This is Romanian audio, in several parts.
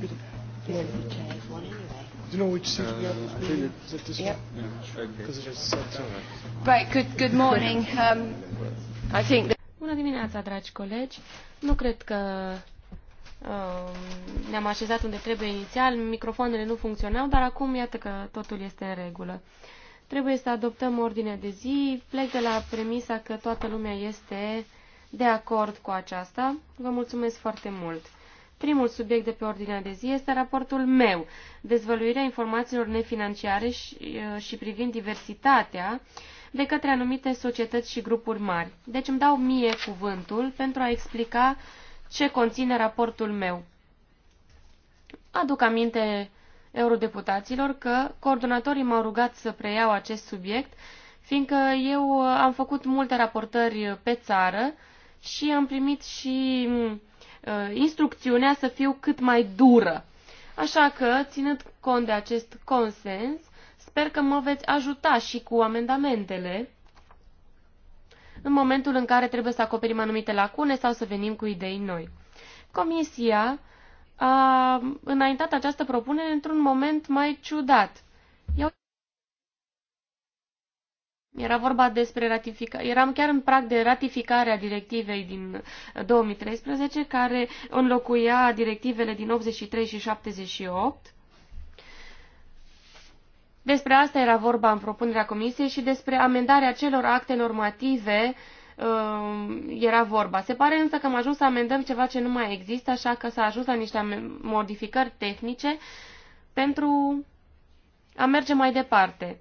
bit anyway? Do you know which seat we have? Uh, Is it this yep. one. Yeah, okay. it has right, good, good morning. Um, I think that Bună dimineața, dragi colegi. Nu cred că um, ne-am așezat unde trebuie inițial, microfoanele nu funcționau, dar acum iată că totul este în regulă. Trebuie să adoptăm ordine de zi. Plec de la premisa că toată lumea este de acord cu aceasta. Vă mulțumesc foarte mult. Primul subiect de pe ordinea de zi este raportul meu, dezvăluirea informațiilor nefinanciare și, uh, și privind diversitatea de către anumite societăți și grupuri mari. Deci îmi dau mie cuvântul pentru a explica ce conține raportul meu. Aduc aminte eurodeputaților că coordonatorii m-au rugat să preiau acest subiect, fiindcă eu uh, am făcut multe raportări pe țară și am primit și mm, Uh, instrucțiunea să fiu cât mai dură. Așa că, ținând cont de acest consens, sper că mă veți ajuta și cu amendamentele în momentul în care trebuie să acoperim anumite lacune sau să venim cu idei noi. Comisia a înaintat această propunere într-un moment mai ciudat. Era vorba despre ratificare. Eram chiar în prag de ratificarea directivei din 2013, uh, care înlocuia directivele din 83 și 78. Despre asta era vorba în propunerea Comisiei și despre amendarea celor acte normative uh, era vorba. Se pare însă că am ajuns să amendăm ceva ce nu mai există, așa că s-a ajuns la niște modificări tehnice pentru a merge mai departe.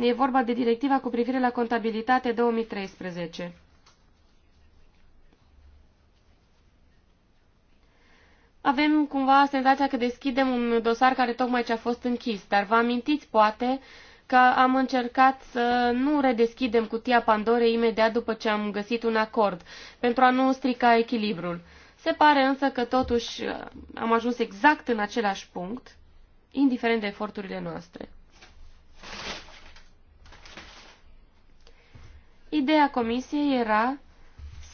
E vorba de directiva cu privire la contabilitate 2013. Avem cumva senzația că deschidem un dosar care tocmai ce a fost închis, dar vă amintiți poate că am încercat să nu redeschidem cutia Pandorei imediat după ce am găsit un acord, pentru a nu strica echilibrul. Se pare însă că totuși uh, am ajuns exact în același punct, indiferent de eforturile noastre. Ideea comisiei era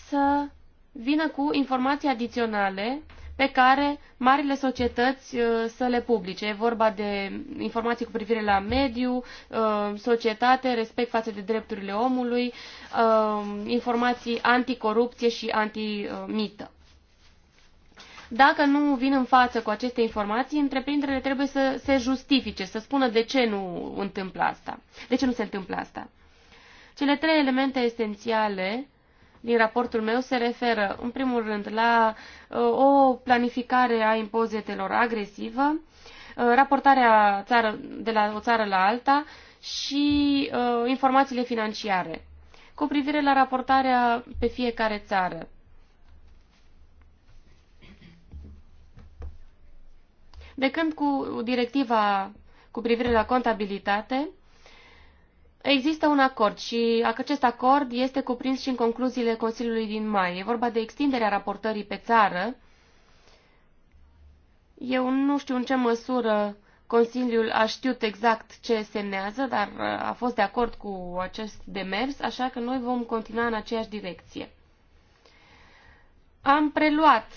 să vină cu informații adiționale pe care marile societăți uh, să le publice. E vorba de informații cu privire la mediu, uh, societate, respect față de drepturile omului, uh, informații anticorupție și antimită. Dacă nu vin în față cu aceste informații, întreprinderile trebuie să se justifice, să spună de ce nu întâmplă asta, de ce nu se întâmplă asta. Cele trei elemente esențiale din raportul meu se referă, în primul rând, la uh, o planificare a impozitelor agresivă, uh, raportarea țară, de la o țară la alta și uh, informațiile financiare cu privire la raportarea pe fiecare țară. De când cu directiva cu privire la contabilitate, Există un acord și acest acord este cuprins și în concluziile Consiliului din mai. E vorba de extinderea raportării pe țară. Eu nu știu în ce măsură Consiliul a știut exact ce semnează, dar uh, a fost de acord cu acest demers, așa că noi vom continua în aceeași direcție. Am preluat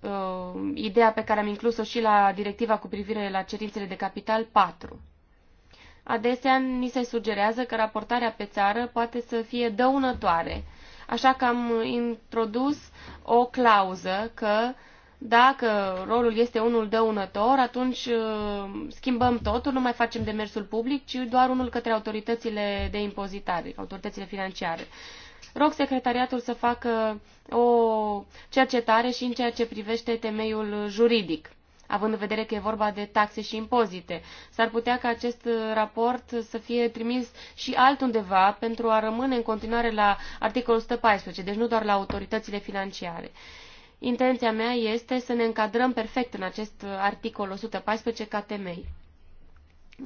uh, ideea pe care am inclus-o și la directiva cu privire la cerințele de capital 4. Adesea ni se sugerează că raportarea pe țară poate să fie dăunătoare, așa că am introdus o clauză că dacă rolul este unul dăunător, atunci uh, schimbăm totul, nu mai facem demersul public, ci doar unul către autoritățile de impozitare, autoritățile financiare. Rog secretariatul să facă o cercetare și în ceea ce privește temeiul juridic având în vedere că e vorba de taxe și impozite. S-ar putea ca acest raport să fie trimis și altundeva pentru a rămâne în continuare la articolul 114, deci nu doar la autoritățile financiare. Intenția mea este să ne încadrăm perfect în acest articol 114 ca temei.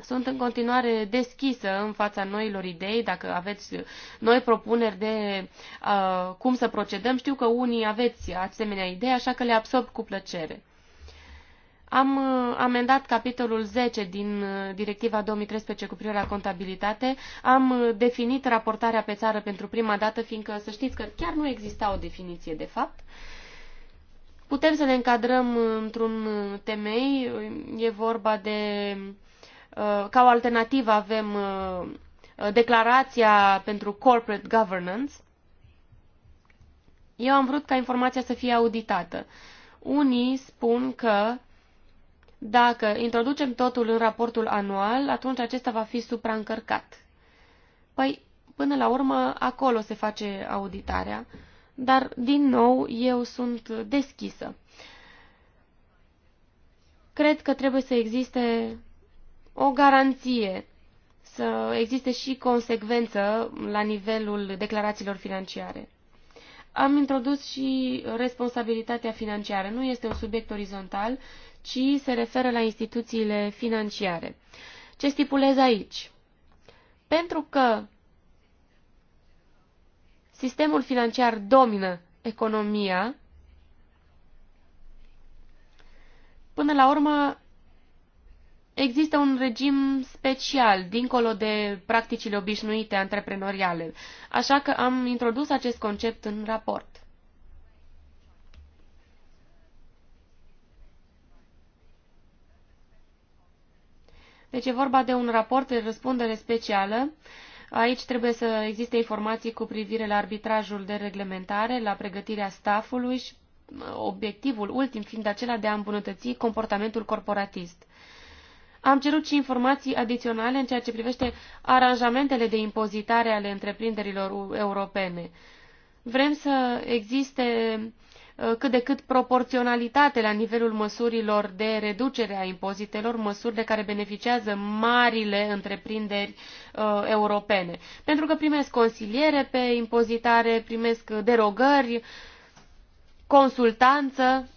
Sunt în continuare deschisă în fața noilor idei, dacă aveți noi propuneri de uh, cum să procedăm. Știu că unii aveți asemenea idei, așa că le absorb cu plăcere. Am uh, amendat capitolul 10 din uh, directiva 2013 cu privire la contabilitate, am uh, definit raportarea pe țară pentru prima dată, fiindcă să știți că chiar nu exista o definiție de fapt. Putem să ne încadrăm într-un temei, e vorba de, ca o alternativă avem declarația pentru corporate governance. Eu am vrut ca informația să fie auditată. Unii spun că dacă introducem totul în raportul anual, atunci acesta va fi supraîncărcat. Păi, până la urmă, acolo se face auditarea, dar, din nou, eu sunt deschisă. Cred că trebuie să existe o garanție, să existe și consecvență la nivelul declarațiilor financiare. Am introdus și responsabilitatea financiară. Nu este un subiect orizontal, ci se referă la instituțiile financiare. Ce stipulez aici? Pentru că sistemul financiar domină economia, până la urmă există un regim special, dincolo de practicile obișnuite antreprenoriale, așa că am introdus acest concept în raport. Deci e vorba de un raport de răspundere specială. Aici trebuie să existe informații cu privire la arbitrajul de reglementare, la pregătirea staffului și uh, obiectivul ultim fiind acela de a îmbunătăți comportamentul corporatist. Am cerut și informații adiționale în ceea ce privește aranjamentele de impozitare ale întreprinderilor europene. Vrem să existe Uh, cât de cât proporționalitate la nivelul măsurilor de reducere a impozitelor, măsuri de care beneficiază marile întreprinderi uh, europene. Pentru că primesc consiliere pe impozitare, primesc derogări, consultanță.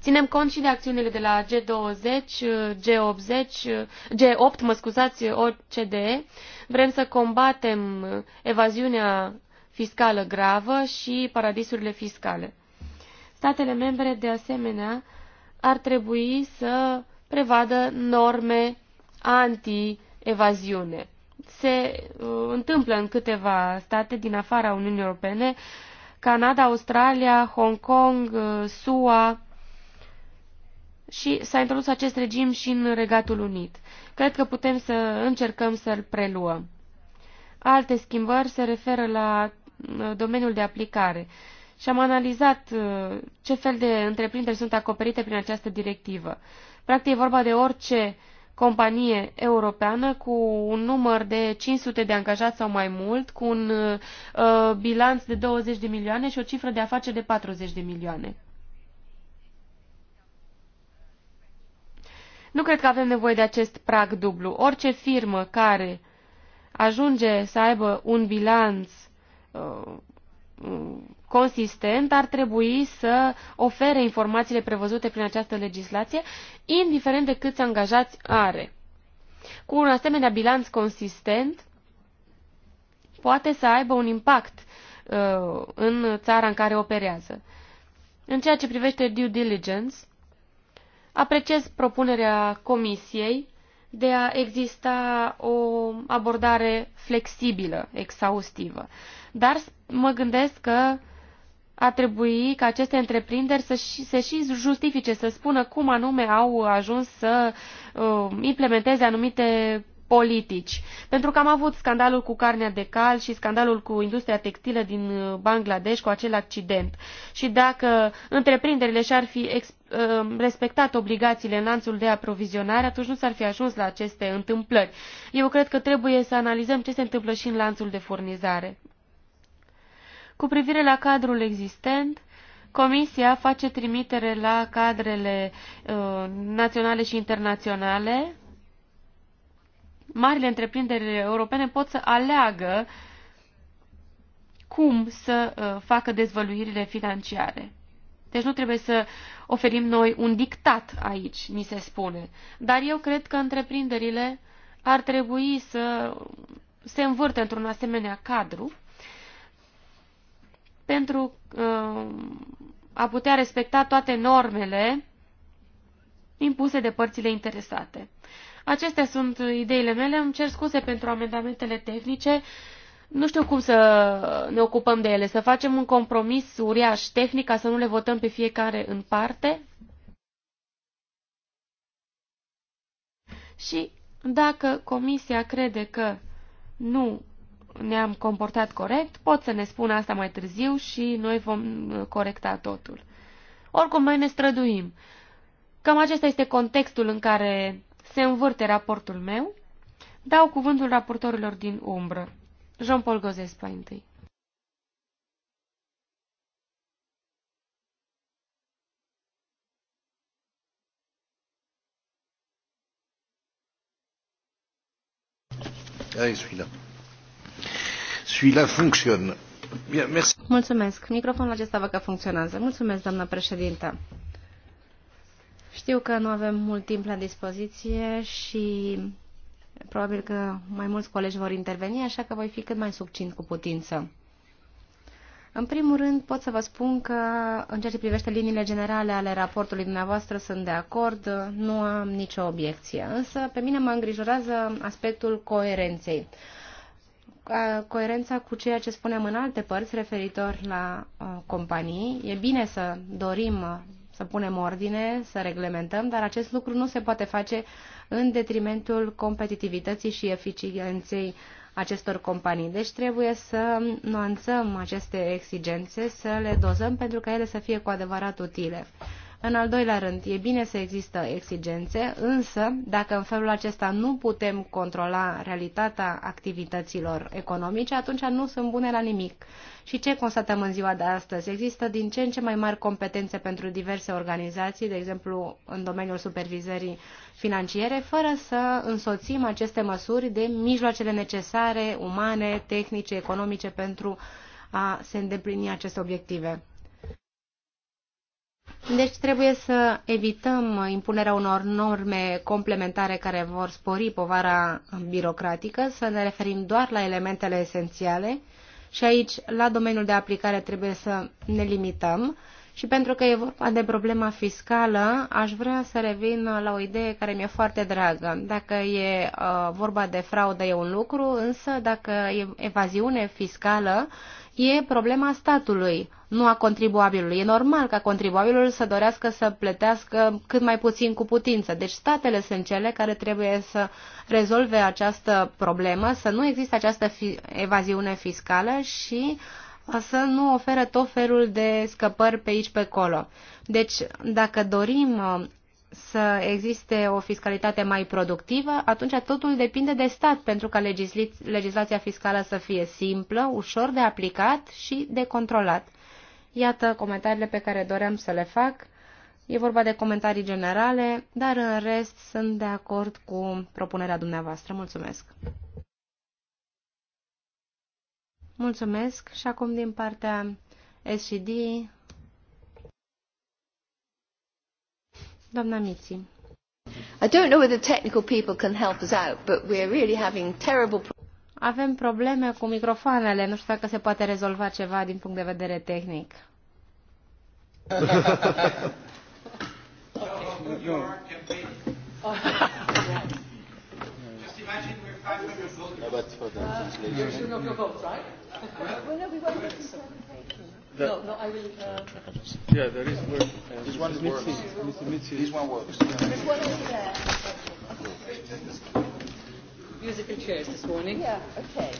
Ținem cont și de acțiunile de la G20, G80, G8, mă scuzați, OCDE. Vrem să combatem evaziunea fiscală gravă și paradisurile fiscale. Statele membre, de asemenea, ar trebui să prevadă norme anti-evaziune. Se uh, întâmplă în câteva state din afara Uniunii Europene, Canada, Australia, Hong Kong, uh, SUA și s-a introdus acest regim și în Regatul Unit. Cred că putem să încercăm să-l preluăm. Alte schimbări se referă la domeniul de aplicare și am analizat uh, ce fel de întreprinderi sunt acoperite prin această directivă. Practic e vorba de orice companie europeană cu un număr de 500 de angajați sau mai mult, cu un uh, uh bilanț de 20 de milioane și o cifră de afaceri de 40 de milioane. Nu cred că avem nevoie de acest prag dublu. Orice firmă care ajunge să aibă un bilanț uh, consistent ar trebui să ofere informațiile prevăzute prin această legislație, indiferent de câți angajați are. Cu un asemenea bilanț consistent, poate să aibă un impact uh, în țara în care operează. În ceea ce privește due diligence, apreciez propunerea Comisiei de a exista o abordare flexibilă, exhaustivă. Dar mă gândesc că a trebui ca aceste întreprinderi să și, se și justifice, să spună cum anume au ajuns să uh, implementeze anumite politici. Pentru că am avut scandalul cu carnea de cal și scandalul cu industria textilă din uh, Bangladesh cu acel accident. Și dacă întreprinderile și-ar fi uh, respectat obligațiile în lanțul de aprovizionare, atunci nu s-ar fi ajuns la aceste întâmplări. Eu cred că trebuie să analizăm ce se întâmplă și în lanțul de furnizare. Cu privire la cadrul existent, Comisia face trimitere la cadrele uh, naționale și internaționale marile întreprinderi europene pot să aleagă cum să uh, facă dezvăluirile financiare. Deci nu trebuie să oferim noi un dictat aici, ni se spune. Dar eu cred că întreprinderile ar trebui să se învârte într-un asemenea cadru pentru uh, a putea respecta toate normele impuse de părțile interesate. Acestea sunt ideile mele. Îmi cer scuze pentru amendamentele tehnice. Nu știu cum să ne ocupăm de ele, să facem un compromis uriaș tehnic ca să nu le votăm pe fiecare în parte. Și dacă comisia crede că nu ne-am comportat corect, pot să ne spună asta mai târziu și noi vom corecta totul. Oricum, mai ne străduim. Cam acesta este contextul în care se învârte raportul meu. Dau cuvântul raportorilor din umbră. Jean-Paul Gozes, mai întâi. Ah, celui-là. fonctionne. Mulțumesc. Microfonul acesta văd că funcționează. Mulțumesc, doamnă președintă. Știu că nu avem mult timp la dispoziție și probabil că mai mulți colegi vor interveni, așa că voi fi cât mai succint cu putință. În primul rând, pot să vă spun că, în ceea ce privește liniile generale ale raportului dumneavoastră, sunt de acord, nu am nicio obiecție. Însă, pe mine mă îngrijorează aspectul coerenței. Coerența cu ceea ce spunem în alte părți referitor la companii. E bine să dorim să punem ordine, să reglementăm, dar acest lucru nu se poate face în detrimentul competitivității și eficienței acestor companii. Deci trebuie să nuanțăm aceste exigențe, să le dozăm pentru ca ele să fie cu adevărat utile. În al doilea rând, e bine să există exigențe, însă dacă în felul acesta nu putem controla realitatea activităților economice, atunci nu sunt bune la nimic. Și ce constatăm în ziua de astăzi? Există din ce în ce mai mari competențe pentru diverse organizații, de exemplu în domeniul supervizării financiere, fără să însoțim aceste măsuri de mijloacele necesare, umane, tehnice, economice pentru a se îndeplini aceste obiective. Deci trebuie să evităm impunerea unor norme complementare care vor spori povara birocratică, să ne referim doar la elementele esențiale și aici, la domeniul de aplicare, trebuie să ne limităm și pentru că e vorba de problema fiscală, aș vrea să revin la o idee care mi-e foarte dragă. Dacă e uh, vorba de fraudă e un lucru, însă dacă e evaziune fiscală, e problema statului, nu a contribuabilului. E normal ca contribuabilul să dorească să plătească cât mai puțin cu putință. Deci statele sunt cele care trebuie să rezolve această problemă, să nu există această fi- evaziune fiscală și uh, să nu oferă tot felul de scăpări pe aici, pe acolo. Deci, dacă dorim uh, să existe o fiscalitate mai productivă, atunci totul depinde de stat, pentru ca legislația fiscală să fie simplă, ușor de aplicat și de controlat. Iată comentariile pe care doream să le fac. E vorba de comentarii generale, dar în rest sunt de acord cu propunerea dumneavoastră. Mulțumesc! Mulțumesc și acum din partea SCD, doamna Miții. I don't know whether technical people can help us out, but we're really having terrible problems. Avem probleme cu microfoanele, nu știu dacă se poate rezolva ceva din punct de vedere tehnic. okay. Musical chairs this morning. Yeah, okay.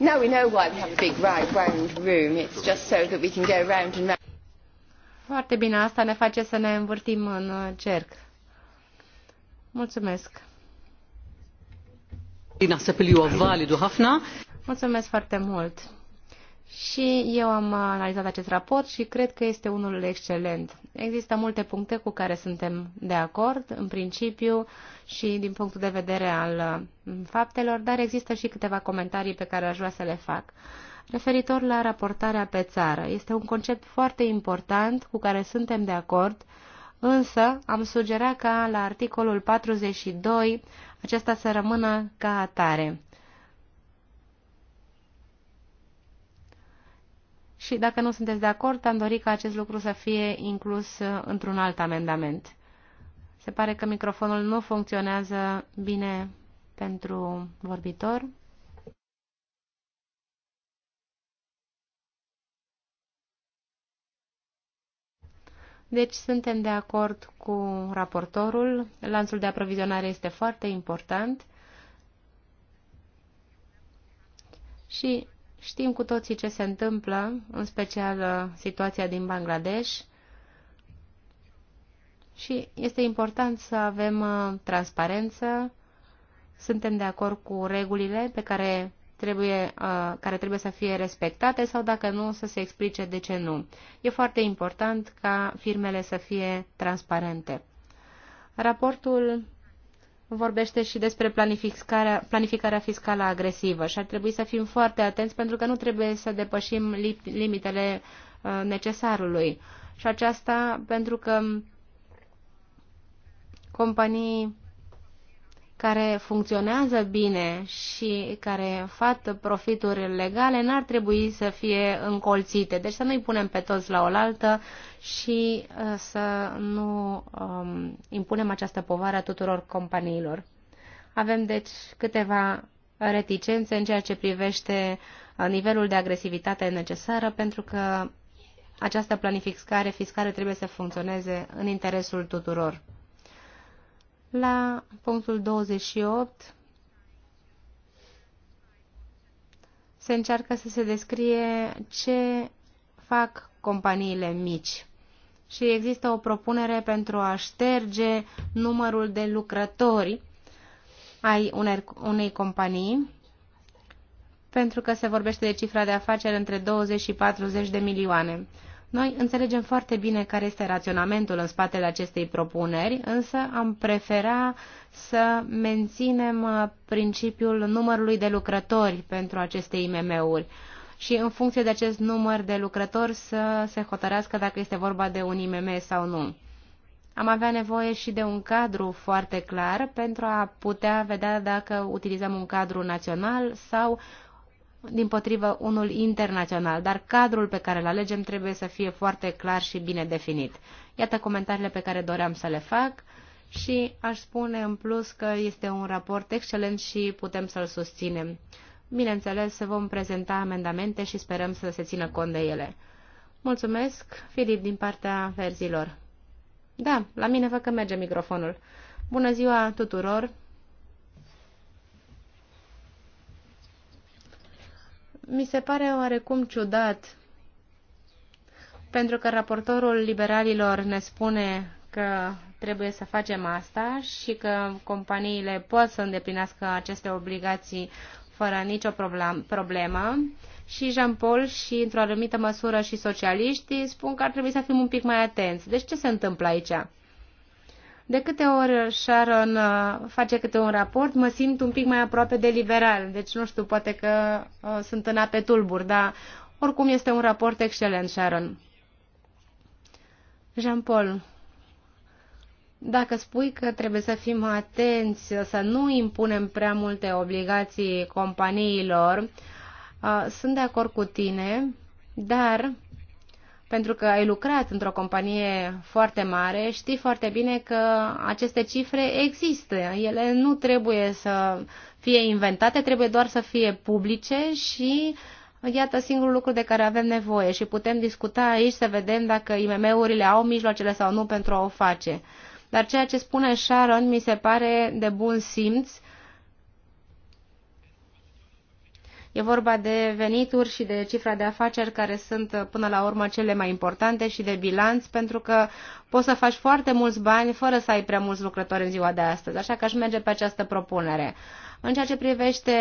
Now we know why we have a big right round room. It's just so that we can go round and round. Foarte bine, asta ne face să ne învârtim în uh, cerc. Mulțumesc. Mulțumesc foarte mult. Și eu am analizat acest raport și cred că este unul excelent. Există multe puncte cu care suntem de acord, în principiu și din punctul de vedere al faptelor, dar există și câteva comentarii pe care aș vrea să le fac. Referitor la raportarea pe țară, este un concept foarte important cu care suntem de acord, însă am sugerat ca la articolul 42 acesta să rămână ca atare. Și dacă nu sunteți de acord, am dorit ca acest lucru să fie inclus într-un alt amendament. Se pare că microfonul nu funcționează bine pentru vorbitor. Deci suntem de acord cu raportorul. Lanțul de aprovizionare este foarte important și știm cu toții ce se întâmplă, în special uh, situația din Bangladesh. Și este important să avem uh, transparență. Suntem de acord cu regulile pe care trebuie, uh, care trebuie să fie respectate sau dacă nu, să se explice de ce nu. E foarte important ca firmele să fie transparente. Raportul vorbește și despre planificarea, planificarea fiscală agresivă și ar trebui să fim foarte atenți pentru că nu trebuie să depășim limitele uh, necesarului. Și aceasta pentru că companii care funcționează bine și care fac profituri legale n-ar trebui să fie încolțite. Deci să nu-i punem pe toți la oaltă și uh, să nu um, impunem această povară tuturor companiilor. Avem deci câteva reticențe în ceea ce privește uh, nivelul de agresivitate necesară pentru că această planificare fiscală trebuie să funcționeze în interesul tuturor. La punctul 28 se încearcă să se descrie ce fac companiile mici și există o propunere pentru a șterge numărul de lucrători ai unei companii, pentru că se vorbește de cifra de afaceri între 20 și 40 de milioane. Noi înțelegem foarte bine care este raționamentul în spatele acestei propuneri, însă am prefera să menținem uh, principiul numărului de lucrători pentru aceste IMM-uri și în funcție de acest număr de lucrători să se hotărească dacă este vorba de un IMM sau nu. Am avea nevoie și de un cadru foarte clar pentru a putea vedea dacă utilizăm un cadru național sau din potrivă unul internațional, dar cadrul pe care îl alegem trebuie să fie foarte clar și bine definit. Iată comentariile pe care doream să le fac și aș spune în plus că este un raport excelent și putem să-l susținem. Bineînțeles, vom prezenta amendamente și sperăm să se țină cont de ele. Mulțumesc, Filip, din partea verzilor. Da, la mine văd că merge microfonul. Bună ziua tuturor! mi se pare oarecum ciudat, pentru că raportorul liberalilor ne spune că trebuie să facem asta și că companiile pot să îndeplinească aceste obligații fără nicio problemă. Și Jean-Paul și, într-o anumită măsură, și socialiștii spun că ar trebui să fim un pic mai atenți. Deci ce se întâmplă aici? De câte ori Sharon uh, face câte un raport, mă simt un pic mai aproape de liberal. Deci, nu știu, poate că uh, sunt în ape tulburi, dar oricum este un raport excelent, Sharon. Jean-Paul, dacă spui că trebuie să fim atenți, să nu impunem prea multe obligații companiilor, uh, sunt de acord cu tine, dar pentru că ai lucrat într-o companie foarte mare, știi foarte bine că aceste cifre există. Ele nu trebuie să fie inventate, trebuie doar să fie publice și iată singurul lucru de care avem nevoie și putem discuta aici să vedem dacă IMM-urile au mijloacele sau nu pentru a o face. Dar ceea ce spune Sharon mi se pare de bun simț E vorba de venituri și de cifra de afaceri care sunt uh, până la urmă cele mai importante și de bilanț, pentru că poți să faci foarte mulți bani fără să ai prea mulți lucrători în ziua de astăzi, așa că aș merge pe această propunere. În ceea ce privește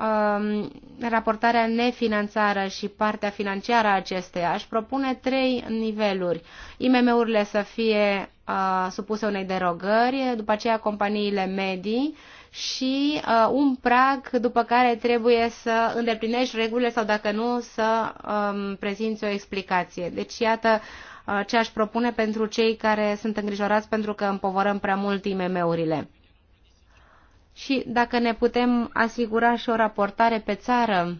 um, raportarea nefinanțară și partea financiară a acesteia, aș propune trei niveluri. IMM-urile să fie uh, supuse unei derogări, după aceea companiile medii, și uh, un prag după care trebuie să îndeplinești regulile sau dacă nu să um, prezinți o explicație. Deci iată uh, ce aș propune pentru cei care sunt îngrijorați pentru că împovărăm prea mult IMM-urile. Și dacă ne putem asigura și o raportare pe țară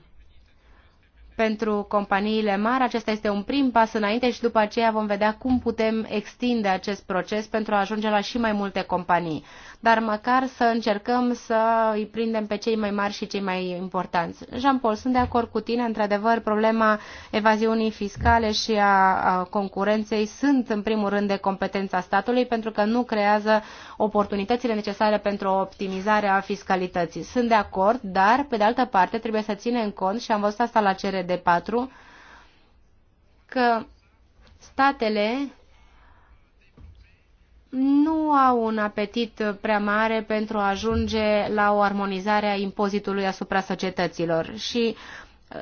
pentru companiile mari. Acesta este un prim pas înainte și după aceea vom vedea cum putem extinde acest proces pentru a ajunge la și mai multe companii. Dar măcar să încercăm să îi prindem pe cei mai mari și cei mai importanți. Jean-Paul, sunt de acord cu tine. Într-adevăr, problema evaziunii fiscale și a concurenței sunt în primul rând de competența statului pentru că nu creează oportunitățile necesare pentru optimizarea fiscalității. Sunt de acord, dar pe de altă parte trebuie să ținem cont și am văzut asta la CRD de 4, că statele nu au un apetit prea mare pentru a ajunge la o armonizare a impozitului asupra societăților și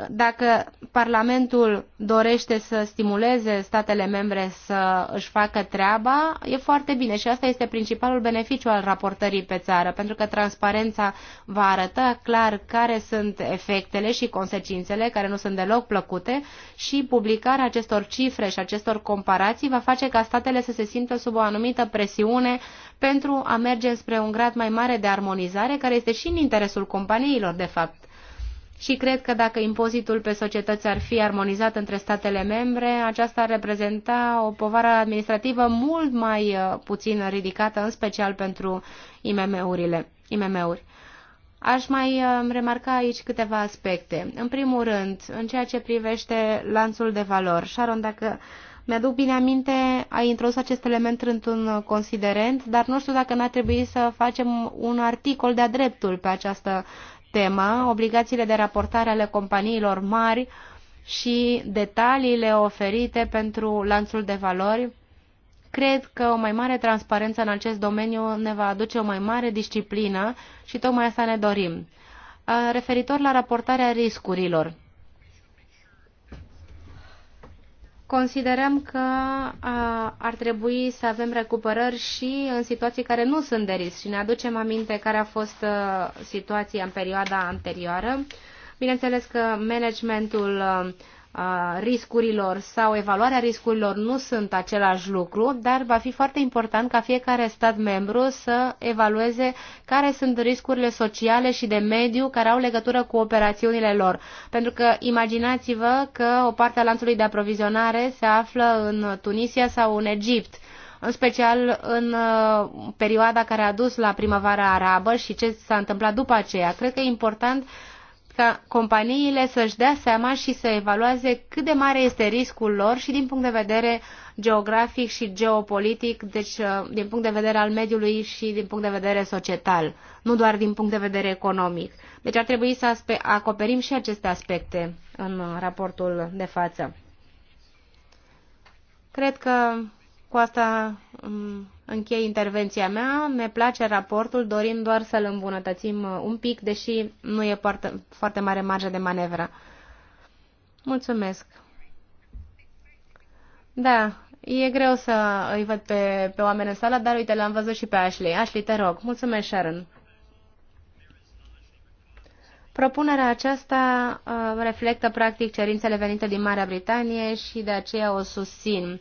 dacă Parlamentul dorește să stimuleze statele membre să își facă treaba, e foarte bine și asta este principalul beneficiu al raportării pe țară, pentru că transparența va arăta clar care sunt efectele și consecințele, care nu sunt deloc plăcute, și publicarea acestor cifre și acestor comparații va face ca statele să se simtă sub o anumită presiune pentru a merge spre un grad mai mare de armonizare, care este și în interesul companiilor, de fapt și cred că dacă impozitul pe societăți ar fi armonizat între statele membre, aceasta ar reprezenta o povară administrativă mult mai uh, puțin ridicată, în special pentru IMM-urile. IMM-uri. Aș mai uh, remarca aici câteva aspecte. În primul rând, în ceea ce privește lanțul de valori. Sharon, dacă mi-aduc bine aminte, ai introdus acest element într-un considerent, dar nu știu dacă n-ar trebui să facem un articol de-a dreptul pe această tema, obligațiile de raportare ale companiilor mari și detaliile oferite pentru lanțul de valori, cred că o mai mare transparență în acest domeniu ne va aduce o mai mare disciplină și tocmai asta ne dorim. Referitor la raportarea riscurilor, Considerăm că ar trebui să avem recuperări și în situații care nu sunt de risc și ne aducem aminte care a fost situația în perioada anterioară. Bineînțeles că managementul a, riscurilor sau evaluarea riscurilor nu sunt același lucru, dar va fi foarte important ca fiecare stat membru să evalueze care sunt riscurile sociale și de mediu care au legătură cu operațiunile lor. Pentru că imaginați-vă că o parte a lanțului de aprovizionare se află în Tunisia sau în Egipt în special în uh, perioada care a dus la primăvara arabă și ce s-a întâmplat după aceea. Cred că e important ca companiile să-și dea seama și să evalueze cât de mare este riscul lor și din punct de vedere geografic și geopolitic, deci uh, din punct de vedere al mediului și din punct de vedere societal, nu doar din punct de vedere economic. Deci ar trebui să acoperim și aceste aspecte în raportul de față. Cred că cu asta um, închei intervenția mea. Ne place raportul, dorim doar să-l îmbunătățim uh, un pic, deși nu e foarte, foarte mare marjă de manevră. Mulțumesc! Da, e greu să îi văd pe, pe oameni în sală, dar uite, l-am văzut și pe Ashley. Ashley, te rog, mulțumesc, Sharon. Propunerea aceasta uh, reflectă practic cerințele venite din Marea Britanie și de aceea o susțin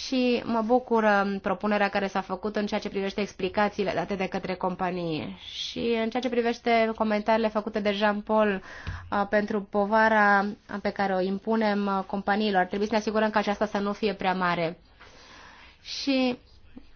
și mă bucură propunerea care s-a făcut în ceea ce privește explicațiile date de către companie. Și în ceea ce privește comentariile făcute de Jean-Paul uh, pentru povara pe care o impunem uh, companiilor, trebuie să ne asigurăm că aceasta să nu fie prea mare. Și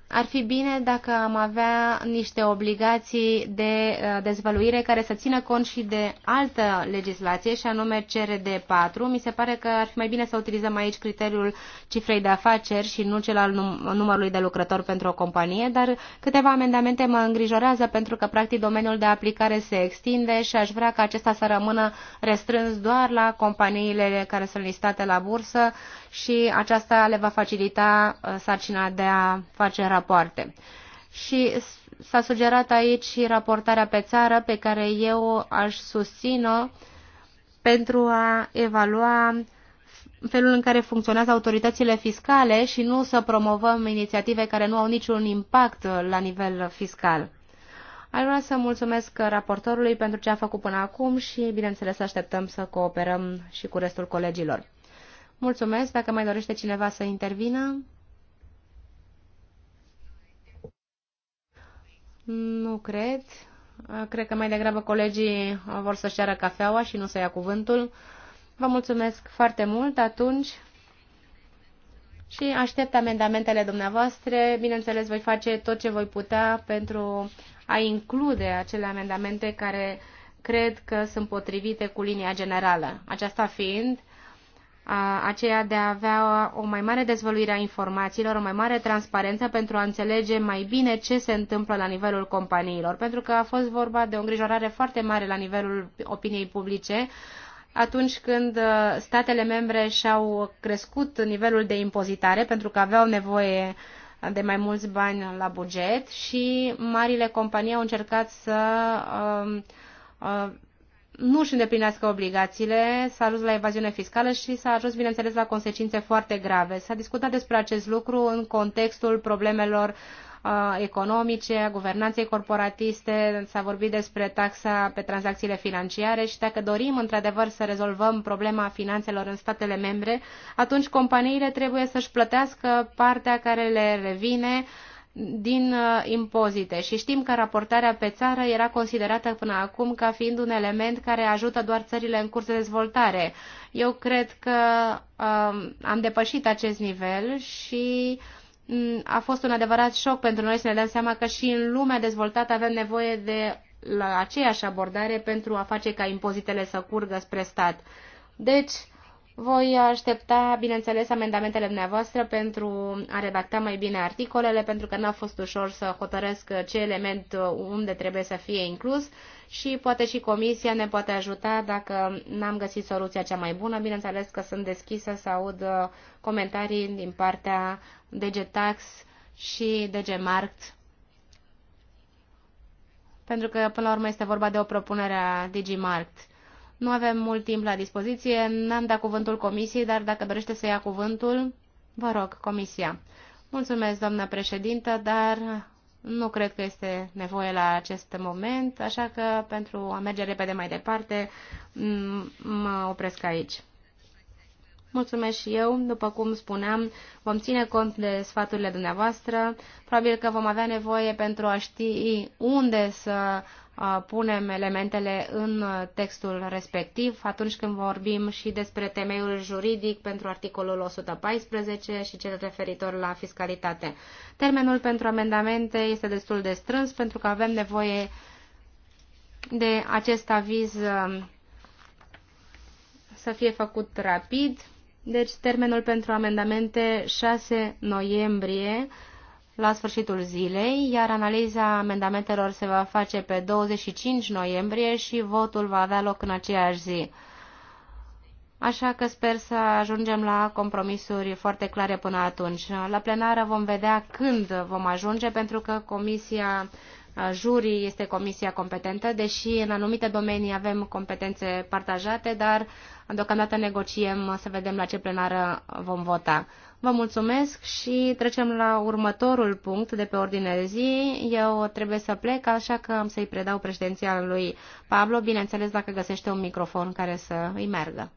ar fi bine dacă am avea niște obligații de uh, dezvăluire care să țină cont și de altă legislație, și anume CRD4. Mi se pare că ar fi mai bine să utilizăm aici criteriul cifrei de afaceri și nu cel al num numărului de lucrători pentru o companie, dar câteva amendamente mă îngrijorează pentru că, practic, domeniul de aplicare se extinde și aș vrea ca acesta să rămână restrâns doar la companiile care sunt listate la bursă și aceasta le va facilita uh, sarcina de a face rapoarte. Și s-a sugerat aici și raportarea pe țară pe care eu aș susține pentru a evalua felul în care funcționează autoritățile fiscale și nu să promovăm inițiative care nu au niciun impact la nivel fiscal. Aș vrea să mulțumesc raportorului pentru ce a făcut până acum și, bineînțeles, așteptăm să cooperăm și cu restul colegilor. Mulțumesc. Dacă mai dorește cineva să intervină. Nu cred. Cred că mai degrabă colegii vor să-și ceară cafeaua și nu să ia cuvântul. Vă mulțumesc foarte mult atunci și aștept amendamentele dumneavoastră. Bineînțeles, voi face tot ce voi putea pentru a include acele amendamente care cred că sunt potrivite cu linia generală. Aceasta fiind, aceea de a avea o mai mare dezvăluire a informațiilor, o mai mare transparență pentru a înțelege mai bine ce se întâmplă la nivelul companiilor, pentru că a fost vorba de o îngrijorare foarte mare la nivelul opiniei publice atunci când uh, statele membre și-au crescut nivelul de impozitare pentru că aveau nevoie de mai mulți bani la buget și marile companii au încercat să um, uh, nu își îndeplinească obligațiile, s-a ajuns la evaziune fiscală și s-a ajuns, bineînțeles, la consecințe foarte grave. S-a discutat despre acest lucru în contextul problemelor uh, economice, a guvernanței corporatiste, s-a vorbit despre taxa pe tranzacțiile financiare și dacă dorim într-adevăr să rezolvăm problema finanțelor în statele membre, atunci companiile trebuie să-și plătească partea care le revine uh, din uh, impozite și știm că raportarea pe țară era considerată până acum ca fiind un element care ajută doar țările în curs de dezvoltare. Eu cred că um, am depășit acest nivel și um, a fost un adevărat șoc pentru noi să ne dăm seama că și în lumea dezvoltată avem nevoie de la aceeași abordare pentru a face ca impozitele să curgă spre stat. Deci, voi aștepta, bineînțeles, amendamentele dumneavoastră pentru a redacta mai bine articolele, pentru că n-a fost ușor să hotărăsc ce element unde trebuie să fie inclus și poate și comisia ne poate ajuta dacă n-am găsit soluția cea mai bună. Bineînțeles că sunt deschisă să aud comentarii din partea DGTax și DGMarkt pentru că până la urmă este vorba de o propunere a DigiMarkt. Nu avem mult timp la dispoziție, n-am dat cuvântul comisiei, dar dacă dorește să ia cuvântul, vă rog, comisia. Mulțumesc, doamna președintă, dar nu cred că este nevoie la acest moment, așa că pentru a merge repede mai departe, mă opresc aici. Mulțumesc și eu. După cum spuneam, vom ține cont de sfaturile dumneavoastră. Probabil că vom avea nevoie pentru a ști unde să punem elementele în textul respectiv atunci când vorbim și despre temeiul juridic pentru articolul 114 și cel referitor la fiscalitate. Termenul pentru amendamente este destul de strâns pentru că avem nevoie de acest aviz să fie făcut rapid. Deci termenul pentru amendamente 6 noiembrie la sfârșitul zilei, iar analiza amendamentelor se va face pe 25 noiembrie și votul va avea loc în aceeași zi. Așa că sper să ajungem la compromisuri foarte clare până atunci. La plenară vom vedea când vom ajunge, pentru că comisia jurii este comisia competentă, deși în anumite domenii avem competențe partajate, dar deocamdată negociem să vedem la ce plenară vom vota. Vă mulțumesc și trecem la următorul punct de pe ordine de zi. Eu trebuie să plec, așa că am să-i predau președinția lui Pablo, bineînțeles dacă găsește un microfon care să îi meargă.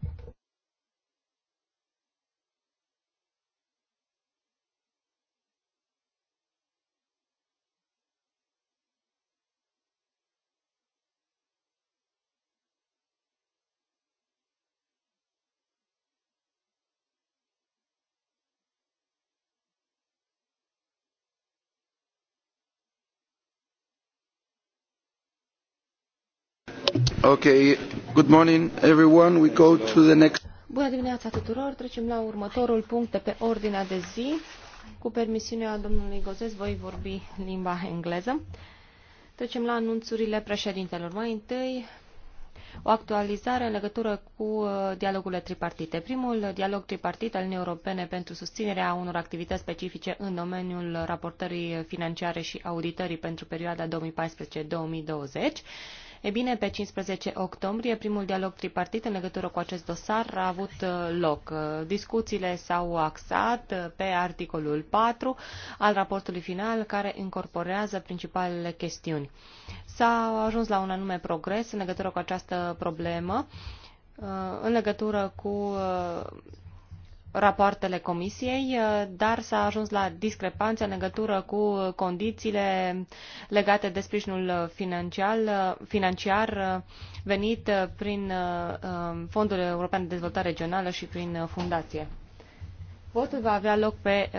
Bună dimineața tuturor! Trecem la următorul punct de pe ordinea de zi. Cu permisiunea domnului Gozes, voi vorbi limba engleză. Trecem la anunțurile președintelor. Mai întâi, o actualizare în legătură cu uh, dialogurile tripartite. Primul dialog tripartit al Uniunii Europene pentru susținerea unor activități specifice în domeniul raportării financiare și auditării pentru perioada 2014-2020 E bine, pe 15 octombrie, primul dialog tripartit în legătură cu acest dosar a avut uh, loc. Uh, discuțiile s-au axat uh, pe articolul 4 al raportului final, care incorporează principalele chestiuni. S-a ajuns la un anume progres în legătură cu această problemă, în legătură cu rapoartele comisiei, uh, dar s-a ajuns la discrepanțe în legătură cu condițiile legate de sprijinul uh, financiar, financiar uh, venit prin Fondul European de Dezvoltare Regională și prin fundație. Votul va avea loc pe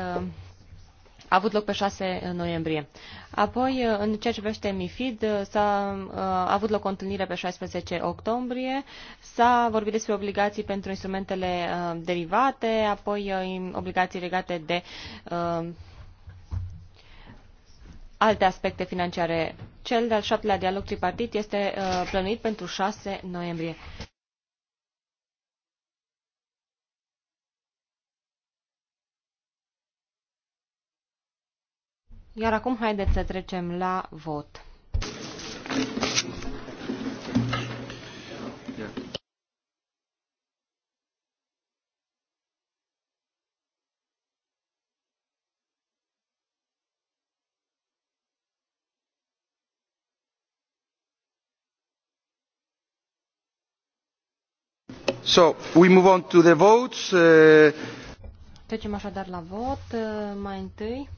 a avut loc pe 6 noiembrie. Apoi, în ceea ce privește MIFID, s-a avut loc o întâlnire pe 16 octombrie, s-a vorbit despre obligații pentru instrumentele uh, derivate, apoi uh, obligații legate de uh, alte aspecte financiare. Cel de-al șaptelea dialog tripartit este plănuit pentru 6 noiembrie. Iar acum haideți să trecem la vot. So, we move on to the votes. Uh, trecem așadar la vot. Uh, mai întâi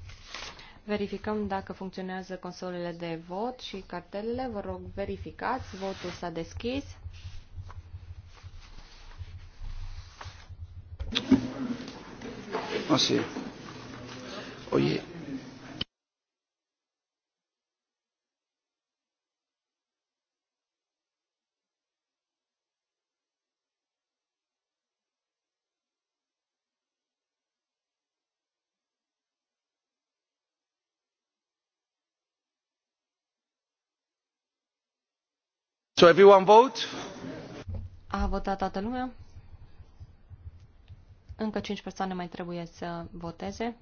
Verificăm dacă funcționează consolele de vot și cartelele. Vă rog, verificați. Votul s-a deschis. Ah, sí. Oye, So everyone vote? A votat toată lumea? Încă 5 persoane mai trebuie să voteze.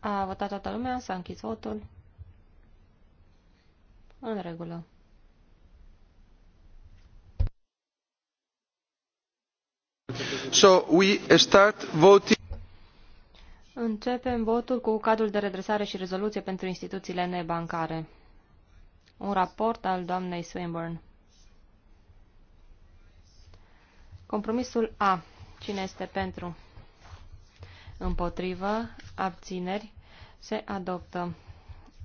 A votat toată lumea, s-a închis votul. În regulă. So we start voting. Începem votul cu cadrul de redresare și rezoluție pentru instituțiile nebancare. Un raport al doamnei Swinburne. Compromisul A. Cine este pentru? Împotrivă. Abțineri. Se adoptă.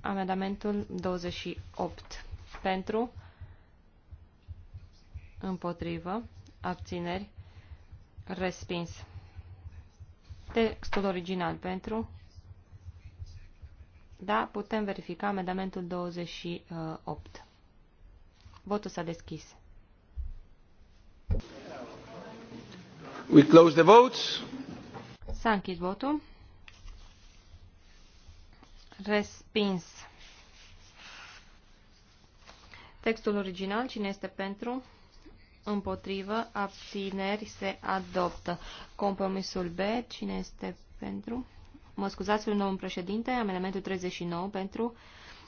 Amendamentul 28. Pentru. Împotrivă. Abțineri. Respins. Textul original pentru. Da, putem verifica amendamentul 28. Votul s-a deschis. We close the votes. S-a închis votul. Respins. Textul original, cine este pentru? Împotrivă, abțineri, se adoptă. Compromisul B, cine este pentru? Mă scuzați, un nou președinte, amendamentul 39 pentru,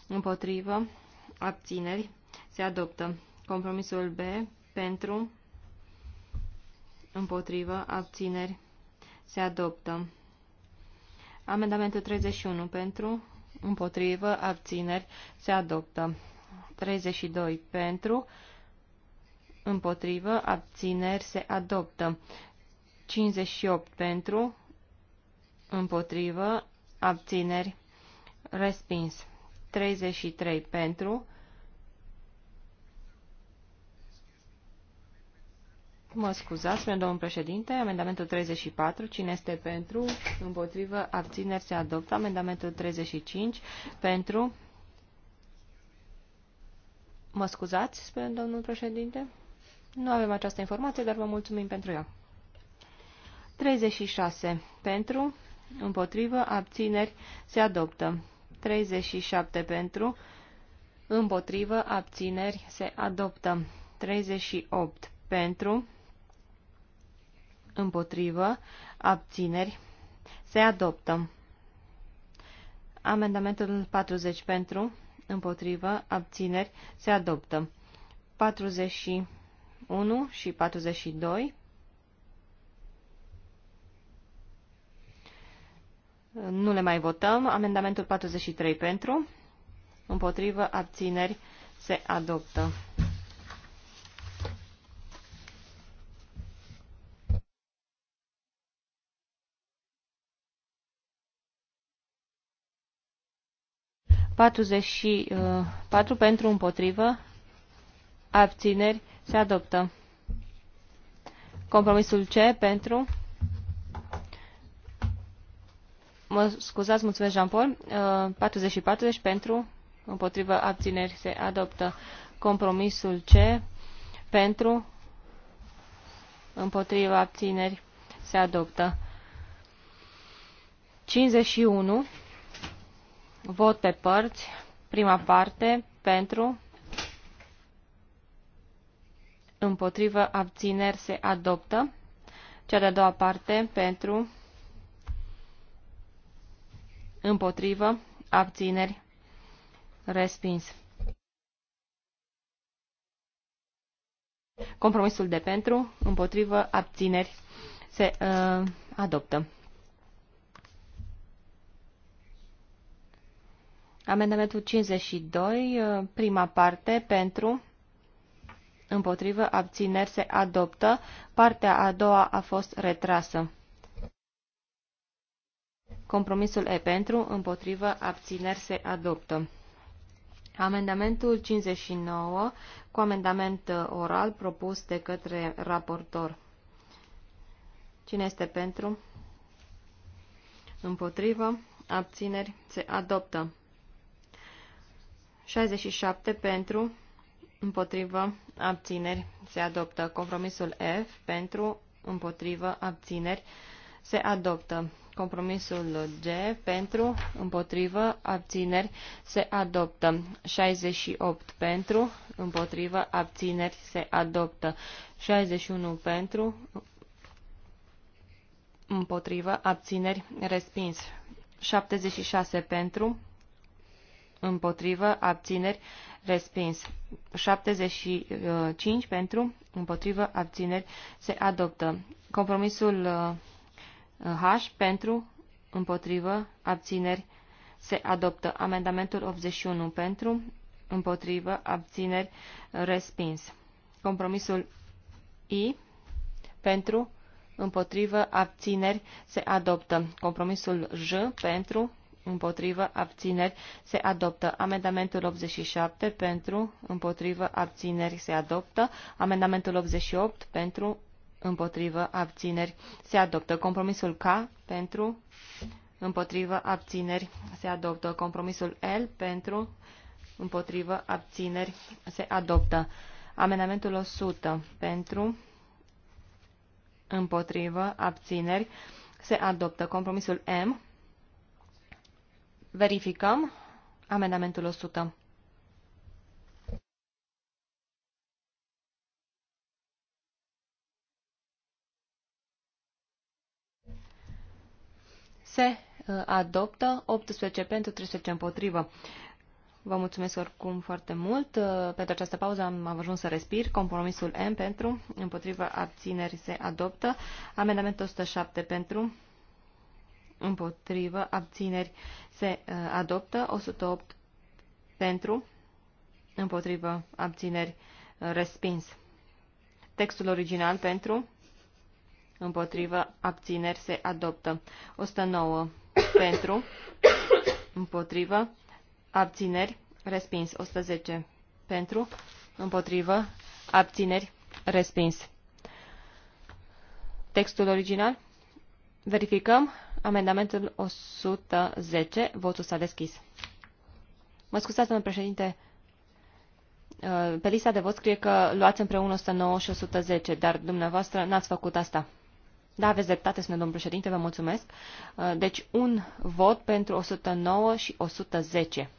împotrivă, abțineri, se adoptă. Compromisul B, pentru, împotrivă, abțineri, se adoptă. Amendamentul 31 pentru, împotrivă, abțineri, se adoptă. 32 pentru, împotrivă, abțineri se adoptă. 58 pentru, împotrivă, abțineri, respins. 33 pentru, Mă scuzați, domnul președinte, amendamentul 34, cine este pentru, împotrivă, abțineri se adoptă, amendamentul 35, pentru, mă scuzați, spune domnul președinte. Nu avem această informație, dar vă mulțumim pentru ea. 36. Pentru, împotrivă, abțineri, se adoptă. 37. Pentru, împotrivă, abțineri, se adoptă. 38. Pentru, împotrivă, abțineri, se adoptă. Amendamentul 40 pentru, împotrivă, abțineri, se adoptă. 40 1 și 42. Nu le mai votăm. Amendamentul 43 pentru. Împotrivă abțineri se adoptă. Patruzeci și uh, patru pentru împotrivă abțineri, se adoptă. Compromisul C pentru. Mă scuzați, mulțumesc, Jean-Paul. 44 uh, deci pentru, împotrivă, abțineri, se adoptă. Compromisul C pentru, împotrivă, abțineri, se adoptă. 51. Vot pe părți. Prima parte pentru, împotrivă, abțineri se adoptă. Cea de-a doua parte pentru, împotrivă, abțineri, respins. Compromisul de pentru, împotrivă, abțineri se uh, adoptă. Amendamentul 52, uh, prima parte, pentru, împotrivă, abțineri se adoptă, partea a doua a fost retrasă. Compromisul E pentru, împotrivă, abțineri se adoptă. Amendamentul 59 cu amendament uh, oral propus de către raportor. Cine este pentru? Împotrivă, abțineri se adoptă. 67 pentru, împotrivă, abțineri, se adoptă. Compromisul F, pentru, împotrivă, abțineri, se adoptă. Compromisul G, pentru, împotrivă, abțineri, se adoptă. 68 pentru, împotrivă, abțineri, se adoptă. 61 pentru, împotrivă, abțineri, respins. 76 pentru, împotrivă, abțineri, respins. 75 pentru, împotrivă, abțineri, se adoptă. Compromisul uh, H pentru, împotrivă, abțineri, se adoptă. Amendamentul 81 pentru, împotrivă, abțineri, respins. Compromisul I pentru, împotrivă, abțineri, se adoptă. Compromisul J pentru, împotrivă, abțineri, se adoptă. Amendamentul 87 pentru, împotrivă, abțineri, se adoptă. Amendamentul 88 pentru, împotrivă, abțineri, se adoptă. Compromisul K pentru, împotrivă, abțineri, se adoptă. Compromisul L pentru, împotrivă, abțineri, se adoptă. Amendamentul 100 pentru, împotrivă, abțineri, se adoptă. Compromisul M Verificăm amendamentul 100. Se uh, adoptă 18 pentru 13 împotrivă. Vă mulțumesc oricum foarte mult. Uh, pentru această pauză am ajuns să respir. Compromisul M pentru, împotriva abțineri se adoptă. Amendamentul 107 pentru, împotrivă, abțineri se uh, adoptă, 108 pentru, împotrivă, abțineri uh, respins. Textul original pentru, împotrivă, abțineri se adoptă, 109 pentru, împotrivă, abțineri respins, 110 pentru, împotrivă, abțineri respins. Textul original? Verificăm amendamentul 110. Votul s-a deschis. Mă scuzați, domnule președinte, uh, pe lista de vot scrie că luați împreună 109 și 110, dar dumneavoastră n-ați făcut asta. Da, aveți dreptate, spune domnul președinte, vă mulțumesc. Uh, deci un vot pentru 109 și 110.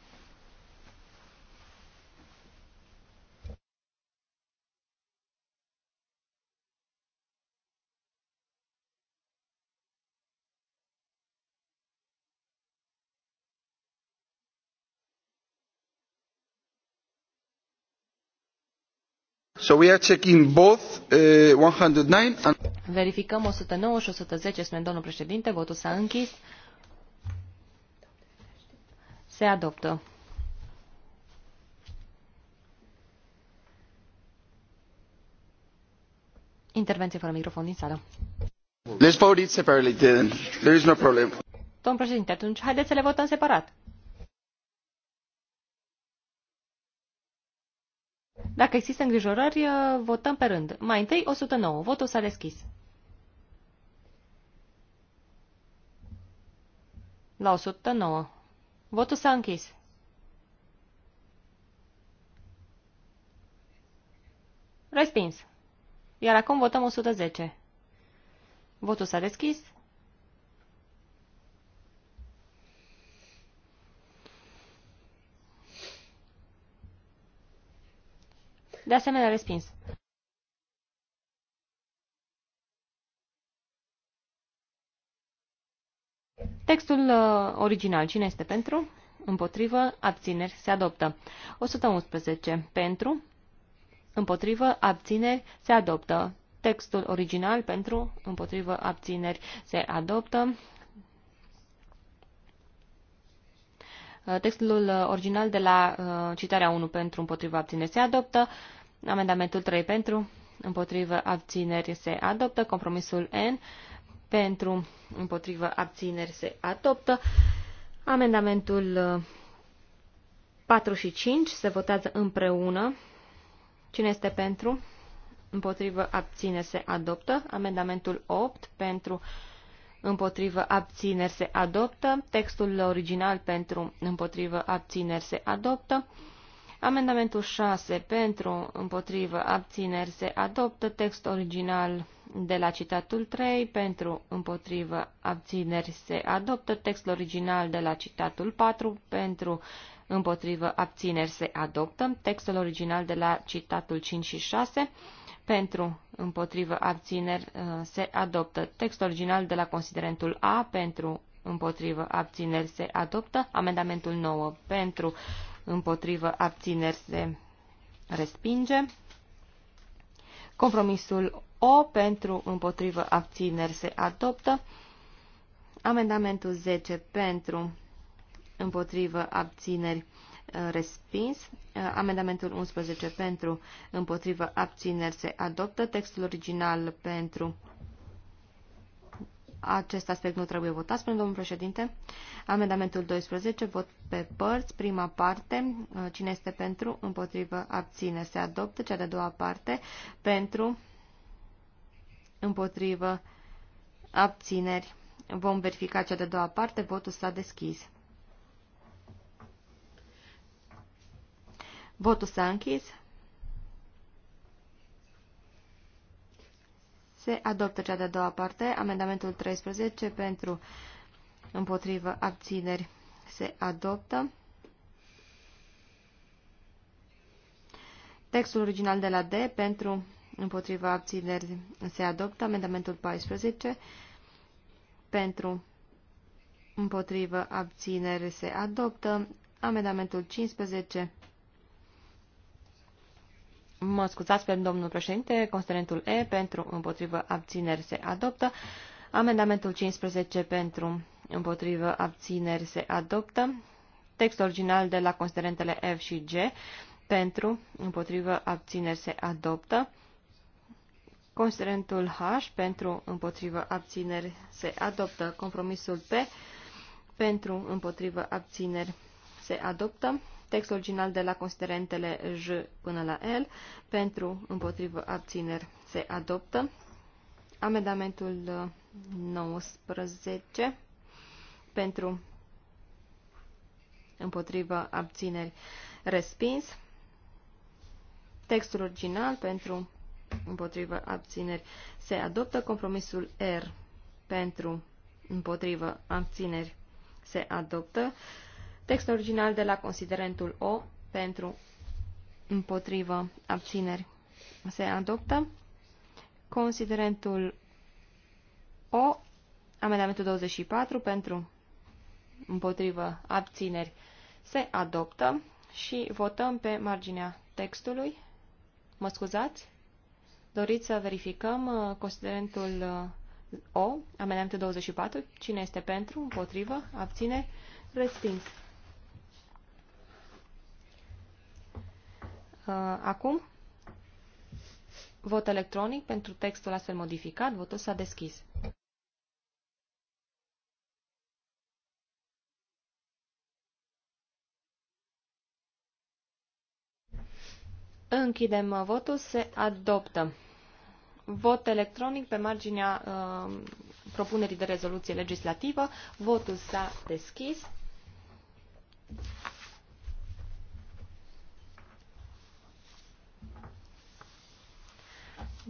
So we are checking both uh, 109 and... Verificăm 109 și 110, spune domnul președinte, votul s-a închis. Se adoptă. Intervenție fără microfon din sală. Let's vote it separately then. There is no problem. Domnul președinte, atunci haideți să le votăm separat. Dacă există îngrijorări, uh, votăm pe rând. Mai întâi, 109. Votul s-a deschis. La 109. Votul s-a închis. Respins. Iar acum votăm 110. Votul s-a deschis. De asemenea, respins. Textul uh, original. Cine este pentru? Împotrivă. Abțineri. Se adoptă. 111. Pentru. Împotrivă. Abțineri. Se adoptă. Textul original pentru. Împotrivă. Abțineri. Se adoptă. Uh, textul uh, original de la uh, citarea 1 pentru împotriva abțineri se adoptă. Uh, Amendamentul 3 pentru, împotrivă, abțineri se adoptă. Compromisul N pentru, împotrivă, abțineri se adoptă. Amendamentul 4 uh, și 5 se votează împreună. Cine este pentru? Împotrivă abține se adoptă. Amendamentul 8 pentru împotrivă abțineri se adoptă. Textul original pentru împotrivă abțineri se adoptă. Amendamentul 6 pentru împotrivă abțineri se adoptă. Text original de la citatul 3 pentru împotrivă abțineri se adoptă. Textul original de la citatul 4 pentru împotrivă abțineri se adoptă. Textul original de la citatul 5 și 6 pentru împotrivă abțineri se adoptă. Text original de la considerentul A pentru împotrivă abțineri se adoptă. Amendamentul 9 pentru împotrivă, abțineri se respinge. Compromisul O pentru împotrivă, abțineri se adoptă. Amendamentul 10 pentru împotrivă, abțineri uh, respins. Uh, amendamentul 11 pentru împotrivă, abțineri se adoptă. Textul original pentru acest aspect nu trebuie votat, spune domnul președinte. Amendamentul 12, vot pe părți, prima parte, uh, cine este pentru, împotrivă, abține, se adoptă, cea de-a doua parte, pentru, împotrivă, abțineri. Vom verifica cea de-a doua parte, votul s-a deschis. Votul s-a închis. Se adoptă cea de-a doua parte, amendamentul 13 pentru împotrivă abțineri. Se adoptă. Textul original de la D pentru împotriva abțineri se adoptă. Amendamentul 14 pentru împotrivă abțineri se adoptă. Amendamentul 15 Mă scuzați pe domnul președinte, considerentul E pentru împotrivă abțineri se adoptă. Amendamentul 15 pentru împotrivă abțineri se adoptă. Text original de la considerentele F și G pentru împotrivă abțineri se adoptă. Considerentul H pentru împotrivă abțineri se adoptă. Compromisul P pentru împotrivă abțineri se adoptă textul original de la considerentele J până la L, pentru, împotrivă, abțineri se adoptă. Amendamentul 19 uh, pentru, împotrivă, abțineri respins. Textul original pentru, împotrivă, abțineri se adoptă. Compromisul R pentru, împotrivă, abțineri se adoptă. Text original de la considerentul O pentru împotrivă abțineri se adoptă. Considerentul O, amendamentul 24 pentru împotrivă abțineri se adoptă și votăm pe marginea textului. Mă scuzați? Doriți să verificăm uh, considerentul uh, O, amendamentul 24? Cine este pentru, împotrivă, abține, respins. Uh, acum vot electronic pentru textul astfel modificat. Votul s-a deschis. Închidem votul. Se adoptă. Vot electronic pe marginea uh, propunerii de rezoluție legislativă. Votul s-a deschis.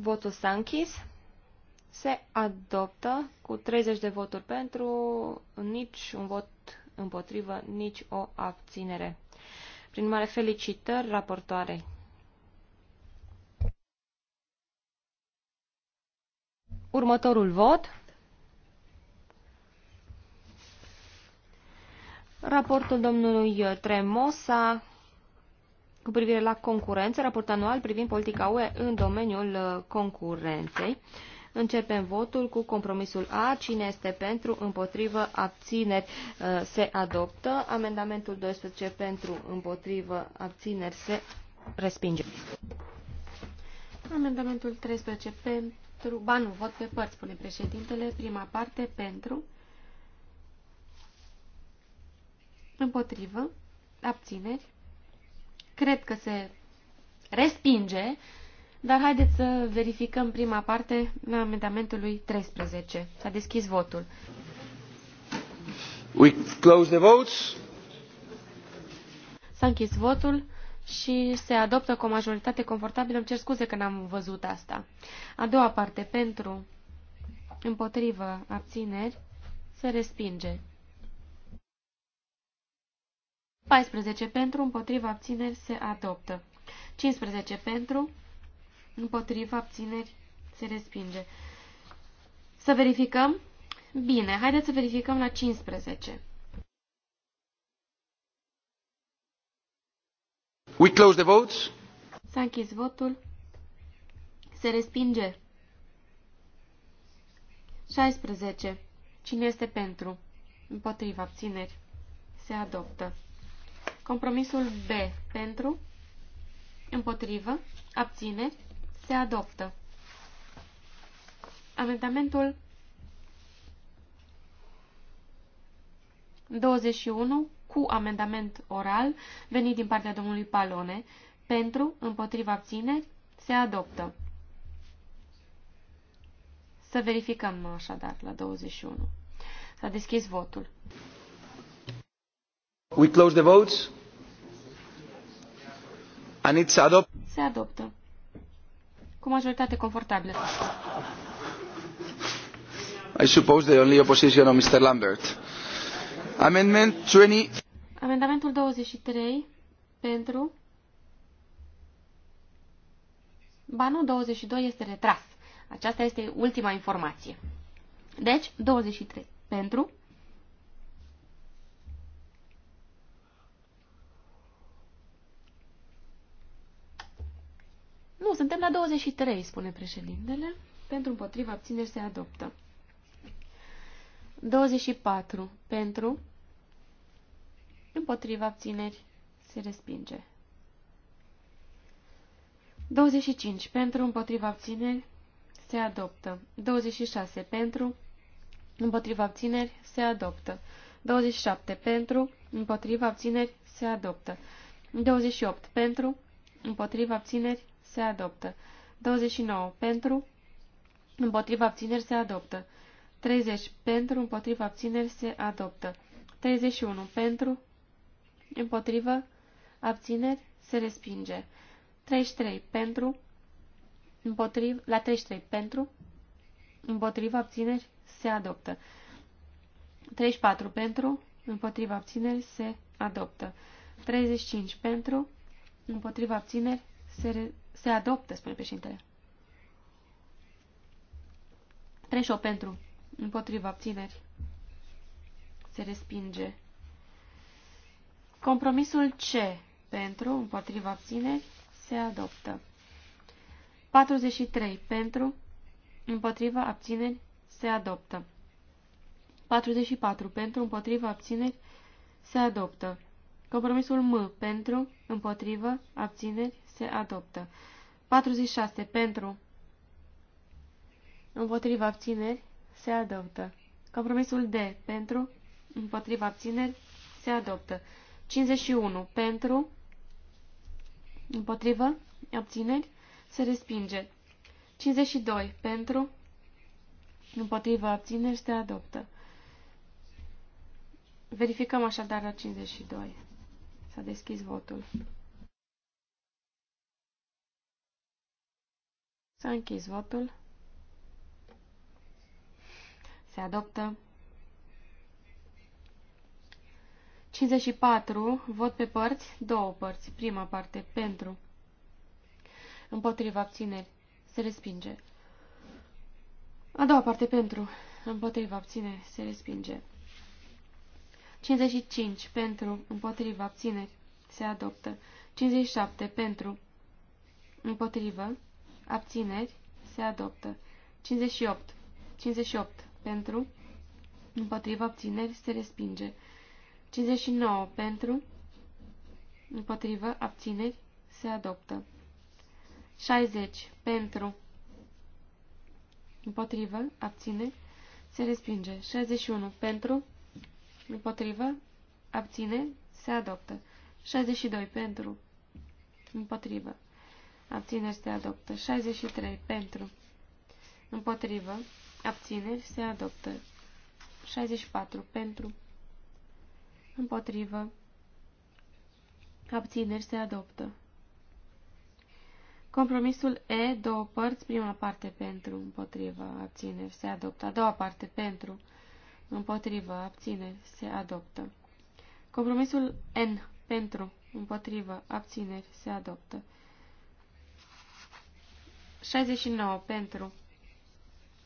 Votul s-a închis. Se adoptă cu 30 de voturi pentru, nici un vot împotrivă, nici o abținere. Prin mare felicitări raportoarei. Următorul vot. Raportul domnului Tremosa cu privire la concurență, raport anual privind politica UE în domeniul uh, concurenței. Începem votul cu compromisul A. Cine este pentru, împotrivă, abțineri, uh, se adoptă. Amendamentul 12 pentru, împotrivă, abțineri, se respinge. Amendamentul 13 pentru... Ba nu, vot pe părți, spune președintele. Prima parte pentru, împotrivă, abțineri, Cred că se respinge, dar haideți să verificăm prima parte la amendamentului 13. S-a deschis votul. We close the votes. S-a închis votul și se adoptă cu o majoritate confortabilă. Îmi cer scuze că n-am văzut asta. A doua parte, pentru, împotrivă, abțineri, se respinge. 14 pentru, împotriva abțineri se adoptă. 15 pentru, împotriva abțineri se respinge. Să verificăm? Bine, haideți să verificăm la 15. We close the votes. S-a închis votul. Se respinge. 16. Cine este pentru? Împotriva abțineri. Se adoptă. Compromisul B pentru, împotrivă, abține, se adoptă. Amendamentul 21 cu amendament oral venit din partea domnului Palone pentru, împotriva abține, se adoptă. Să verificăm așadar la 21. S-a deschis votul. We close the votes. And it's adopt. Se adoptă. Cu majoritate confortabilă. I suppose the only opposition of Mr. Lambert. Amendment 20. Amendamentul 23 pentru. Ba nu, 22 este retras. Aceasta este ultima informație. Deci, 23 pentru. Nu, suntem la 23, spune președintele. Pentru împotriva abțineri se adoptă. 24. Pentru împotriva abțineri se respinge. 25. Pentru împotriva abțineri se adoptă. 26. Pentru împotriva abțineri se adoptă. 27. Pentru împotriva abțineri se adoptă. 28. Pentru împotriva abțineri se adoptă. 29. Pentru, împotriva abțineri, se adoptă. 30. Pentru, împotriva abțineri, se adoptă. 31. Pentru, împotriva abțineri, se respinge. 33. Pentru, împotriva, la 33. Pentru, împotriva abțineri, se adoptă. 34. Pentru, împotriva abțineri, se adoptă. 35. Pentru, împotriva abțineri, se se adoptă, spune președintele. 38 pentru. Împotriva abțineri. Se respinge. Compromisul C pentru, împotriva abțineri, se adoptă. 43 pentru, împotriva abțineri, se adoptă. 44 pentru, împotriva abțineri, se adoptă. Compromisul M pentru, împotriva abțineri, se adoptă. 46. Pentru, împotriva abțineri, se adoptă. Compromisul D. Pentru, împotriva abțineri, se adoptă. 51. Pentru, împotriva abțineri, se respinge. 52. Pentru, împotriva abțineri, se adoptă. Verificăm așadar la 52. S-a deschis votul. S-a închis votul. Se adoptă. 54. Vot pe părți. Două părți. Prima parte. Pentru. Împotriva abțineri. Se respinge. A doua parte. Pentru. Împotriva abțineri. Se respinge. 55. Pentru. Împotriva abțineri. Se adoptă. 57. Pentru. Împotrivă. Abțineri. Se adoptă. 58. 58. Pentru. Împotriva abțineri se respinge. 59. Pentru. Împotriva abțineri se adoptă. 60. Pentru. Împotriva abțineri se respinge. 61. Pentru. Împotriva abțineri se adoptă. 62. Pentru. Împotriva. Abțineri se adoptă. 63. Pentru. Împotrivă. Abțineri se adoptă. 64. Pentru. Împotrivă. Abțineri se adoptă. Compromisul E, două părți, prima parte pentru, împotrivă, abțineri, se adoptă. A doua parte pentru, împotrivă, abțineri, se adoptă. Compromisul N, pentru, împotrivă, abțineri, se adoptă. 69 pentru,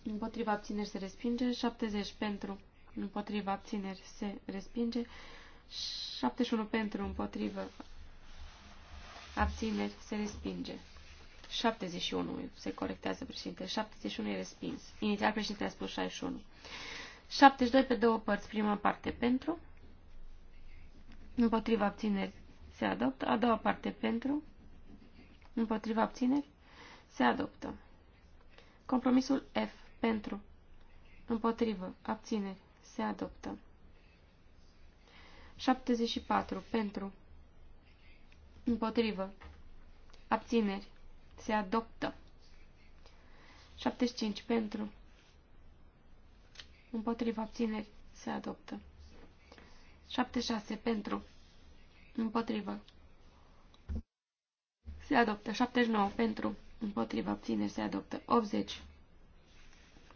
împotriva abțineri se respinge, 70 pentru, împotriva abțineri se respinge, 71 pentru, împotriva abțineri se respinge. 71, se corectează președinte, 71 e respins. Inițial președinte a spus 61. 72 pe două părți, prima parte pentru, împotriva abțineri se adoptă, a doua parte pentru, împotriva abțineri se adoptă. Compromisul F. Pentru. Împotrivă. Abțineri. Se adoptă. 74. Pentru. Împotrivă. Abțineri. Se adoptă. 75. Pentru. Împotrivă. Abțineri. Se adoptă. 76. Pentru. Împotrivă. Se adoptă. 79. Pentru. Împotrivă. Abțineri. Se adoptă. 80.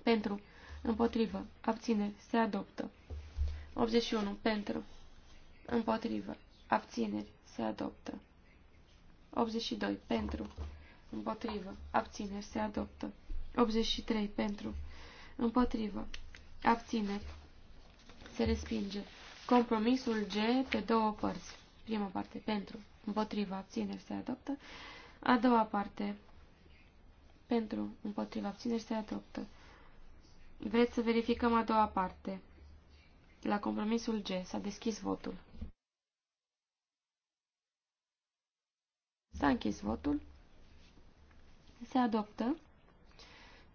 Pentru. Împotrivă. Abțineri. Se adoptă. 81. Pentru. Împotrivă. Abțineri. Se adoptă. 82. Pentru. Împotrivă. Abțineri. Se adoptă. 83. Pentru. Împotrivă. Abțineri. Se respinge. Compromisul G pe două părți. Prima parte. Pentru. Împotrivă. Abțineri. Se adoptă. A doua parte. Pentru, împotriva, abțineri se adoptă. Vreți să verificăm a doua parte. La compromisul G s-a deschis votul. S-a închis votul. Se adoptă.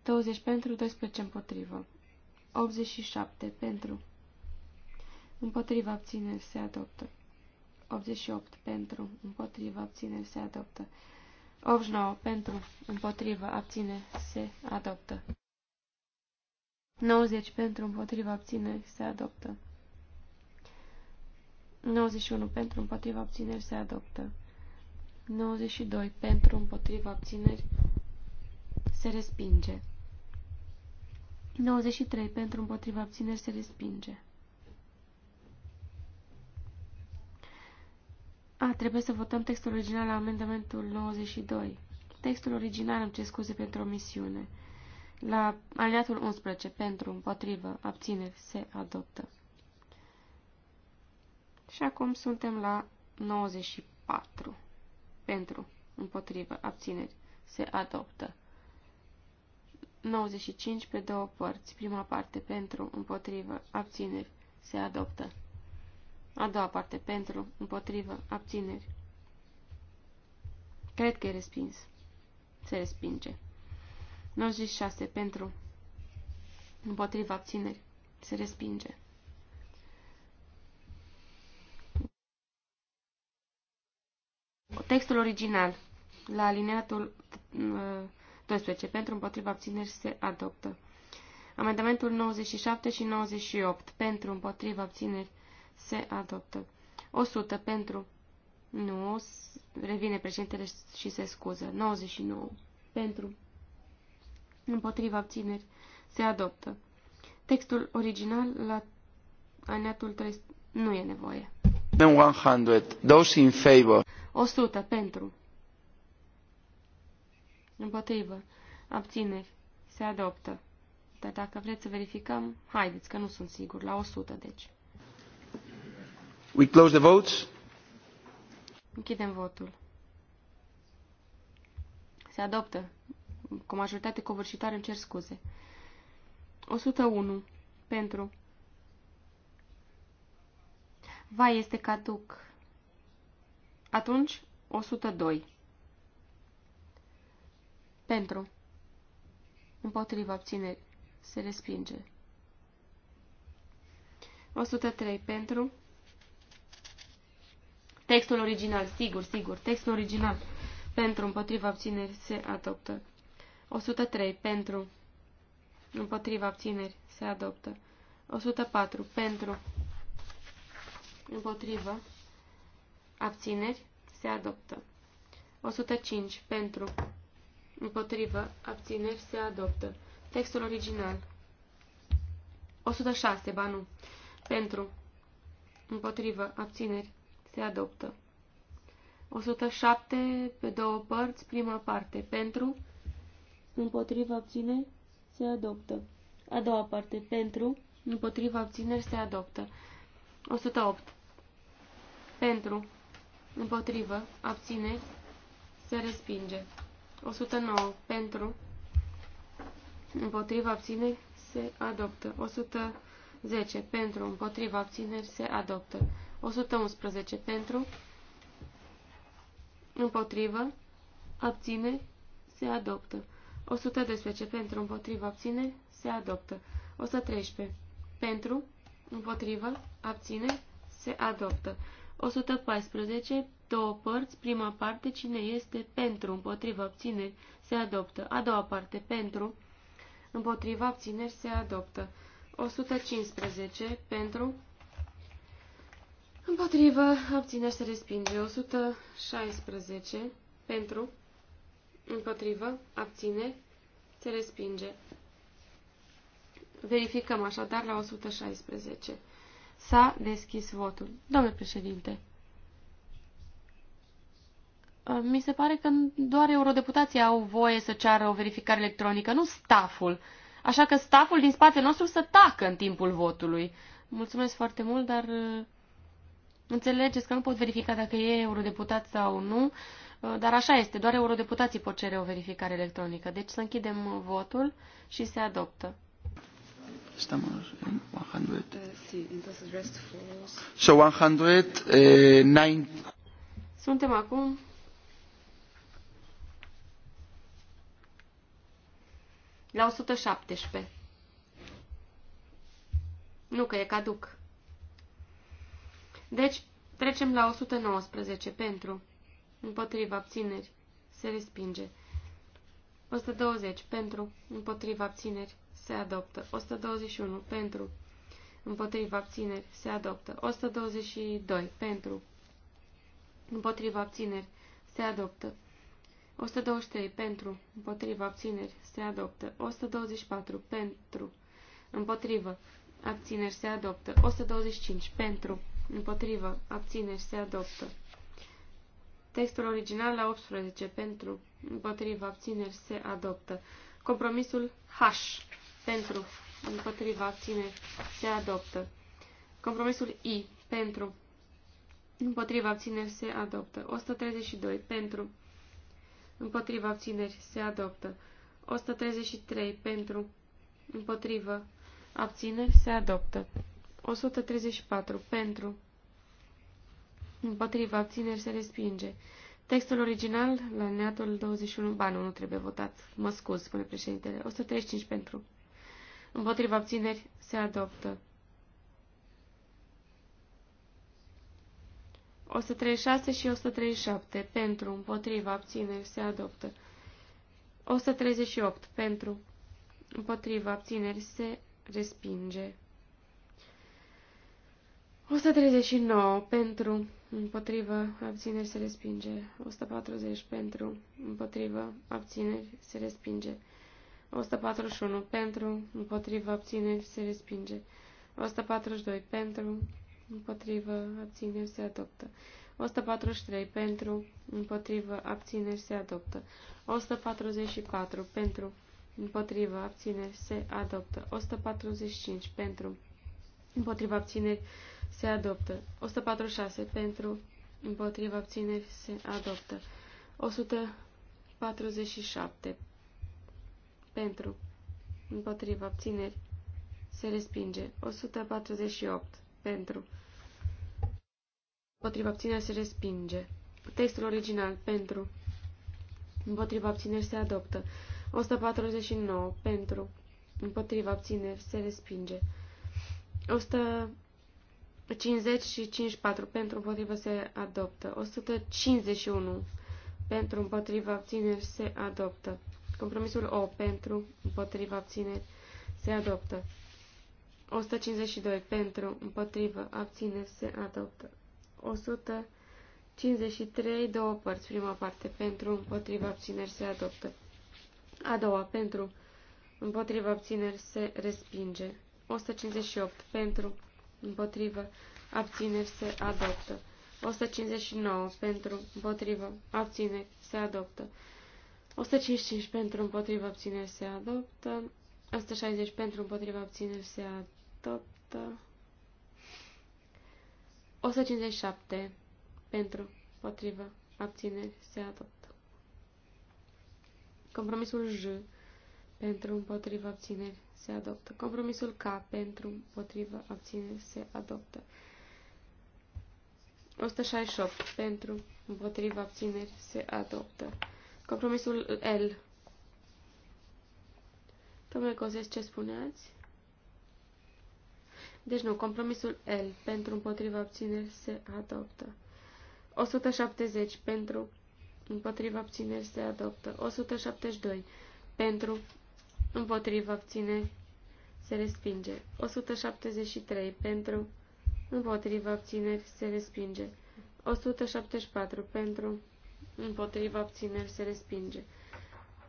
20 pentru, 12 împotrivă. 87 pentru. Împotriva abțineri se adoptă. 88 pentru. Împotriva abțineri se adoptă. 89 pentru, împotrivă, abține, se adoptă. 90 pentru, împotrivă, abține, se adoptă. 91 pentru, împotrivă, abțineri, se adoptă. 92 pentru, împotrivă, abțineri, se respinge. 93 pentru, împotrivă, abțineri, se respinge. A, trebuie să votăm textul original la amendamentul 92. Textul original, îmi ce scuze pentru omisiune. La aliatul 11, pentru, împotrivă, abțineri, se adoptă. Și acum suntem la 94. Pentru, împotrivă, abțineri, se adoptă. 95 pe două părți. Prima parte, pentru, împotrivă, abțineri, se adoptă. A doua parte, pentru, împotrivă, abțineri. Cred că e respins. Se respinge. 96, pentru, împotrivă, abțineri. Se respinge. Textul original, la alineatul 12, uh, pentru, împotrivă, abțineri, se adoptă. Amendamentul 97 și 98, pentru, împotrivă, abțineri se adoptă. 100 pentru, nu, revine președintele și se scuză. 99 pentru, împotriva abțineri, se adoptă. Textul original la aneatul 3 nu e nevoie. 100, those in favor. 100 pentru. Împotrivă. Abțineri. Se adoptă. Dar dacă vreți să verificăm, haideți că nu sunt sigur. La 100, deci. We close the votes. Închidem votul. Se adoptă. Cu majoritate covârșitoare îmi cer scuze. 101. Pentru. Va este caduc. Atunci, 102. Pentru. Împotriva abțineri. Se respinge. 103. Pentru. Textul original, sigur, sigur, textul original. Pentru, împotriva, abțineri, se adoptă. 103. Pentru, împotriva, abțineri, se adoptă. 104. Pentru, împotriva, abțineri, se adoptă. 105. Pentru, împotriva, abțineri, se adoptă. Textul original. 106. Ba nu. Pentru, împotriva, abțineri, se adoptă. 107 pe două părți, prima parte. Pentru, împotriva abțineri, se adoptă. A doua parte. Pentru, împotriva abțineri, se adoptă. 108. Pentru, împotrivă, abțineri, se respinge. 109. Pentru, împotriva abțineri, se adoptă. 110. Pentru, împotriva abțineri, se adoptă. 111 pentru, împotrivă, abține se adoptă. 112 pentru, împotrivă, abține se adoptă. 113 pentru, împotrivă, abține se adoptă. 114, două părți, prima parte, cine este pentru, împotrivă, abține se adoptă. A doua parte, pentru, împotrivă, abține se adoptă. 115, pentru, Împotrivă, abțineri se respinge. 116 pentru. Împotrivă, abține, se respinge. Verificăm așadar la 116. S-a deschis votul. Domnule președinte, ă, mi se pare că doar eurodeputații au voie să ceară o verificare electronică, nu staful. Așa că staful din spatele nostru să tacă în timpul votului. Mulțumesc foarte mult, dar ă, Înțelegeți că nu pot verifica dacă e eurodeputat sau nu, uh, dar așa este, doar eurodeputații pot cere o verificare electronică. Deci să închidem votul și se adoptă. Estamos en 100. So 109. Uh, Suntem acum la 117. Nu, că e caduc. Deci, trecem la 119 pentru, împotriva abțineri, se respinge. 120 pentru, împotriva abțineri, se adoptă. 121 pentru, împotriva abțineri, se adoptă. 122 pentru, împotriva abțineri, se adoptă. 123 pentru, împotriva abțineri, se adoptă. 124 pentru, împotriva abțineri, se adoptă. 125 pentru, Împotrivă. Abțineri. Se adoptă. Textul original la 18. Pentru. Împotrivă. Abțineri. Se adoptă. Compromisul H. Pentru. Împotrivă. Abțineri. Se adoptă. Compromisul I. Pentru. Împotriva abțineri se adoptă. 132. Pentru. Împotriva abțineri se adoptă. 133. Pentru. Împotrivă. Abțineri se adoptă. 134. Pentru. Împotriva abțineri se respinge. Textul original la neatul 21. banul nu, nu trebuie votat. Mă scuz, spune președintele. 135 pentru. Împotriva abțineri se adoptă. 136 și 137. Pentru. Împotriva abțineri se adoptă. 138. Pentru. Împotriva abțineri se respinge. 139 pentru, împotrivă, abțineri se respinge. 140 pentru, împotrivă, abțineri se respinge. 141 pentru, împotrivă, abțineri se respinge. 142 pentru, împotrivă, abțineri se adoptă. 143 pentru, împotrivă, abțineri se adoptă. 144 pentru, împotrivă, abțineri se adoptă. 145 pentru, împotrivă, abțineri se adoptă se adoptă. 146 pentru, împotriva abțineri se adoptă. 147 pentru, împotriva abțineri se respinge. 148 pentru, împotriva abțineri se respinge. Textul original pentru, împotriva abțineri se adoptă. 149 pentru, împotriva abțineri se respinge. 100 50 și 54 pentru împotrivă se adoptă. 151 pentru împotrivă abțineri se adoptă. Compromisul O pentru împotrivă abțineri se adoptă. 152 pentru împotrivă abțineri se adoptă. 153 două părți. Prima parte pentru împotrivă abțineri se adoptă. A doua pentru împotrivă abțineri se respinge. 158 pentru împotrivă, abțineri, se adoptă. 159 pentru, împotrivă, abțineri, se adoptă. 155 pentru, împotrivă, abțineri, se adoptă. 160 pentru, împotrivă, abțineri, se adoptă. 157 pentru, împotrivă, abțineri, se adoptă. Compromisul J pentru, împotrivă, abțineri, se adoptă. Compromisul K pentru împotriva abține se adoptă. 168 pentru împotriva abțineri se adoptă. Compromisul L. Domnule Cozes, ce spuneați? Deci nu, compromisul L pentru împotriva abțineri se adoptă. 170 pentru împotriva abțineri se adoptă. 172 pentru împotriva abțineri, se respinge. 173 pentru, împotriva abțineri, se respinge. 174 pentru, împotriva abțineri, se respinge.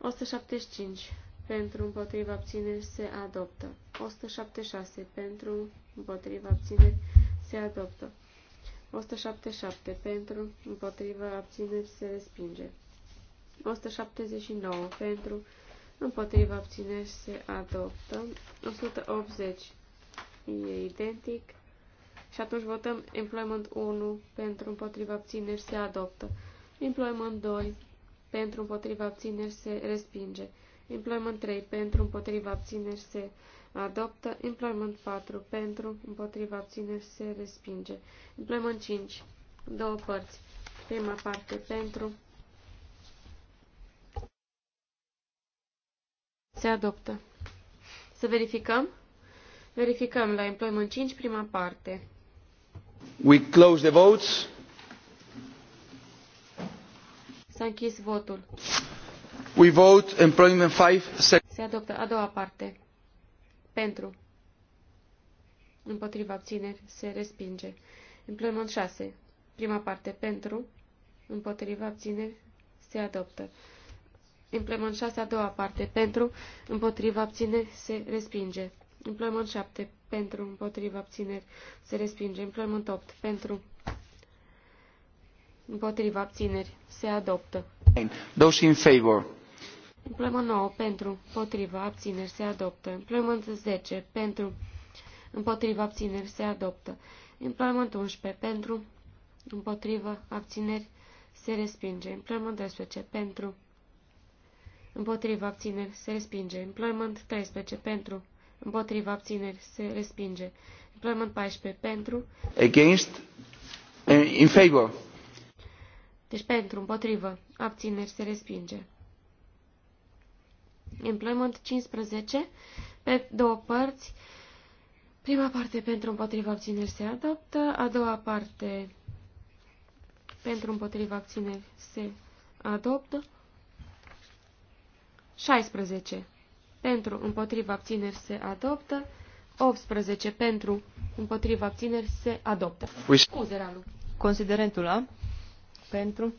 175 pentru, împotriva abțineri, se adoptă. 176 pentru, împotriva abțineri, se adoptă. 177 pentru, împotriva abțineri, se respinge. 179 pentru, împotriva abțineri se adoptă. 180 e identic. Și atunci votăm employment 1 pentru împotriva abțineri se adoptă. Employment 2 pentru împotriva abțineri se respinge. Employment 3 pentru împotriva abțineri se adoptă. Employment 4 pentru împotriva abțineri se respinge. Employment 5 două părți. Prima parte pentru Se adoptă. Să verificăm? Verificăm la employment 5, prima parte. We close the votes. S-a închis votul. We vote employment 5. Se adoptă a doua parte. Pentru. Împotriva abțineri se respinge. Employment 6. Prima parte pentru. Împotriva abțineri se adoptă. Implement 6, a doua parte, pentru, împotriva, abțineri, se respinge. Implement 7, pentru, împotriva, abțineri, se respinge. Implement 8, pentru, împotriva, abțineri, se adoptă. Those in favor. Implement 9, pentru, împotriva, abțineri, se adoptă. Implement 10, pentru, împotriva, abțineri, se adoptă. Implement 11, pentru, împotriva, abțineri, se respinge. Implement 12, pentru, împotriva abțineri se respinge. Employment 13 pentru, împotriva abțineri se respinge. Employment 14 pentru, against, eh, in favor. Deci pentru, împotrivă, abțineri se respinge. Employment 15 pe două părți. Prima parte pentru împotriva abțineri se adoptă, a doua parte pentru împotriva abțineri se adoptă. 16. Pentru, împotriva abțineri se adoptă. 18. Pentru, împotriva abțineri se adoptă. Scuze, Ralu. Considerentul A. Pentru.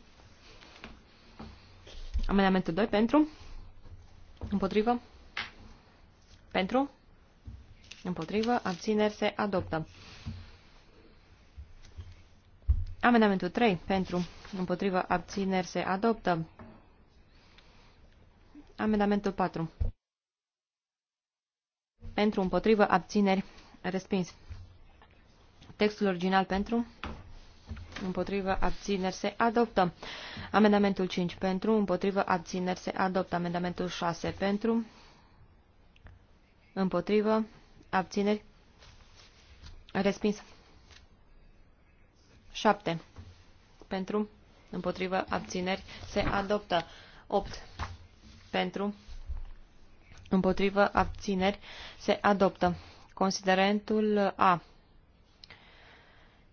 Amendamentul 2. Pentru. împotriva Pentru. împotriva Abțineri se adoptă. Amendamentul 3. Pentru. împotriva Abțineri se adoptă. Amendamentul 4. Pentru, împotrivă, abțineri, respins. Textul original pentru, împotrivă, abțineri, se adoptă. Amendamentul 5 pentru, împotrivă, abțineri, se adoptă. Amendamentul 6 pentru, împotrivă, abțineri, respins. 7 pentru, împotrivă, abțineri, se adoptă. 8 pentru, împotrivă, abțineri, se adoptă. Considerentul A.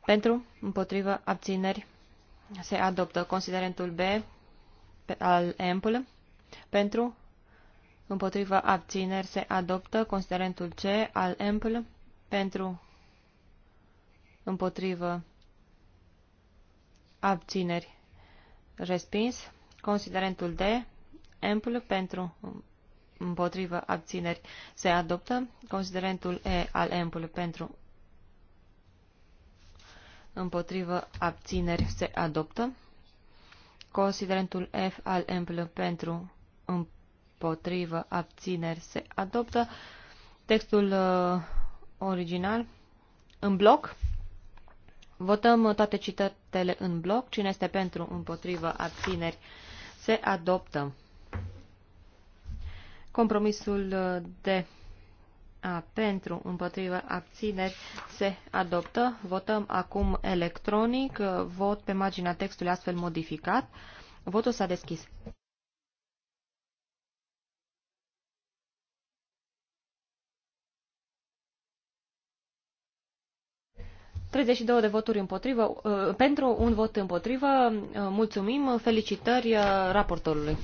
Pentru, împotrivă, abțineri, se adoptă. Considerentul B al EMPL. Pentru, împotrivă, abțineri, se adoptă. Considerentul C al EMPL. Pentru, împotrivă, abțineri, respins. Considerentul D Ample pentru împotrivă abțineri se adoptă. Considerentul E al Ample pentru împotrivă abțineri se adoptă. Considerentul F al Ample pentru împotrivă abțineri se adoptă. Textul uh, original în bloc. Votăm toate citatele în bloc. Cine este pentru, împotrivă, abțineri, se adoptă. Compromisul uh, de a, pentru, împotriva, abțineri se adoptă. Votăm acum electronic. Uh, vot pe marginea textului astfel modificat. Votul s-a deschis. Treizeci de voturi împotrivă, uh, pentru un vot împotrivă. Mulțumim, felicitări raportorului.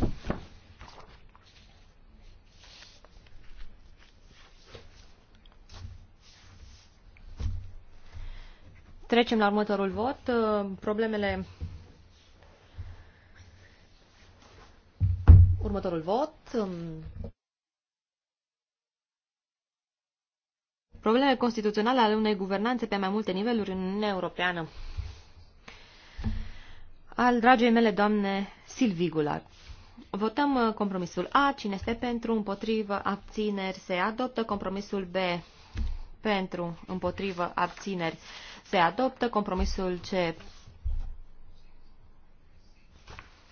Trecem la următorul vot. Uh, problemele. Următorul vot. Um, problemele constituționale ale unei guvernanțe pe mai multe niveluri în Uniunea Europeană. Al dragei mele doamne Silvi Gular. Votăm uh, compromisul A. Cine este pentru, împotrivă, abțineri, se adoptă. Compromisul B. Pentru, împotrivă, abțineri se adoptă. Compromisul C.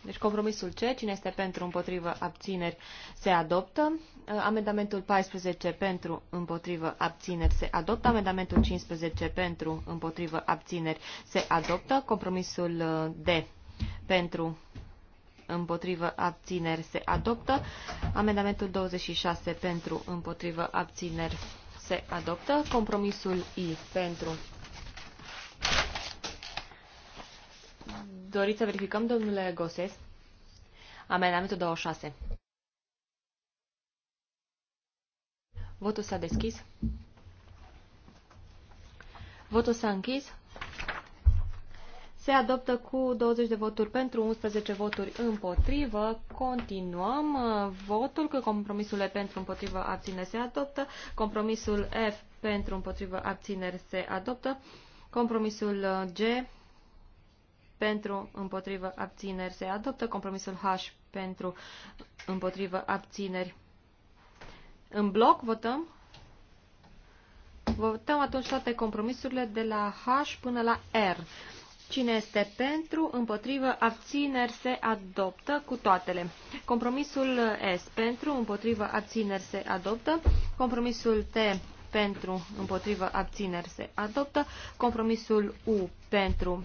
Deci compromisul C, cine este pentru, împotrivă, abțineri, se adoptă. Uh, amendamentul 14 pentru, împotrivă, abțineri, se adoptă. Amendamentul 15 pentru, împotrivă, abțineri, se adoptă. Compromisul uh, D pentru, împotrivă, abțineri, se adoptă. Amendamentul 26 pentru, împotrivă, abțineri, se adoptă. Compromisul I pentru, Doriți să verificăm, domnule Goses? Amendamentul 26. Votul s-a deschis. Votul s-a închis. Se adoptă cu 20 de voturi pentru, 11 voturi împotrivă. Continuăm uh, votul că E pentru împotrivă abține se adoptă, compromisul F pentru împotrivă abțineri se adoptă, compromisul G pentru, împotrivă, abțineri se adoptă. Compromisul H pentru, împotrivă, abțineri. În bloc votăm. Votăm atunci toate compromisurile de la H până la R. Cine este pentru, împotrivă, abțineri se adoptă cu toatele. Compromisul S pentru, împotrivă, abțineri se adoptă. Compromisul T pentru, împotrivă, abțineri se adoptă. Compromisul U pentru,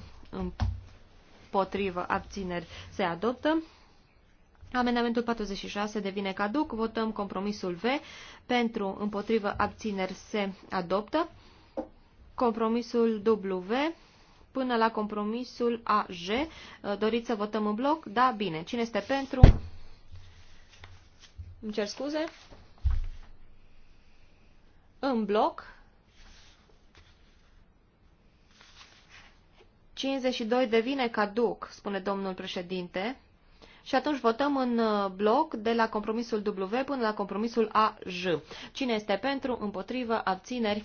împotrivă, abțineri, se adoptă. Amendamentul 46 devine caduc, votăm compromisul V, pentru, împotrivă, abțineri, se adoptă. Compromisul W, până la compromisul AJ. Doriți să votăm în bloc? Da, bine. Cine este pentru? Îmi cer scuze. În bloc. 52 devine caduc, spune domnul președinte, și atunci votăm în uh, bloc de la compromisul W până la compromisul AJ. Cine este pentru, împotrivă, abțineri,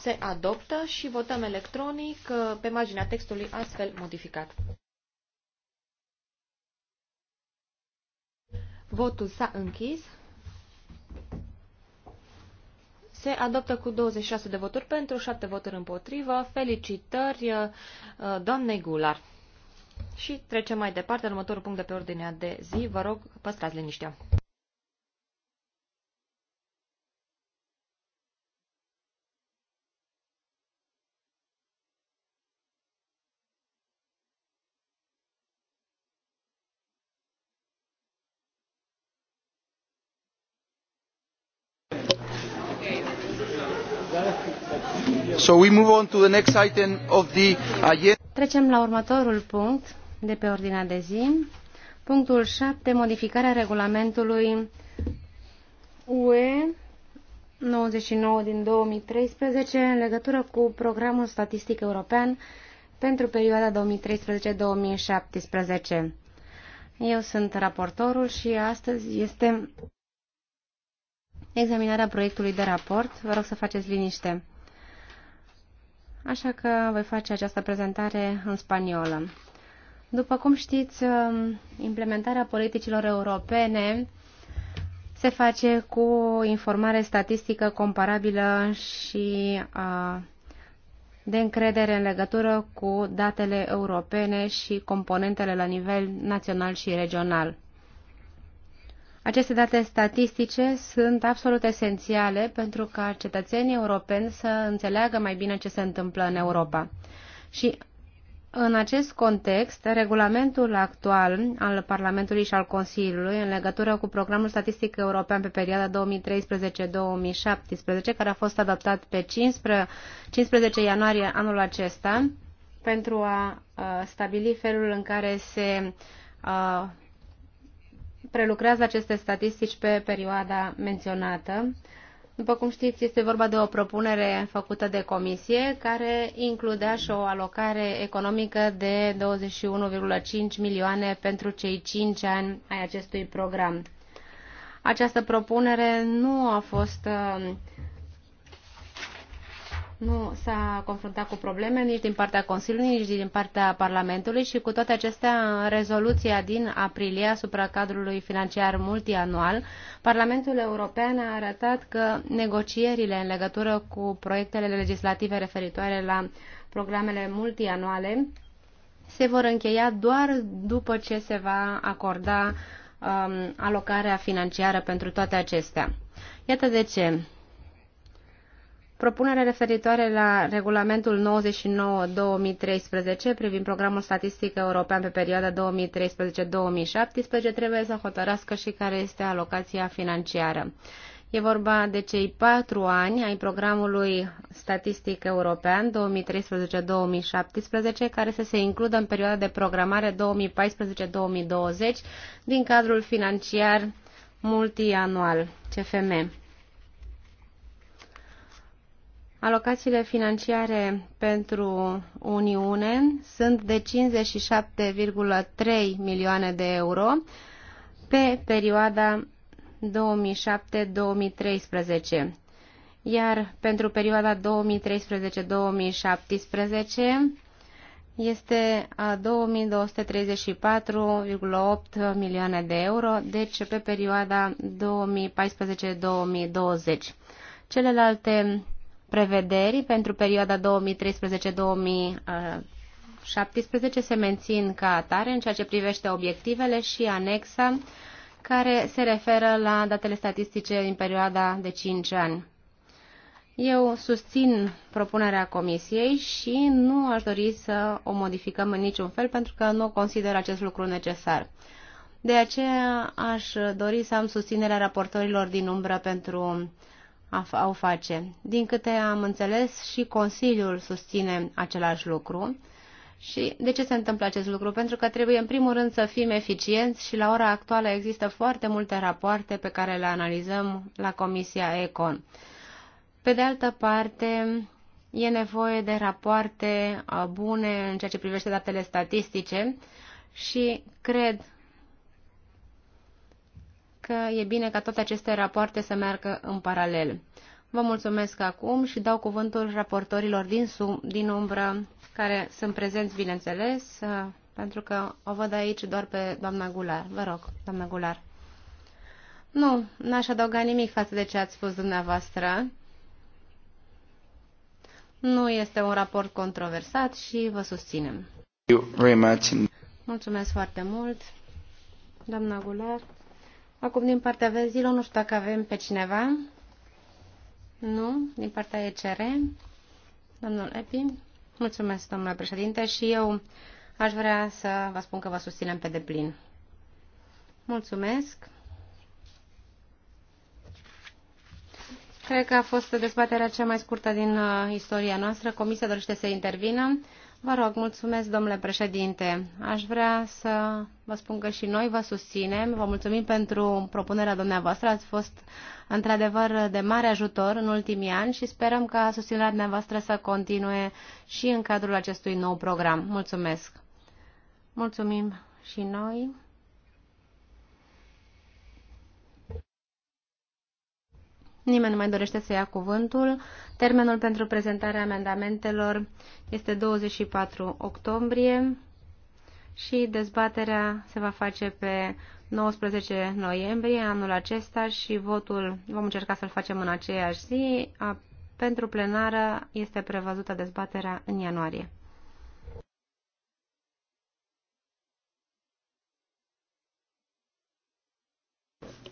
se adoptă și votăm electronic uh, pe marginea textului astfel modificat. Votul s-a închis se adoptă cu 26 de voturi pentru, 7 voturi împotrivă. Felicitări uh, uh, doamnei Gular. Și trecem mai departe, următorul punct de pe ordinea de zi. Vă rog, păstrați liniștea. So we move on to the next item of the agenda. Trecem la următorul punct de pe ordinea de zi. Punctul 7, modificarea regulamentului UE 99 din 2013 în legătură cu programul statistic european pentru perioada 2013-2017. Eu sunt raportorul și astăzi este examinarea proiectului de raport. Vă rog să faceți liniște așa că voi face această prezentare în spaniolă. După cum știți, um, implementarea politicilor europene se face cu informare statistică comparabilă și de încredere în legătură cu datele europene și componentele la nivel național și regional. Aceste date statistice sunt absolut esențiale pentru ca cetățenii europeni să înțeleagă mai bine ce se întâmplă în Europa. Și în acest context, regulamentul actual al Parlamentului și al Consiliului în legătură cu programul statistic european pe perioada 2013-2017, care a fost adoptat pe 15, ianuarie anul acesta, pentru a, stabili felul în care se prelucrează aceste statistici pe perioada menționată. După cum știți, este vorba de o propunere făcută de comisie care includea și o alocare economică de 21,5 milioane pentru cei 5 ani ai acestui program. Această propunere nu a fost uh, nu s-a confruntat cu probleme nici din partea Consiliului, nici din partea Parlamentului și cu toate acestea, în rezoluția din aprilie asupra cadrului financiar multianual, Parlamentul European a arătat că negocierile în legătură cu proiectele legislative referitoare la programele multianuale se vor încheia doar după ce se va acorda um, alocarea financiară pentru toate acestea. Iată de ce Propunerea referitoare la regulamentul 99-2013 privind programul statistic european pe perioada 2013-2017 trebuie să hotărască și care este alocația financiară. E vorba de cei patru ani ai programului statistic european 2013-2017, care să se includă în perioada de programare 2014-2020 din cadrul financiar multianual CFM. Alocațiile financiare pentru Uniune sunt de 57,3 milioane de euro pe perioada 2007-2013, iar pentru perioada 2013-2017 este 2234,8 milioane de euro, deci pe perioada 2014-2020. Celelalte prevederi pentru perioada 2013-2017 se mențin ca atare în ceea ce privește obiectivele și anexa care se referă la datele statistice din perioada de 5 ani. Eu susțin propunerea Comisiei și nu aș dori să o modificăm în niciun fel pentru că nu consider acest lucru necesar. De aceea aș dori să am susținerea raportorilor din umbră pentru uh, au face. Din câte am înțeles, și Consiliul susține același lucru. Și de ce se întâmplă acest lucru? Pentru că trebuie, în primul rând, să fim eficienți și la ora actuală există foarte multe rapoarte pe care le analizăm la Comisia Econ. Pe de altă parte, e nevoie de rapoarte uh, bune în ceea ce privește datele statistice și cred că e bine ca toate aceste rapoarte să meargă în paralel. Vă mulțumesc acum și dau cuvântul raportorilor din, sum, din umbră, care sunt prezenți, bineînțeles, uh, pentru că o văd aici doar pe doamna Gular. Vă rog, doamna Gular. Nu, n-aș adăuga nimic față de ce ați spus dumneavoastră. Nu este un raport controversat și vă susținem. Mulțumesc foarte mult, doamna Gular. Acum, din partea verzilor, nu știu dacă avem pe cineva. Nu? Din partea ECR. Domnul Epi. Mulțumesc, domnule președinte, și eu aș vrea să vă spun că vă susținem pe deplin. Mulțumesc. Cred că a fost dezbaterea cea mai scurtă din uh, istoria noastră. Comisia dorește să intervină. Vă rog, mulțumesc, domnule președinte. Aș vrea să vă spun că și noi vă susținem. Vă mulțumim pentru propunerea dumneavoastră. Ați fost într-adevăr de mare ajutor în ultimii ani și sperăm ca susținerea dumneavoastră să continue și în cadrul acestui nou program. Mulțumesc. Mulțumim și noi. Nimeni nu mai dorește să ia cuvântul. Termenul pentru prezentarea amendamentelor este 24 octombrie și dezbaterea se va face pe 19 noiembrie anul acesta și votul vom încerca să-l facem în aceeași zi. Pentru plenară este prevăzută dezbaterea în ianuarie.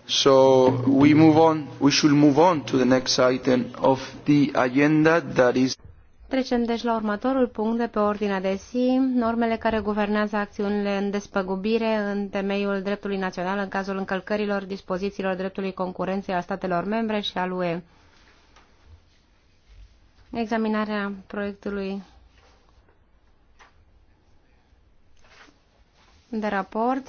So we move on, we should move on to the next item of the agenda that is Trecem deci la următorul punct de pe ordinea de zi, normele care guvernează acțiunile în despăgubire în temeiul dreptului național în cazul încălcărilor dispozițiilor dreptului concurenței a statelor membre și al UE. Examinarea proiectului de raport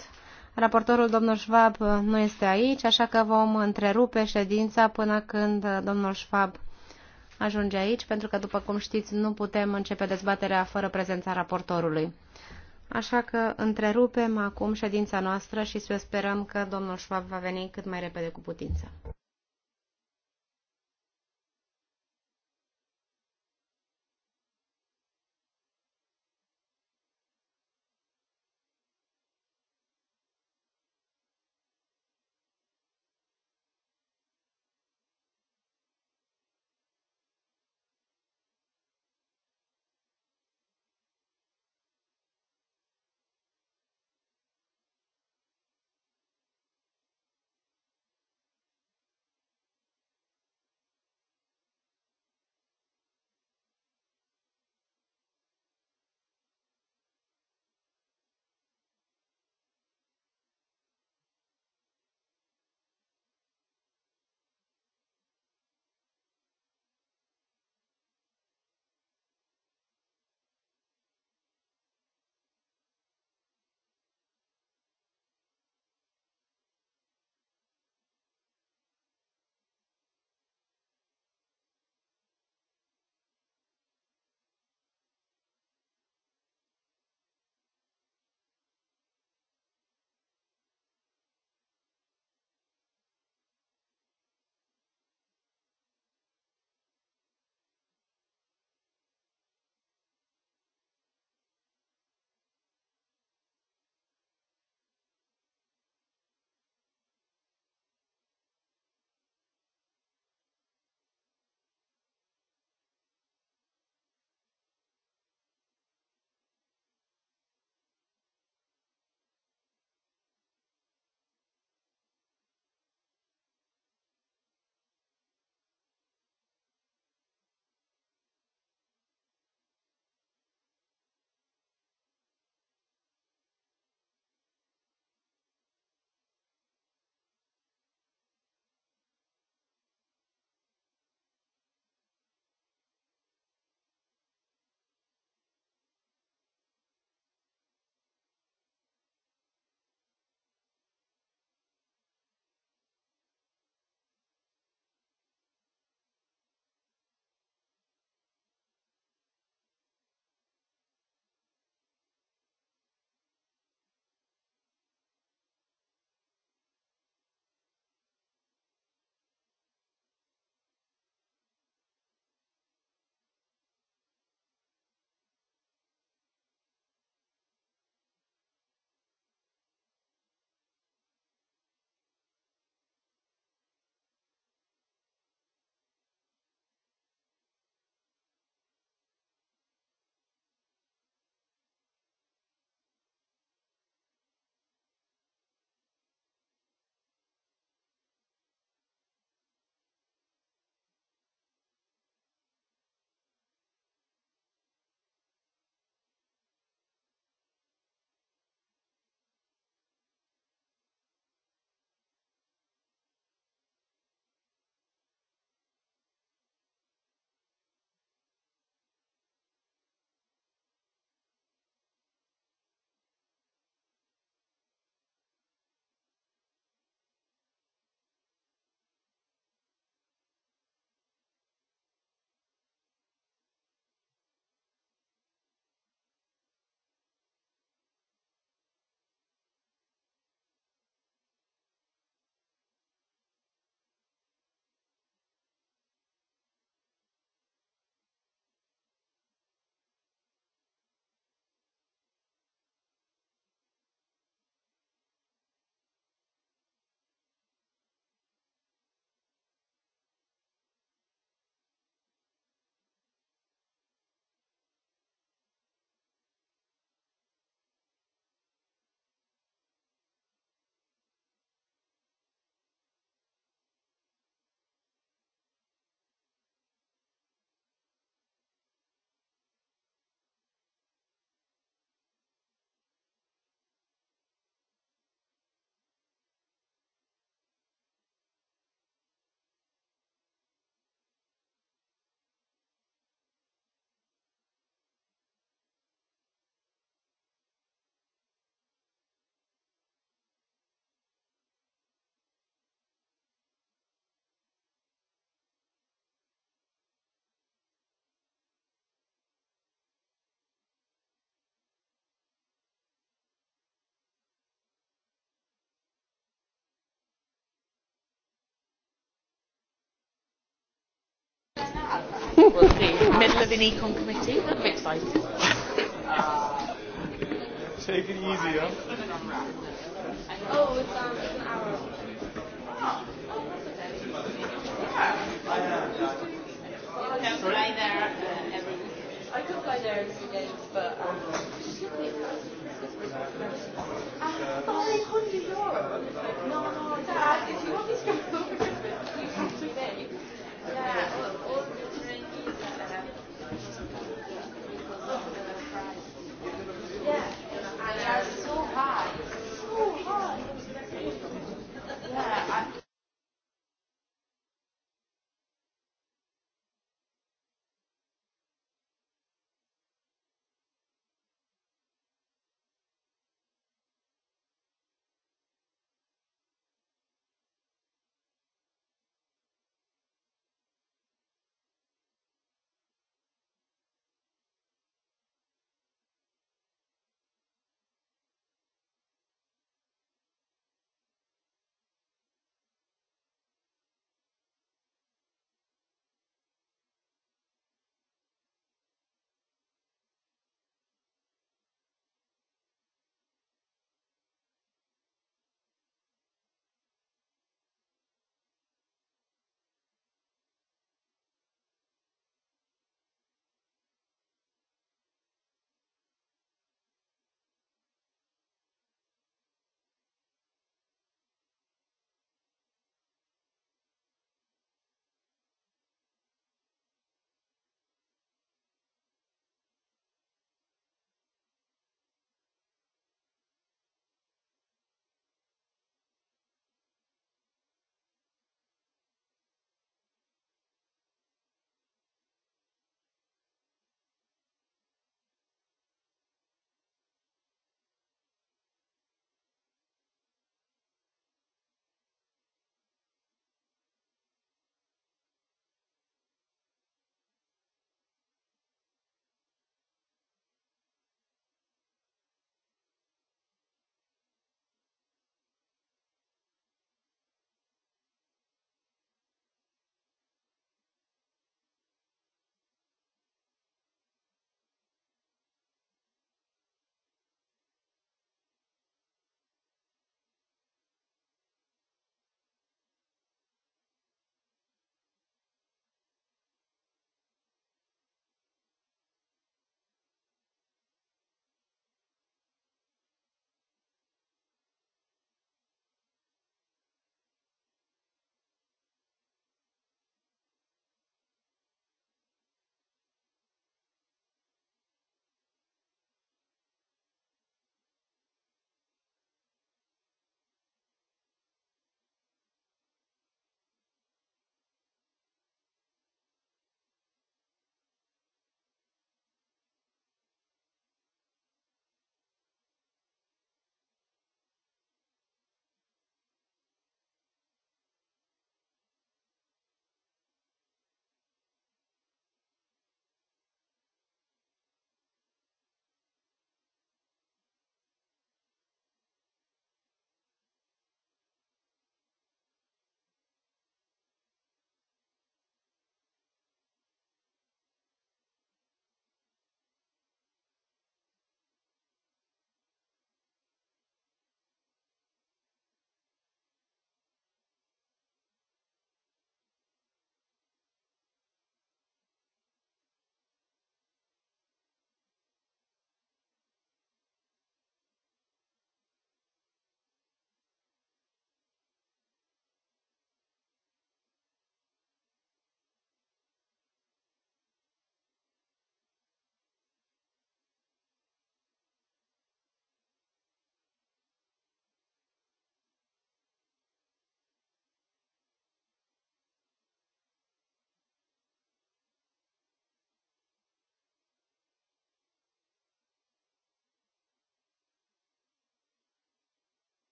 Raportorul domnul Schwab nu este aici, așa că vom întrerupe ședința până când domnul Schwab ajunge aici, pentru că, după cum știți, nu putem începe dezbaterea fără prezența raportorului. Așa că întrerupem acum ședința noastră și să sperăm că domnul Schwab va veni cât mai repede cu putință. middle of an econ committee. I'm excited. Take it easy, huh? Oh, it's, um, it's an hour. Oh, oh that's okay. Yeah. Don't fly there uh, every week. I could fly there every day, euro. No, no, Dad, if you want me to go over Christmas, you have to pay. all, all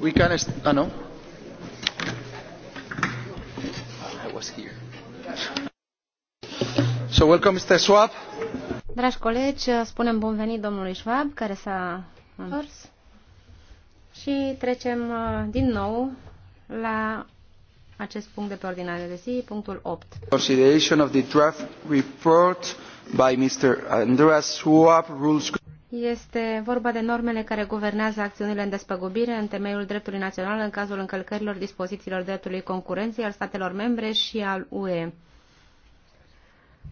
we can ah no I was here so welcome Mr. Schwab Dragi colegi, spunem bun venit domnului Schwab, care s-a întors. Și trecem uh, din nou la acest punct de pe ordinea de zi, punctul 8. Consideration of the draft report by Mr. Andreas Schwab, Rules este vorba de normele care guvernează acțiunile în despăgubire în temeiul dreptului național în cazul încălcărilor dispozițiilor dreptului concurenței al statelor membre și al UE.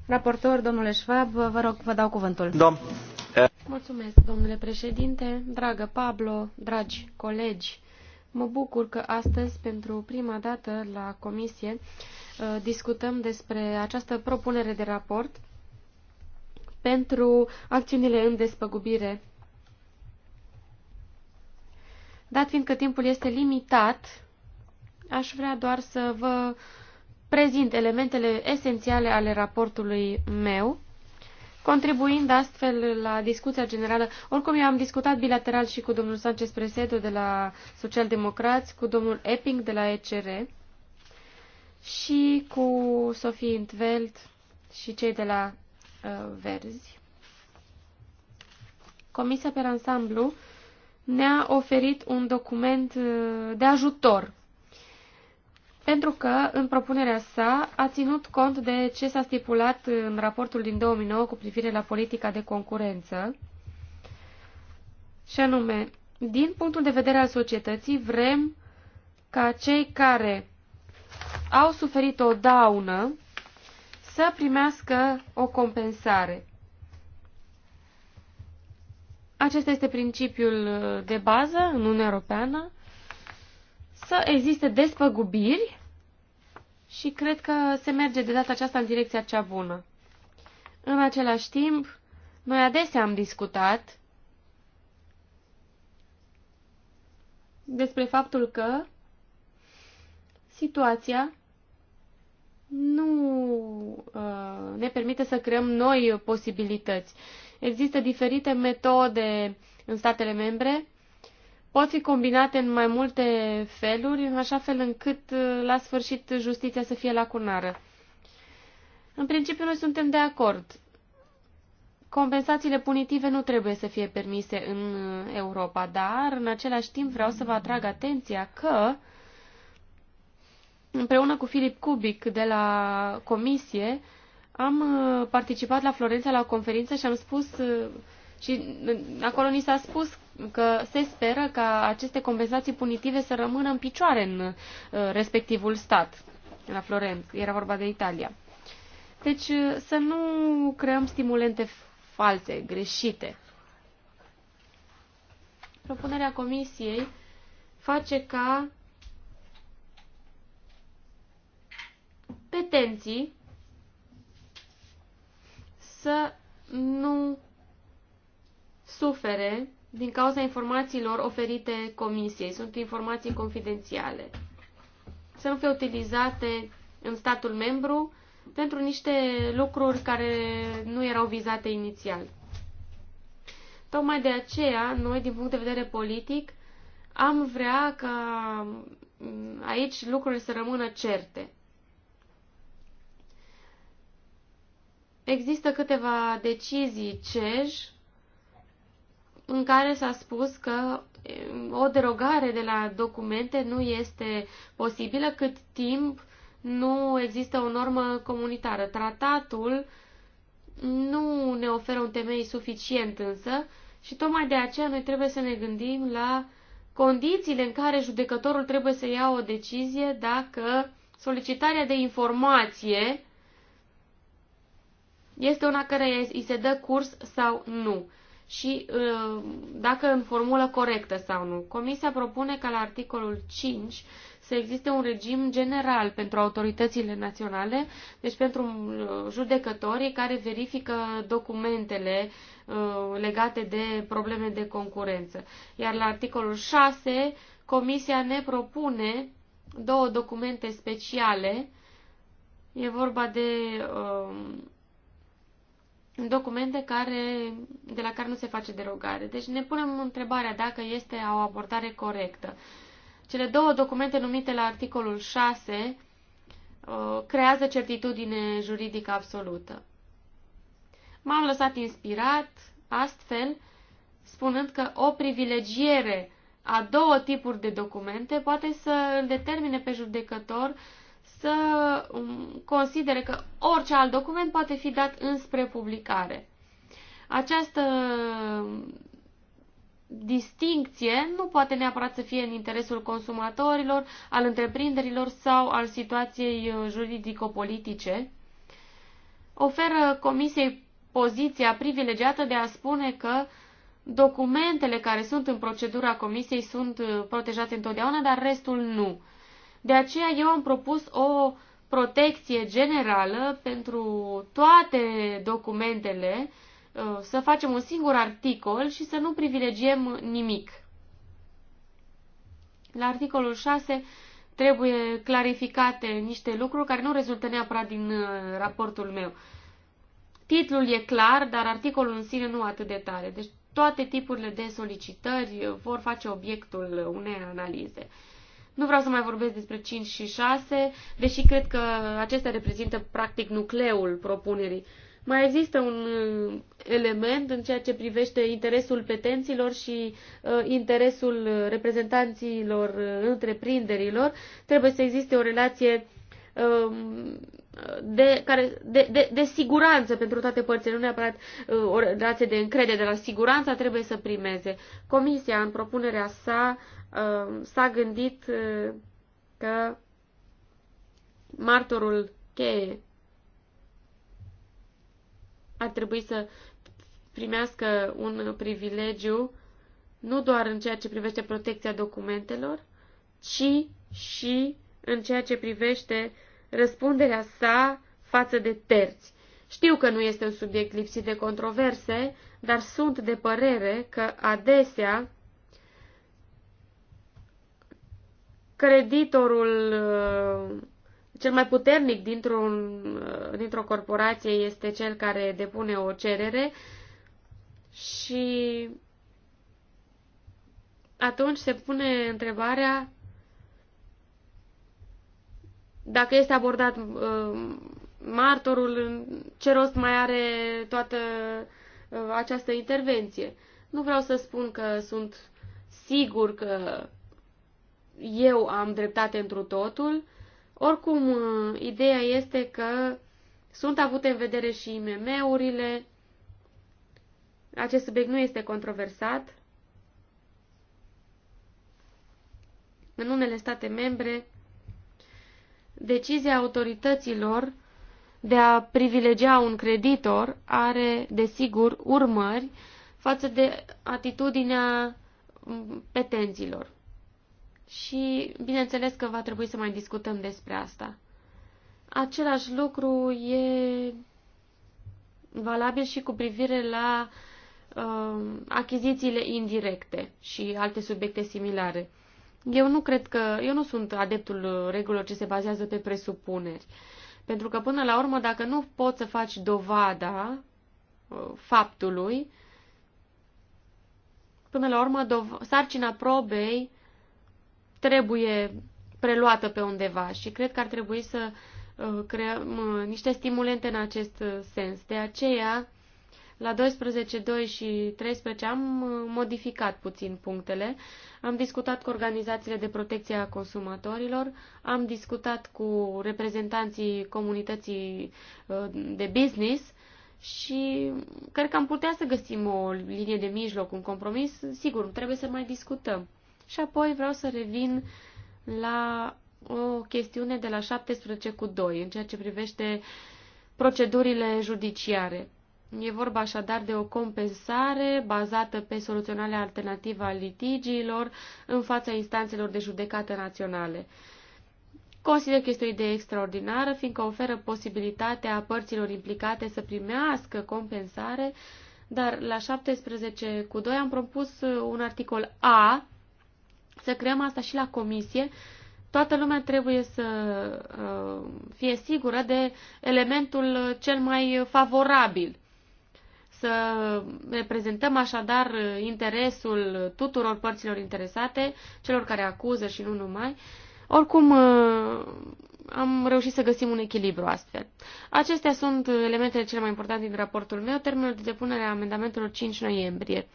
Raportor, domnule Schwab, vă rog, vă dau cuvântul. Dom. Da. Mulțumesc, domnule președinte, dragă Pablo, dragi colegi. Mă bucur că astăzi, pentru prima dată la comisie, uh, discutăm despre această propunere de raport pentru acțiunile în despăgubire. Dat că timpul este limitat, aș vrea doar să vă prezint elementele esențiale ale raportului meu, contribuind astfel la discuția generală. Oricum, eu am discutat bilateral și cu domnul Sanchez Presedo de la Socialdemocrați, cu domnul Epping de la ECR și cu Sofie Intveld și cei de la verzi. Comisia pe ansamblu ne-a oferit un document uh, de ajutor pentru că, în propunerea sa, a ținut cont de ce s-a stipulat în raportul din 2009 cu privire la politica de concurență, și anume, din punctul de vedere al societății, vrem ca cei care au suferit o daună să primească o compensare. Acesta este principiul de bază în Uniunea Europeană, să existe despăgubiri și cred că se merge de data aceasta în direcția cea bună. În același timp, noi adesea am discutat despre faptul că situația nu uh, ne permite să creăm noi posibilități. Există diferite metode în statele membre, pot fi combinate în mai multe feluri, în așa fel încât uh, la sfârșit justiția să fie lacunară. În principiu noi suntem de acord. Compensațiile punitive nu trebuie să fie permise în uh, Europa, dar în același timp vreau să vă atrag atenția că uh, împreună cu Filip Kubic de la Comisie, am uh, participat la Florența la o conferință și am spus uh, și acolo ni s-a spus că se speră ca aceste compensații punitive să rămână în picioare în uh, respectivul stat, la Florența, era vorba de Italia. Deci să nu creăm stimulente false, greșite. Propunerea comisiei face ca petenții să nu sufere din cauza informațiilor oferite comisiei. Sunt informații confidențiale. Să nu fie utilizate în statul membru pentru niște lucruri care nu erau vizate inițial. Tocmai de aceea, noi, din punct de vedere politic, am vrea ca aici lucrurile să rămână certe. Există câteva decizii CEJ în care s-a spus că eh, o derogare de la documente nu este posibilă cât timp nu există o normă comunitară. Tratatul nu ne oferă un temei suficient însă și tocmai de aceea noi trebuie să ne gândim la condițiile în care judecătorul trebuie să ia o decizie dacă solicitarea de informație este una care îi se dă curs sau nu și uh, dacă în formulă corectă sau nu. Comisia propune ca la articolul 5 să existe un regim general pentru autoritățile naționale, deci pentru uh, judecătorii care verifică documentele uh, legate de probleme de concurență. Iar la articolul 6, Comisia ne propune două documente speciale. E vorba de documente care, de la care nu se face derogare. Deci ne punem întrebarea dacă este o abordare corectă. Cele două documente numite la articolul 6 uh, creează certitudine juridică absolută. M-am lăsat inspirat astfel spunând că o privilegiere a două tipuri de documente poate să îl determine pe judecător să um, considere că orice alt document poate fi dat înspre publicare. Această distincție nu poate neapărat să fie în interesul consumatorilor, al întreprinderilor sau al situației uh, juridico-politice. Oferă Comisiei poziția privilegiată de a spune că documentele care sunt în procedura Comisiei sunt uh, protejate întotdeauna, dar restul nu. De aceea eu am propus o protecție generală pentru toate documentele, uh, să facem un singur articol și să nu privilegiem nimic. La articolul 6 trebuie clarificate niște lucruri care nu rezultă neapărat din uh, raportul meu. Titlul e clar, dar articolul în sine nu atât de tare. Deci toate tipurile de solicitări uh, vor face obiectul unei analize. Nu vreau să mai vorbesc despre 5 și 6, deși cred că acestea reprezintă practic nucleul propunerii. Mai există un uh, element în ceea ce privește interesul petenților și uh, interesul reprezentanților uh, întreprinderilor. Trebuie să existe o relație uh, de, care, de, de, de siguranță pentru toate părțile, nu neapărat uh, o relație de încredere, dar siguranța trebuie să primeze. Comisia, în propunerea sa, Um, s-a gândit uh, că martorul cheie ar trebui să primească un privilegiu nu doar în ceea ce privește protecția documentelor, ci și în ceea ce privește răspunderea sa față de terți. Știu că nu este un subiect lipsit de controverse, dar sunt de părere că adesea creditorul uh, cel mai puternic dintr-un, uh, dintr-o corporație este cel care depune o cerere și atunci se pune întrebarea dacă este abordat uh, martorul, ce rost mai are toată această intervenție. Nu vreau să spun că sunt sigur că eu am dreptate întru totul. Oricum, uh, ideea este că sunt avute în vedere și IMM-urile. Acest subiect nu este controversat. În unele state membre, decizia autorităților de a privilegia un creditor are, desigur, urmări față de atitudinea mm, petenților și bineînțeles că va trebui să mai discutăm despre asta. Același lucru e valabil și cu privire la uh, achizițiile indirecte și alte subiecte similare. Eu nu cred că, eu nu sunt adeptul regulilor ce se bazează pe presupuneri. Pentru că până la urmă, dacă nu poți să faci dovada uh, faptului, până la urmă, sarcina probei uh, trebuie preluată pe undeva și cred că ar trebui să uh, creăm uh, niște stimulente în acest uh, sens. De aceea, la 12.2 și 13 am modificat puțin punctele, am discutat cu organizațiile de protecție a consumatorilor, am discutat cu reprezentanții comunității de business și cred că am putea să găsim o linie de mijloc, un compromis. Sigur, trebuie să mai discutăm. Și apoi vreau să revin la o chestiune de la 17 cu 2, în ceea ce privește procedurile judiciare. E vorba așadar de o compensare bazată pe soluționarea alternativă a litigiilor în fața instanțelor de judecată naționale. Consider că este o idee extraordinară, fiindcă oferă posibilitatea părților implicate să primească compensare, dar la 17 cu 2 am propus un articol A să creăm asta și la comisie, toată lumea trebuie să uh, fie sigură de elementul cel mai favorabil. Să reprezentăm așadar interesul tuturor părților interesate, celor care acuză și nu numai. Oricum, uh, am reușit să găsim un echilibru astfel. Acestea sunt elementele cele mai importante din raportul meu, termenul de depunere a amendamentelor 5 noiembrie.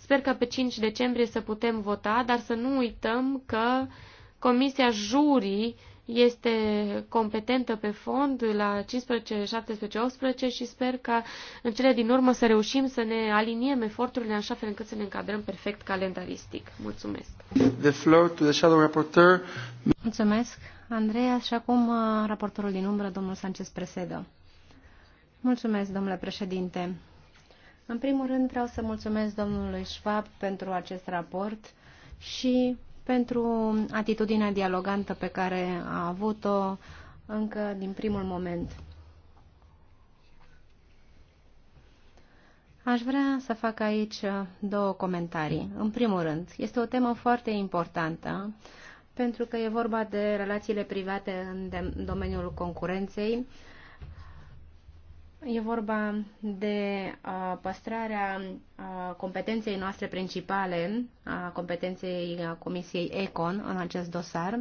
Sper că pe 5 decembrie să putem vota, dar să nu uităm că Comisia Jurii este competentă pe fond la 15, 17, 18 și sper că în cele din urmă să reușim să ne aliniem eforturile așa fel încât să ne încadrăm perfect calendaristic. Mulțumesc. The floor to the shadow rapporteur. Mulțumesc, Andreea, și acum uh, raportorul din umbră, domnul Sanchez Presedo. Mulțumesc, domnule președinte. În primul rând vreau să mulțumesc domnului Schwab pentru acest raport și pentru atitudinea dialogantă pe care a avut-o încă din primul moment. Aș vrea să fac aici două comentarii. În primul rând, este o temă foarte importantă pentru că e vorba de relațiile private în domeniul concurenței E vorba de uh, păstrarea uh, competenței noastre principale, a competenței a Comisiei ECON în acest dosar.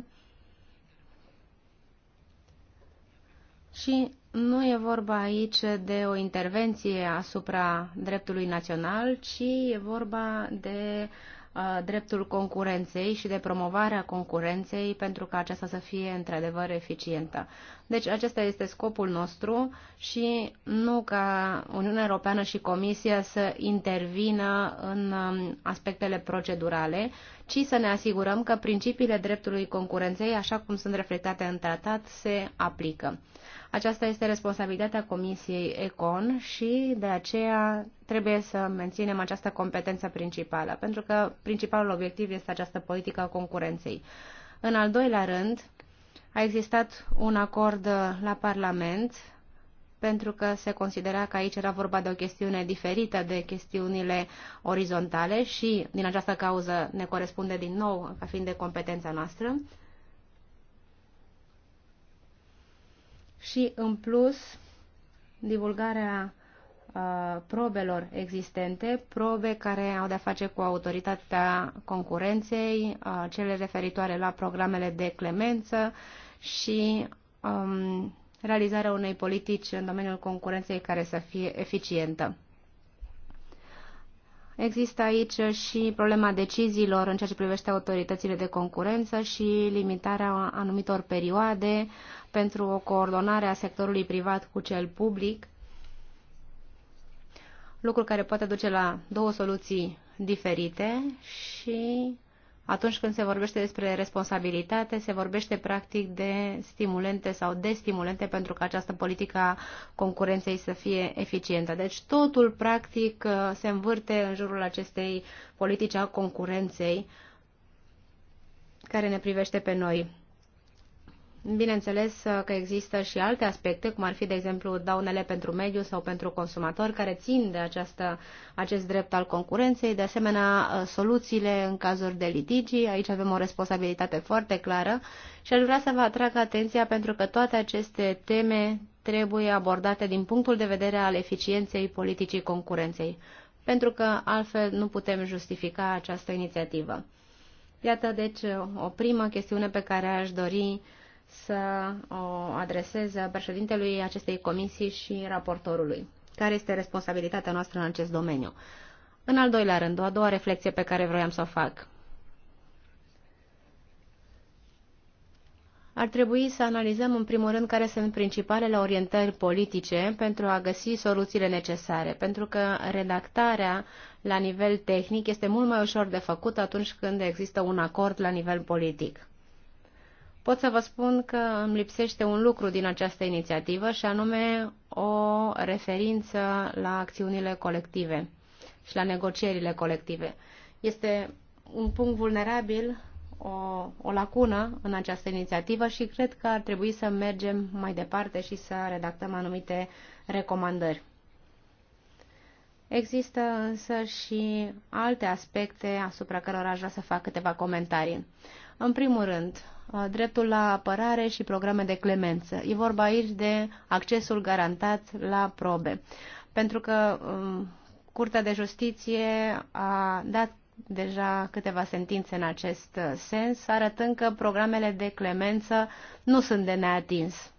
Și nu e vorba aici de o intervenție asupra dreptului național, ci e vorba de uh, Uh, dreptul concurenței și de promovarea concurenței pentru ca aceasta să fie într-adevăr eficientă. Deci acesta este scopul nostru și nu ca Uniunea Europeană și Comisia să intervină în um, aspectele procedurale, ci să ne asigurăm că principiile dreptului concurenței, așa cum sunt reflectate în tratat, se aplică. Aceasta este responsabilitatea Comisiei ECON și de aceea trebuie să menținem această competență principală, pentru că principalul obiectiv este această politică a concurenței. În al doilea rând, a existat un acord la Parlament pentru că se considera că aici era vorba de o chestiune diferită de chestiunile orizontale și din această cauză ne corespunde din nou ca fiind de competența noastră. și, în plus, divulgarea uh, probelor existente, probe care au de-a face cu autoritatea concurenței, uh, cele referitoare la programele de clemență și um, realizarea unei politici în domeniul concurenței care să fie eficientă. Există aici și problema deciziilor în ceea ce privește autoritățile de concurență și limitarea anumitor perioade pentru o coordonare a sectorului privat cu cel public, lucru care poate duce la două soluții diferite și atunci când se vorbește despre responsabilitate, se vorbește practic de stimulente sau destimulente pentru că această politică a concurenței să fie eficientă. Deci totul practic uh, se învârte în jurul acestei politici a concurenței care ne privește pe noi. Bineînțeles că există și alte aspecte, cum ar fi, de exemplu, daunele pentru mediu sau pentru consumatori, care țin de această, acest drept al concurenței. De asemenea, soluțiile în cazuri de litigi, aici avem o responsabilitate foarte clară și aș vrea să vă atrag atenția pentru că toate aceste teme trebuie abordate din punctul de vedere al eficienței politicii concurenței, pentru că altfel nu putem justifica această inițiativă. Iată, deci, o primă chestiune pe care aș dori să o adresez președintelui acestei comisii și raportorului. Care este responsabilitatea noastră în acest domeniu? În al doilea rând, o a doua reflexie pe care vroiam să o fac. Ar trebui să analizăm în primul rând care sunt principalele orientări politice pentru a găsi soluțiile necesare, pentru că redactarea la nivel tehnic este mult mai ușor de făcut atunci când există un acord la nivel politic pot să vă spun că îmi lipsește un lucru din această inițiativă și anume o referință la acțiunile colective și la negocierile colective. Este un punct vulnerabil, o, o lacună în această inițiativă și cred că ar trebui să mergem mai departe și să redactăm anumite recomandări. Există însă și alte aspecte asupra cărora aș vrea să fac câteva comentarii. În primul rând, Uh, dreptul la apărare și programe de clemență. E vorba aici de accesul garantat la probe. Pentru că um, Curtea de Justiție a dat deja câteva sentințe în acest uh, sens, arătând că programele de clemență nu sunt de neatins.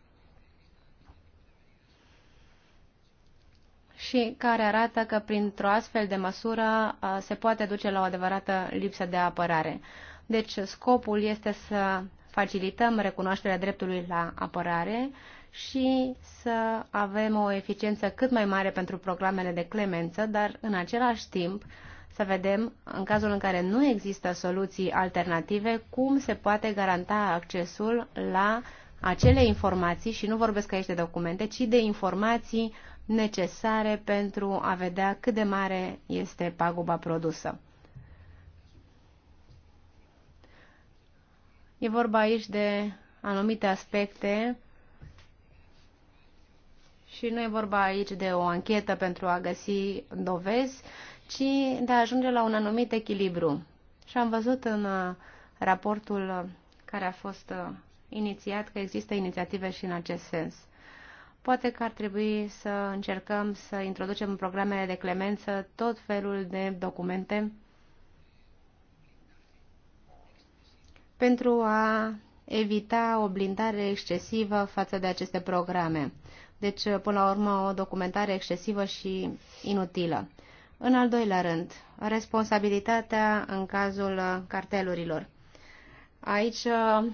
și care arată că printr-o astfel de măsură uh, se poate duce la o adevărată lipsă de apărare. Deci scopul este să facilităm recunoașterea dreptului la apărare și să avem o eficiență cât mai mare pentru programele de clemență, dar în același timp să vedem, în cazul în care nu există soluții alternative, cum se poate garanta accesul la acele informații, și nu vorbesc aici de documente, ci de informații necesare pentru a vedea cât de mare este paguba produsă. E vorba aici de anumite aspecte și nu e vorba aici de o anchetă pentru a găsi dovezi, ci de a ajunge la un anumit echilibru. Și am văzut în uh, raportul care a fost uh, inițiat că există inițiative și în acest sens. Poate că ar trebui să încercăm să introducem în programele de clemență tot felul de documente pentru a evita o blindare excesivă față de aceste programe. Deci, până la urmă, o documentare excesivă și inutilă. În al doilea rând, responsabilitatea în cazul cartelurilor. Aici uh,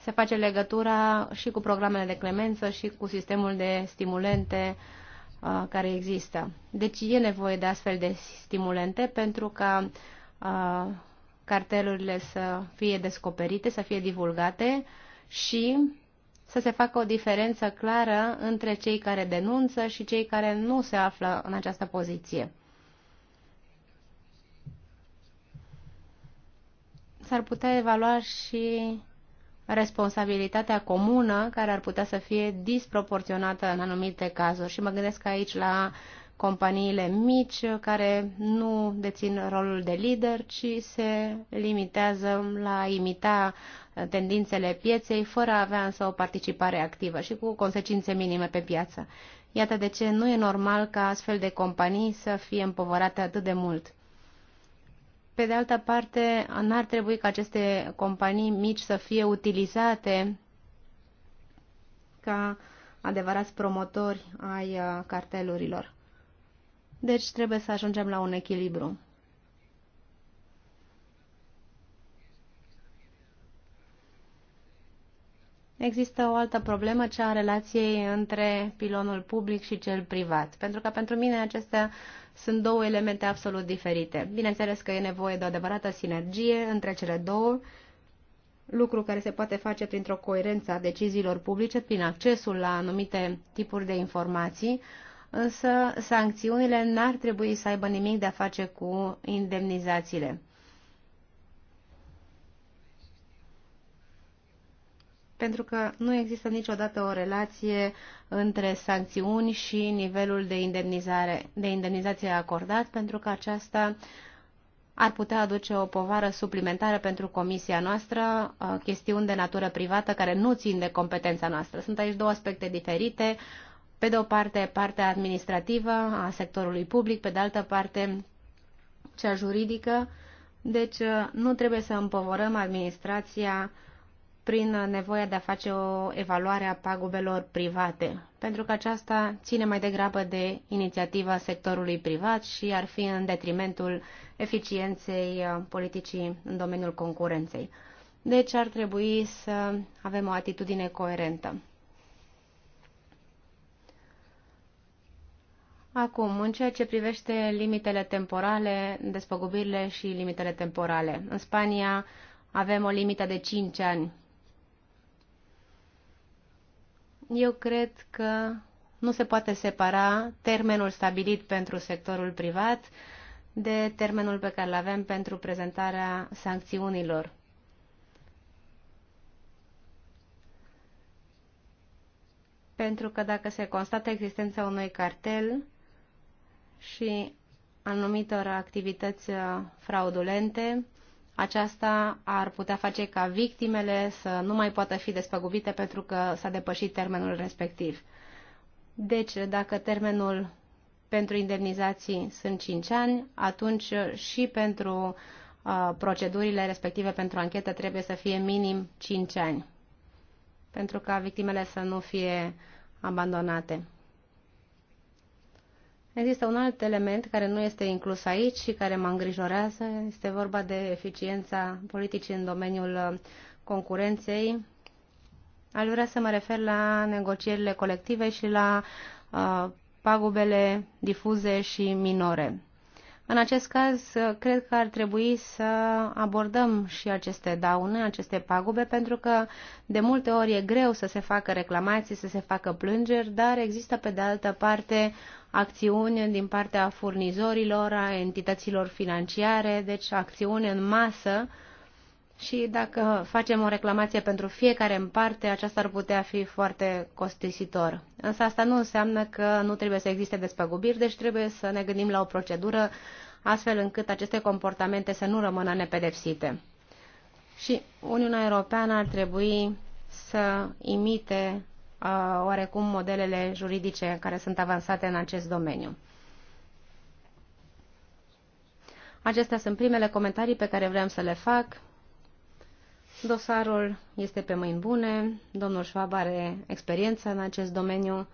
se face legătura și cu programele de clemență și cu sistemul de stimulente uh, care există. Deci e nevoie de astfel de stimulente pentru ca uh, cartelurile să fie descoperite, să fie divulgate și să se facă o diferență clară între cei care denunță și cei care nu se află în această poziție. S-ar putea evalua și responsabilitatea comună care ar putea să fie disproporționată în anumite cazuri și mă gândesc aici la companiile mici care nu dețin rolul de lider, ci se limitează la a imita tendințele pieței fără a avea însă o participare activă și cu consecințe minime pe piață. Iată de ce nu e normal ca astfel de companii să fie împovărate atât de mult. Pe de altă parte, n-ar trebui ca aceste companii mici să fie utilizate ca adevărați promotori ai uh, cartelurilor. Deci trebuie să ajungem la un echilibru. Există o altă problemă, cea a relației între pilonul public și cel privat, pentru că pentru mine acestea sunt două elemente absolut diferite. Bineînțeles că e nevoie de o adevărată sinergie între cele două, lucru care se poate face printr-o coerență a deciziilor publice, prin accesul la anumite tipuri de informații, însă sancțiunile n-ar trebui să aibă nimic de a face cu indemnizațiile. pentru că nu există niciodată o relație între sancțiuni și nivelul de indemnizare, de indemnizație acordat, pentru că aceasta ar putea aduce o povară suplimentară pentru comisia noastră, uh, chestiuni de natură privată care nu țin de competența noastră. Sunt aici două aspecte diferite, pe de o parte, partea administrativă a sectorului public, pe de altă parte, cea juridică. Deci, uh, nu trebuie să împovărăm administrația prin nevoia de a face o evaluare a pagubelor private, pentru că aceasta ține mai degrabă de inițiativa sectorului privat și ar fi în detrimentul eficienței uh, politicii în domeniul concurenței. Deci ar trebui să avem o atitudine coerentă. Acum, în ceea ce privește limitele temporale, despăgubirile și limitele temporale. În Spania avem o limită de 5 ani. Eu cred că nu se poate separa termenul stabilit pentru sectorul privat de termenul pe care îl avem pentru prezentarea sancțiunilor. Pentru că dacă se constată existența unui cartel, și anumitor activități uh, fraudulente, aceasta ar putea face ca victimele să nu mai poată fi despăgubite pentru că s-a depășit termenul respectiv. Deci, dacă termenul pentru indemnizații sunt 5 ani, atunci și pentru uh, procedurile respective pentru anchetă trebuie să fie minim 5 ani, pentru ca victimele să nu fie abandonate. Există un alt element care nu este inclus aici și care mă îngrijorează. Este vorba de eficiența politicii în domeniul uh, concurenței. Aș vrea să mă refer la negocierile colective și la uh, pagubele difuze și minore. În acest caz, uh, cred că ar trebui să abordăm și aceste daune, aceste pagube, pentru că de multe ori e greu să se facă reclamații, să se facă plângeri, dar există pe de altă parte acțiuni din partea furnizorilor, a entităților financiare, deci acțiuni în masă și dacă facem o reclamație pentru fiecare în parte, aceasta ar putea fi foarte costisitor. Însă asta nu înseamnă că nu trebuie să existe despăgubiri, deci trebuie să ne gândim la o procedură astfel încât aceste comportamente să nu rămână nepedepsite. Și Uniunea Europeană ar trebui să imite oarecum modelele juridice care sunt avansate în acest domeniu. Acestea sunt primele comentarii pe care vreau să le fac. Dosarul este pe mâini bune, domnul Schwab are experiență în acest domeniu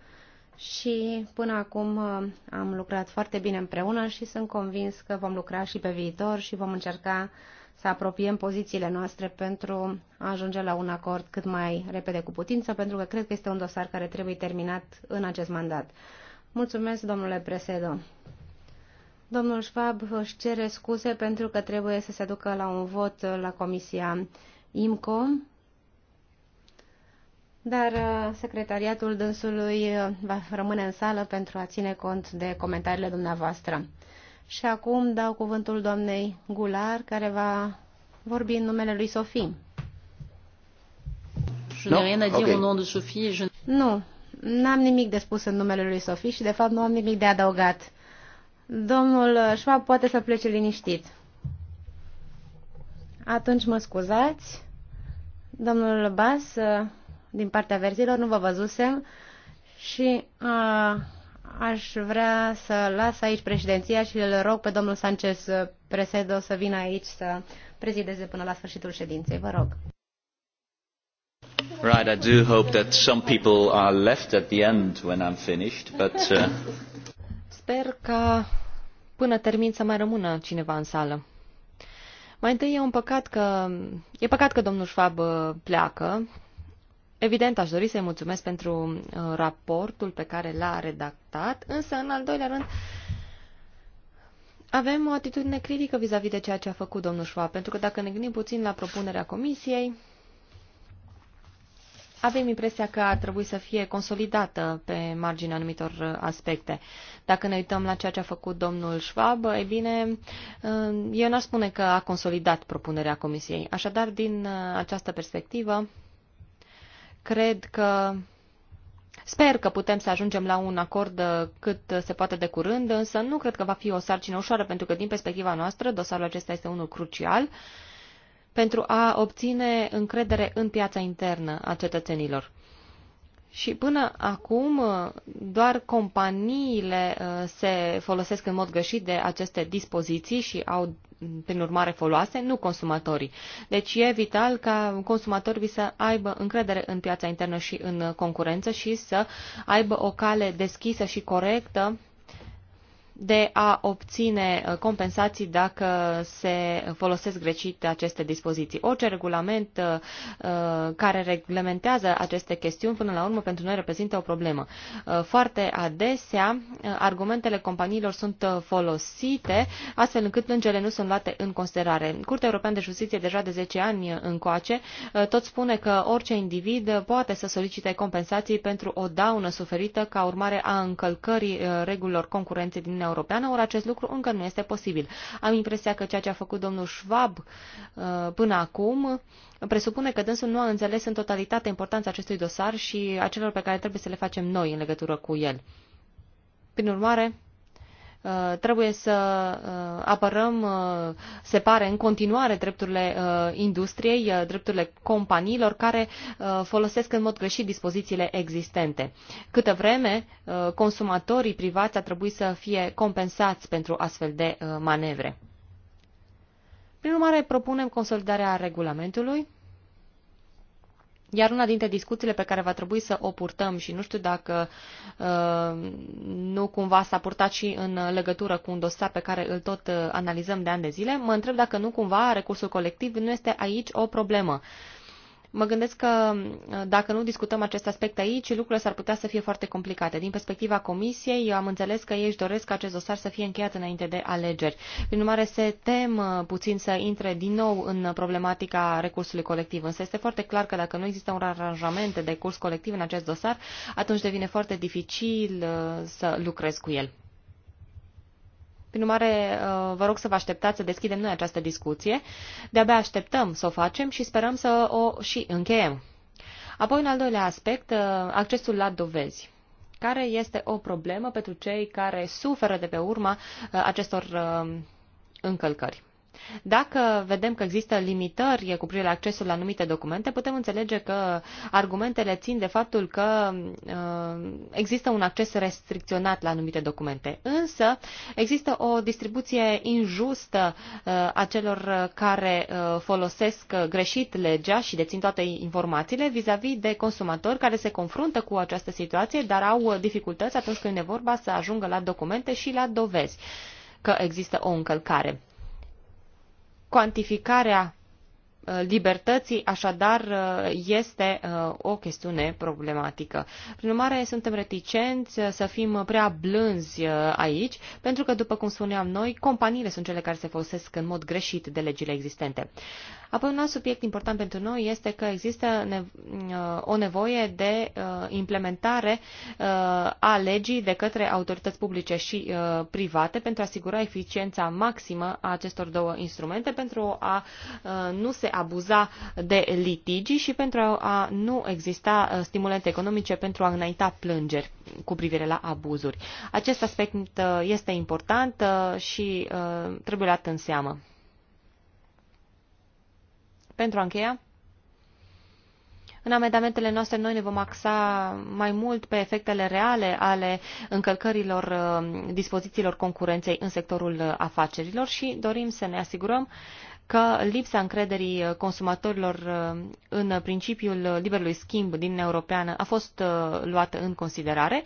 și până acum am lucrat foarte bine împreună și sunt convins că vom lucra și pe viitor și vom încerca să apropiem pozițiile noastre pentru a ajunge la un acord cât mai repede cu putință, pentru că cred că este un dosar care trebuie terminat în acest mandat. Mulțumesc, domnule Presedo. Domnul Schwab își cere scuze pentru că trebuie să se ducă la un vot la Comisia IMCO, dar uh, secretariatul dânsului uh, va rămâne în sală pentru a ține cont de comentariile dumneavoastră. Și acum dau cuvântul doamnei Gular, care va vorbi în numele lui Sofie. No? Okay. Nu, n-am nimic de spus în numele lui Sofie și de fapt nu am nimic de adăugat. Domnul Schwab poate să plece liniștit. Atunci mă scuzați. Domnul Bas, din partea verzilor, nu vă văzusem și uh, aș vrea să las aici președinția și îl rog pe domnul Sanchez Presedo să vină aici să prezideze până la sfârșitul ședinței. Vă rog. Right, I do hope that some people are left at the end when I'm finished, but... Uh... Sper că până termin să mai rămână cineva în sală. Mai întâi e un păcat că... E păcat că domnul Schwab uh, pleacă, Evident, aș dori să-i mulțumesc pentru uh, raportul pe care l-a redactat, însă, în al doilea rând, avem o atitudine critică vis-a-vis -vis de ceea ce a făcut domnul Schwab, pentru că dacă ne gândim puțin la propunerea comisiei, avem impresia că ar trebui să fie consolidată pe marginea anumitor uh, aspecte. Dacă ne uităm la ceea ce a făcut domnul Schwab, e bine, uh, eu n-aș spune că a consolidat propunerea comisiei. Așadar, din această perspectivă, Cred că Sper că putem să ajungem la un acord uh, cât se poate de curând, însă nu cred că va fi o sarcină ușoară, pentru că, din perspectiva noastră, dosarul acesta este unul crucial pentru a obține încredere în piața internă a cetățenilor. Și până acum uh, doar companiile uh, se folosesc în mod greșit de aceste dispoziții și au prin urmare foloase, nu consumatorii. Deci e vital ca consumatorii să aibă încredere în piața internă și în concurență și să aibă o cale deschisă și corectă de a obține uh, compensații dacă se folosesc greșit aceste dispoziții. Orice regulament uh, uh, care reglementează aceste chestiuni, până la urmă, pentru noi reprezintă o problemă. Foarte adesea, argumentele companiilor sunt folosite, astfel încât plângele nu sunt luate în considerare. Curtea Europeană de Justiție, deja de 10 ani încoace, tot spune că orice individ poate să solicite compensații pentru o daună suferită ca urmare a încălcării regulilor concurenței din Europeană, ori acest lucru încă nu este posibil. Am impresia că ceea ce a făcut domnul Schwab uh, până acum presupune că dânsul nu a înțeles în totalitate importanța acestui dosar și a celor pe care trebuie să le facem noi în legătură cu el. Prin urmare, Uh, trebuie să uh, apărăm, uh, se pare, în continuare drepturile industriei, drepturile companiilor care folosesc în mod greșit dispozițiile existente. Câte vreme consumatorii privați ar trebui să fie compensați pentru astfel de manevre. Prin urmare, propunem consolidarea regulamentului iar una dintre discuțiile pe care va trebui să o purtăm și nu știu dacă uh, nu cumva s-a purtat și în legătură cu un dosar pe care îl tot uh, analizăm de ani de zile, mă întreb dacă nu cumva recursul colectiv nu este aici o problemă. Uh, Mă gândesc că uh, dacă nu discutăm acest aspect aici, lucrurile s-ar putea să fie foarte complicate. Din perspectiva Comisiei, eu am înțeles că ei își doresc ca acest dosar să fie încheiat înainte de alegeri. Prin urmare, se tem uh, puțin să intre din nou în problematica recursului colectiv. Însă este foarte clar că dacă nu există un aranjament de curs colectiv în acest dosar, atunci devine foarte dificil uh, să lucrez cu el. Prin urmare, uh, vă rog să vă așteptați să deschidem noi această discuție. De-abia așteptăm să o facem și sperăm să o și încheiem. Apoi, un al doilea aspect, uh, accesul la dovezi care este o problemă pentru cei care suferă de pe urma uh, acestor încălcări. Dacă vedem că există limitări cu privire la accesul la anumite documente, putem înțelege că argumentele țin de faptul că uh, există un acces restricționat la anumite documente. Însă există o distribuție injustă uh, a celor care uh, folosesc greșit legea și dețin toate informațiile vis-a-vis -vis de consumatori care se confruntă cu această situație, dar au dificultăți atunci când e vorba să ajungă la documente și la dovezi că există o încălcare. Cuantificarea Uh, libertății, așadar uh, este uh, o chestiune problematică. Prin urmare, suntem reticenți să fim prea blânzi aici, pentru că, după cum spuneam noi, companiile sunt cele care se folosesc în mod greșit de legile existente. Apoi, un alt subiect important pentru noi este că există o nevoie de implementare a legii de către autorități publice și private pentru a asigura eficiența maximă a acestor două instrumente, pentru a nu se abuza de litigi și pentru a nu exista uh, stimulente economice pentru a înainta plângeri cu privire la abuzuri. Acest aspect uh, este important uh, și trebuie luat în seamă. Pentru a încheia, în amendamentele noastre noi ne vom axa mai mult pe efectele reale ale încălcărilor dispozițiilor concurenței în sectorul afacerilor și dorim să ne asigurăm că lipsa încrederii uh, consumatorilor uh, în principiul uh, liberului schimb din Europeană a fost luată în considerare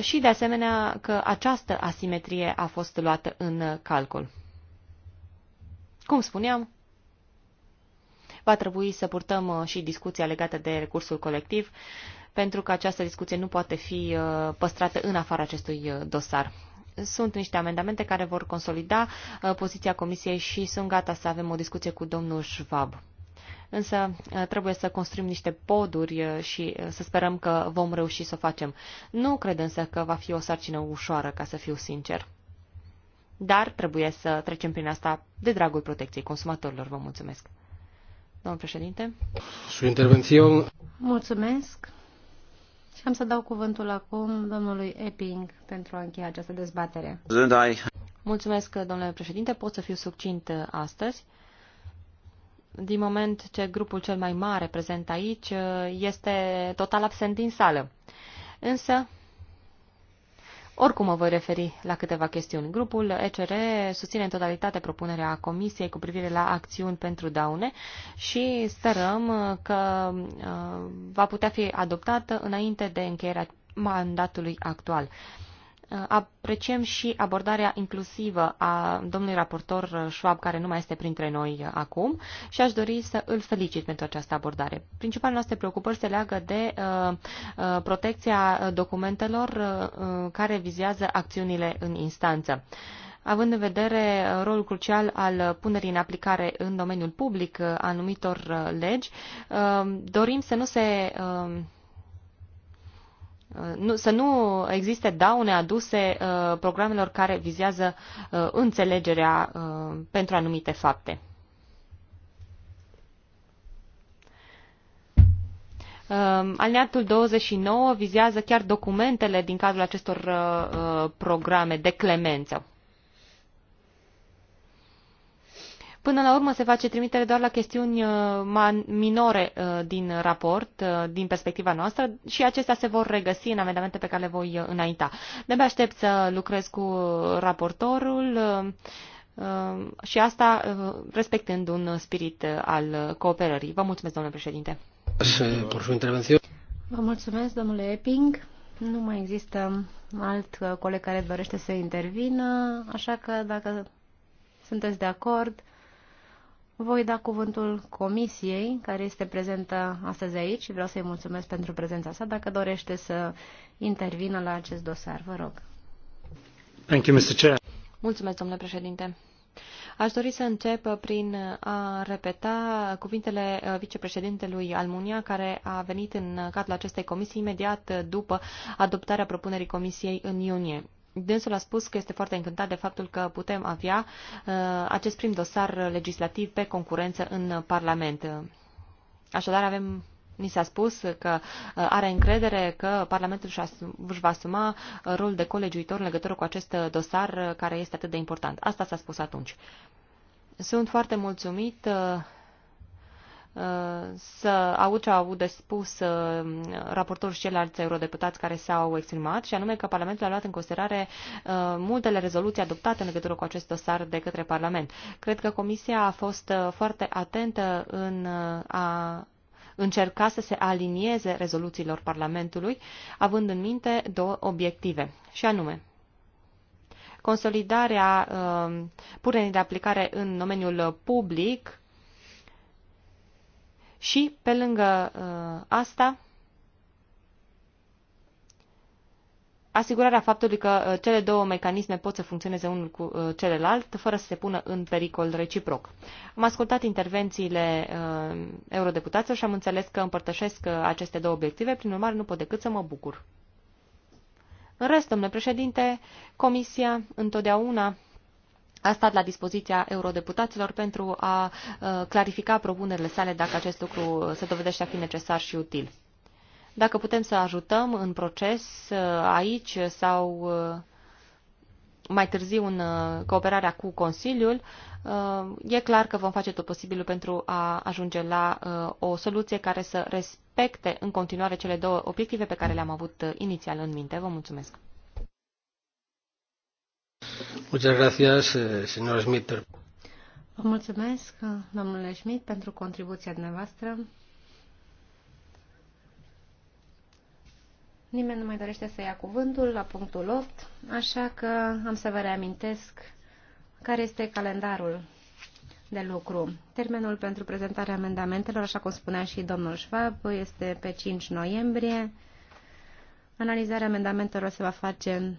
și, de asemenea, că această asimetrie a fost luată în calcul. Cum spuneam, va trebui să purtăm și discuția legată de recursul colectiv, pentru că această discuție nu poate fi păstrată în afara acestui dosar sunt niște amendamente care vor consolida uh, poziția Comisiei și sunt gata să avem o discuție cu domnul Schwab. Însă uh, trebuie să construim niște poduri uh, și să sperăm că vom reuși să o facem. Nu cred însă că va fi o sarcină ușoară, ca să fiu sincer. Dar trebuie să trecem prin asta de dragul protecției consumatorilor. Vă mulțumesc. Domnul președinte. Su intervenție. Mulțumesc. Și Am să dau cuvântul acum domnului Epping pentru a încheia această dezbatere. Mulțumesc, domnule președinte. Pot să fiu succint uh, astăzi. Din moment ce grupul cel mai mare prezent aici uh, este total absent din sală. Însă, oricum mă voi referi la câteva chestiuni. Grupul ECR susține în totalitate propunerea Comisiei cu privire la acțiuni pentru daune și sperăm că uh, va putea fi adoptată înainte de încheierea mandatului actual. Uh, apreciem și abordarea inclusivă a domnului raportor uh, Schwab, care nu mai este printre noi uh, acum, și aș dori să îl felicit pentru această abordare. Principalele noastre preocupări se leagă de uh, protecția documentelor uh, care vizează acțiunile în instanță. Având în vedere rolul crucial al punerii în aplicare în domeniul public a anumitor legi, uh, dorim să nu se nu, să nu existe daune aduse uh, programelor care vizează uh, înțelegerea uh, pentru anumite fapte. Um, alineatul 29 vizează chiar documentele din cadrul acestor uh, uh, programe de clemență. Până la urmă se face trimitere doar la chestiuni uh, minore uh, din raport, uh, din perspectiva noastră, și acestea se vor regăsi în amendamente pe care le voi înainta. De-abia aștept să lucrez cu raportorul și asta respectând un spirit al cooperării. Vă mulțumesc, domnule președinte. Vă mulțumesc, domnule Epping. Nu mai există alt coleg care dorește să intervină, așa că dacă sunteți de acord, voi da cuvântul comisiei care este prezentă astăzi aici și vreau să-i mulțumesc pentru prezența sa dacă dorește să intervină la acest dosar. Vă rog. Thank you, Mr. Chair. Mulțumesc, domnule președinte. Aș dori să încep prin a repeta cuvintele uh, vicepreședintelui Almunia, care a venit în cadrul acestei comisii imediat uh, după adoptarea propunerii comisiei în iunie. Dânsul a spus că este foarte încântat de faptul că putem avea uh, acest prim dosar legislativ pe concurență în Parlament. Așadar, avem Ni s-a spus că uh, are încredere că Parlamentul își va asuma rolul de colegiuitor în legătură cu acest dosar uh, care este atât de important. Asta s-a spus atunci. Sunt foarte mulțumit să aud ce au avut de spus uh, raportorul și ceilalți eurodeputați care s-au exprimat, și anume că Parlamentul a luat în considerare uh, multele rezoluții adoptate în legătură cu acest dosar de către Parlament. Cred că Comisia a fost uh, foarte atentă în a încerca să se alinieze rezoluțiilor Parlamentului, având în minte două obiective, și anume consolidarea uh, punerii de aplicare în domeniul public și, pe lângă uh, asta, asigurarea faptului că uh, cele două mecanisme pot să funcționeze unul cu uh, celălalt, fără să se pună în pericol reciproc. Am ascultat intervențiile uh, eurodeputaților și am înțeles că împărtășesc uh, aceste două obiective, prin urmare nu pot decât să mă bucur. În rest, domnule președinte, Comisia întotdeauna a stat la dispoziția eurodeputaților pentru a uh, clarifica propunerile sale dacă acest lucru se dovedește a fi necesar și util. Dacă putem să ajutăm în proces uh, aici sau uh, mai târziu în cooperarea cu Consiliul, e clar că vom face tot posibilul pentru a ajunge la o soluție care să respecte în continuare cele două obiective pe care le-am avut inițial în minte. Vă mulțumesc! Muchas gracias, eh, señor Smith. Vă mulțumesc, domnule Schmidt, pentru contribuția dumneavoastră. Nimeni nu mai dorește să ia cuvântul la punctul 8, așa că am să vă reamintesc care este calendarul de lucru. Termenul pentru prezentarea amendamentelor, așa cum spunea și domnul Schwab, este pe 5 noiembrie. Analizarea amendamentelor se va face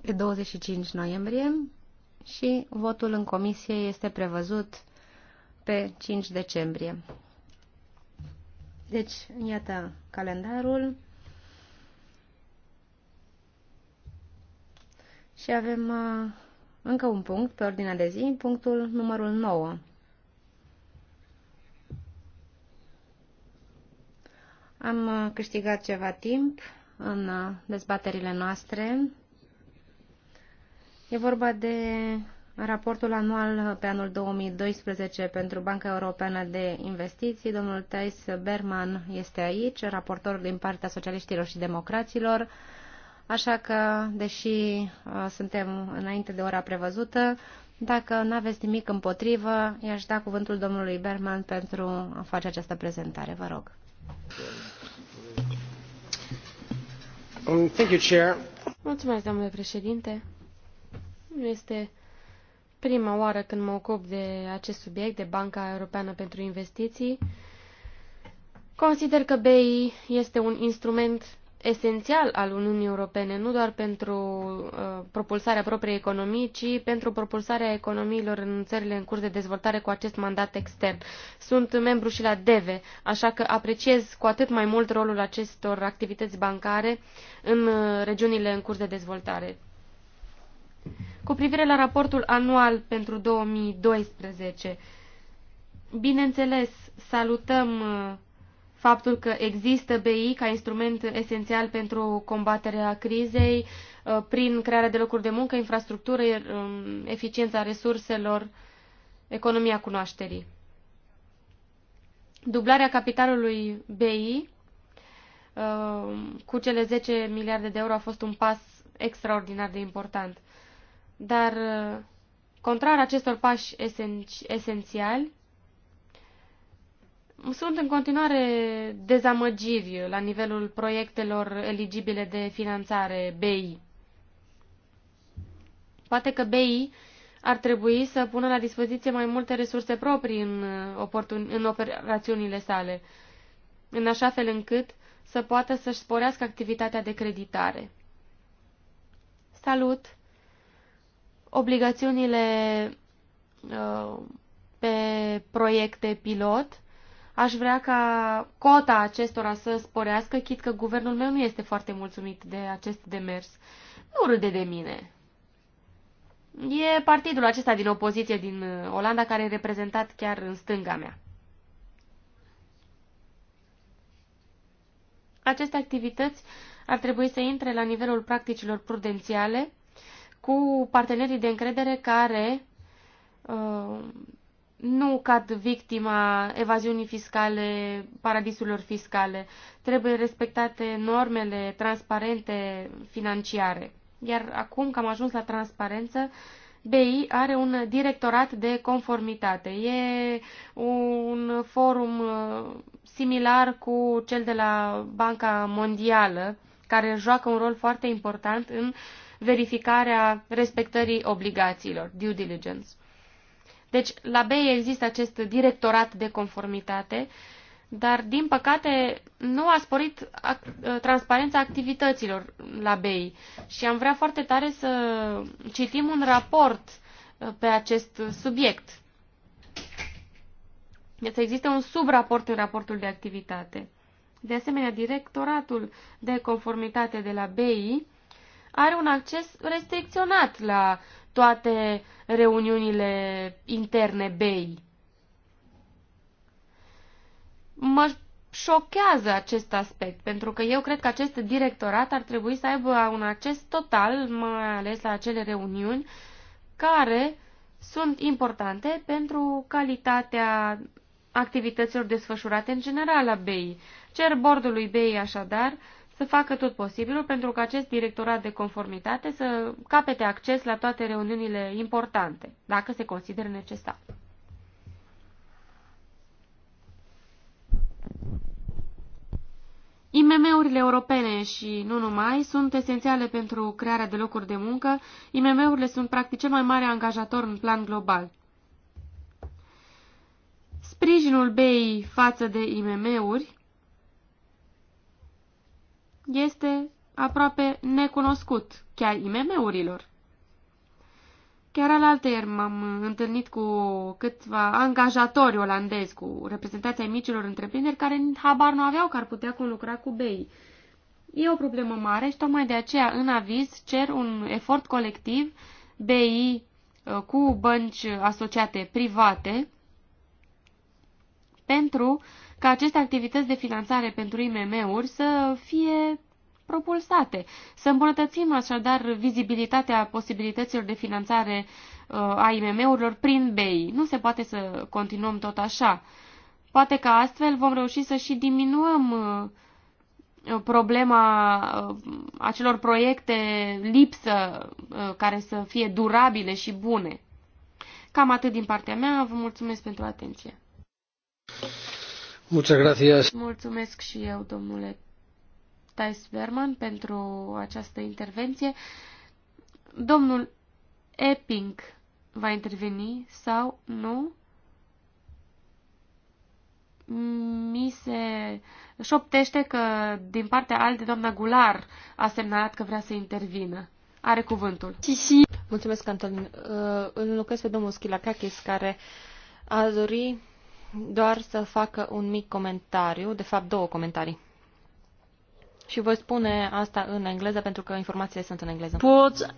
pe 25 noiembrie și votul în comisie este prevăzut pe 5 decembrie. Deci, iată calendarul. Și avem uh, încă un punct pe ordinea de zi, punctul numărul 9. Am uh, câștigat ceva timp în uh, dezbaterile noastre E vorba de raportul anual pe anul 2012 pentru Banca Europeană de Investiții. Domnul Thais Berman este aici, raportor din partea socialiștilor și democraților. Așa că, deși uh, suntem înainte de ora prevăzută, dacă nu aveți nimic împotrivă, i-aș da cuvântul domnului Berman pentru a face această prezentare. Vă rog. Um, thank you, Chair. Mulțumesc, domnule președinte. Nu este prima oară când mă ocup de acest subiect, de Banca Europeană pentru Investiții. Consider că BEI este un instrument esențial al Uniunii Europene, nu doar pentru uh, propulsarea propriei economii, ci pentru propulsarea economiilor în țările în curs de dezvoltare cu acest mandat extern. Sunt membru și la DEVE, așa că apreciez cu atât mai mult rolul acestor activități bancare în uh, regiunile în curs de dezvoltare. Cu privire la raportul anual pentru 2012, bineînțeles, salutăm uh, faptul că există BI ca instrument esențial pentru combaterea crizei uh, prin crearea de locuri de muncă, infrastructură, uh, eficiența resurselor, economia cunoașterii. Dublarea capitalului BI cu cele 10 miliarde de euro a fost un pas extraordinar de important. Dar, uh, contrar acestor pași esen esențiali, sunt în continuare dezamăgiri la nivelul proiectelor eligibile de finanțare BI. Poate că BI ar trebui să pună la dispoziție mai multe resurse proprii în, uh, în operațiunile sale, în așa fel încât să poată să-și sporească activitatea de creditare. Salut! obligațiunile uh, pe proiecte pilot. Aș vrea ca cota acestora să sporească, chit că guvernul meu nu este foarte mulțumit de acest demers. Nu râde de mine. E partidul acesta din opoziție din uh, Olanda care e reprezentat chiar în stânga mea. Aceste activități ar trebui să intre la nivelul practicilor prudențiale cu partenerii de încredere care uh, nu cad victima evaziunii fiscale, paradisurilor fiscale. Trebuie respectate normele transparente financiare. Iar acum că am ajuns la transparență, BI are un directorat de conformitate. E un forum uh, similar cu cel de la Banca Mondială, care joacă un rol foarte important în uh, verificarea respectării obligațiilor, due diligence. Deci, la BEI există acest directorat de conformitate, dar, din păcate, nu a sporit ac- transparența activităților la BEI și am vrea foarte tare să citim un raport uh, pe acest subiect. Deci, există un subraport în raportul de activitate. De asemenea, directoratul de conformitate de la BEI are un acces restricționat la toate reuniunile interne BEI. Mă șochează acest aspect, pentru că eu cred că acest directorat ar trebui să aibă un acces total, mai ales la acele reuniuni, care sunt importante pentru calitatea activităților desfășurate în general la BEI. Cer bordului BEI așadar să facă tot posibilul pentru că acest directorat de conformitate să capete acces la toate reuniunile importante, dacă se consideră necesar. IMM-urile europene și nu numai sunt esențiale pentru crearea de locuri de muncă. IMM-urile sunt practic cel mai mare angajator în plan global. Sprijinul BEI față de IMM-uri este aproape necunoscut, chiar IMM-urilor. Chiar alaltă ieri m-am întâlnit cu câțiva angajatori olandezi, cu reprezentația micilor întreprinderi, care habar nu aveau că ar putea conlucra cu BEI. E o problemă mare și tocmai de aceea în aviz cer un efort colectiv BI uh, cu bănci asociate private pentru ca aceste activități de finanțare pentru IMM-uri să fie propulsate. Să îmbunătățim așadar vizibilitatea posibilităților de finanțare uh, a IMM-urilor prin BEI. Nu se poate să continuăm tot așa. Poate că astfel vom reuși să și diminuăm uh, problema uh, acelor proiecte lipsă care să fie durabile și bune. Cam atât din partea mea, vă mulțumesc pentru atenție. Muchas gracias. Mulțumesc și eu, domnule Thais Berman, pentru această intervenție. Domnul Epping va interveni sau nu? mi se șoptește că din partea alte doamna Gular a semnat că vrea să intervină. Are cuvântul. Mulțumesc, Antonin. Uh, îl lucrez pe domnul Schilacakis, care a dorit doar să facă un mic comentariu, de fapt două comentarii. Și voi spune asta în engleză pentru că informațiile sunt în engleză. Pot...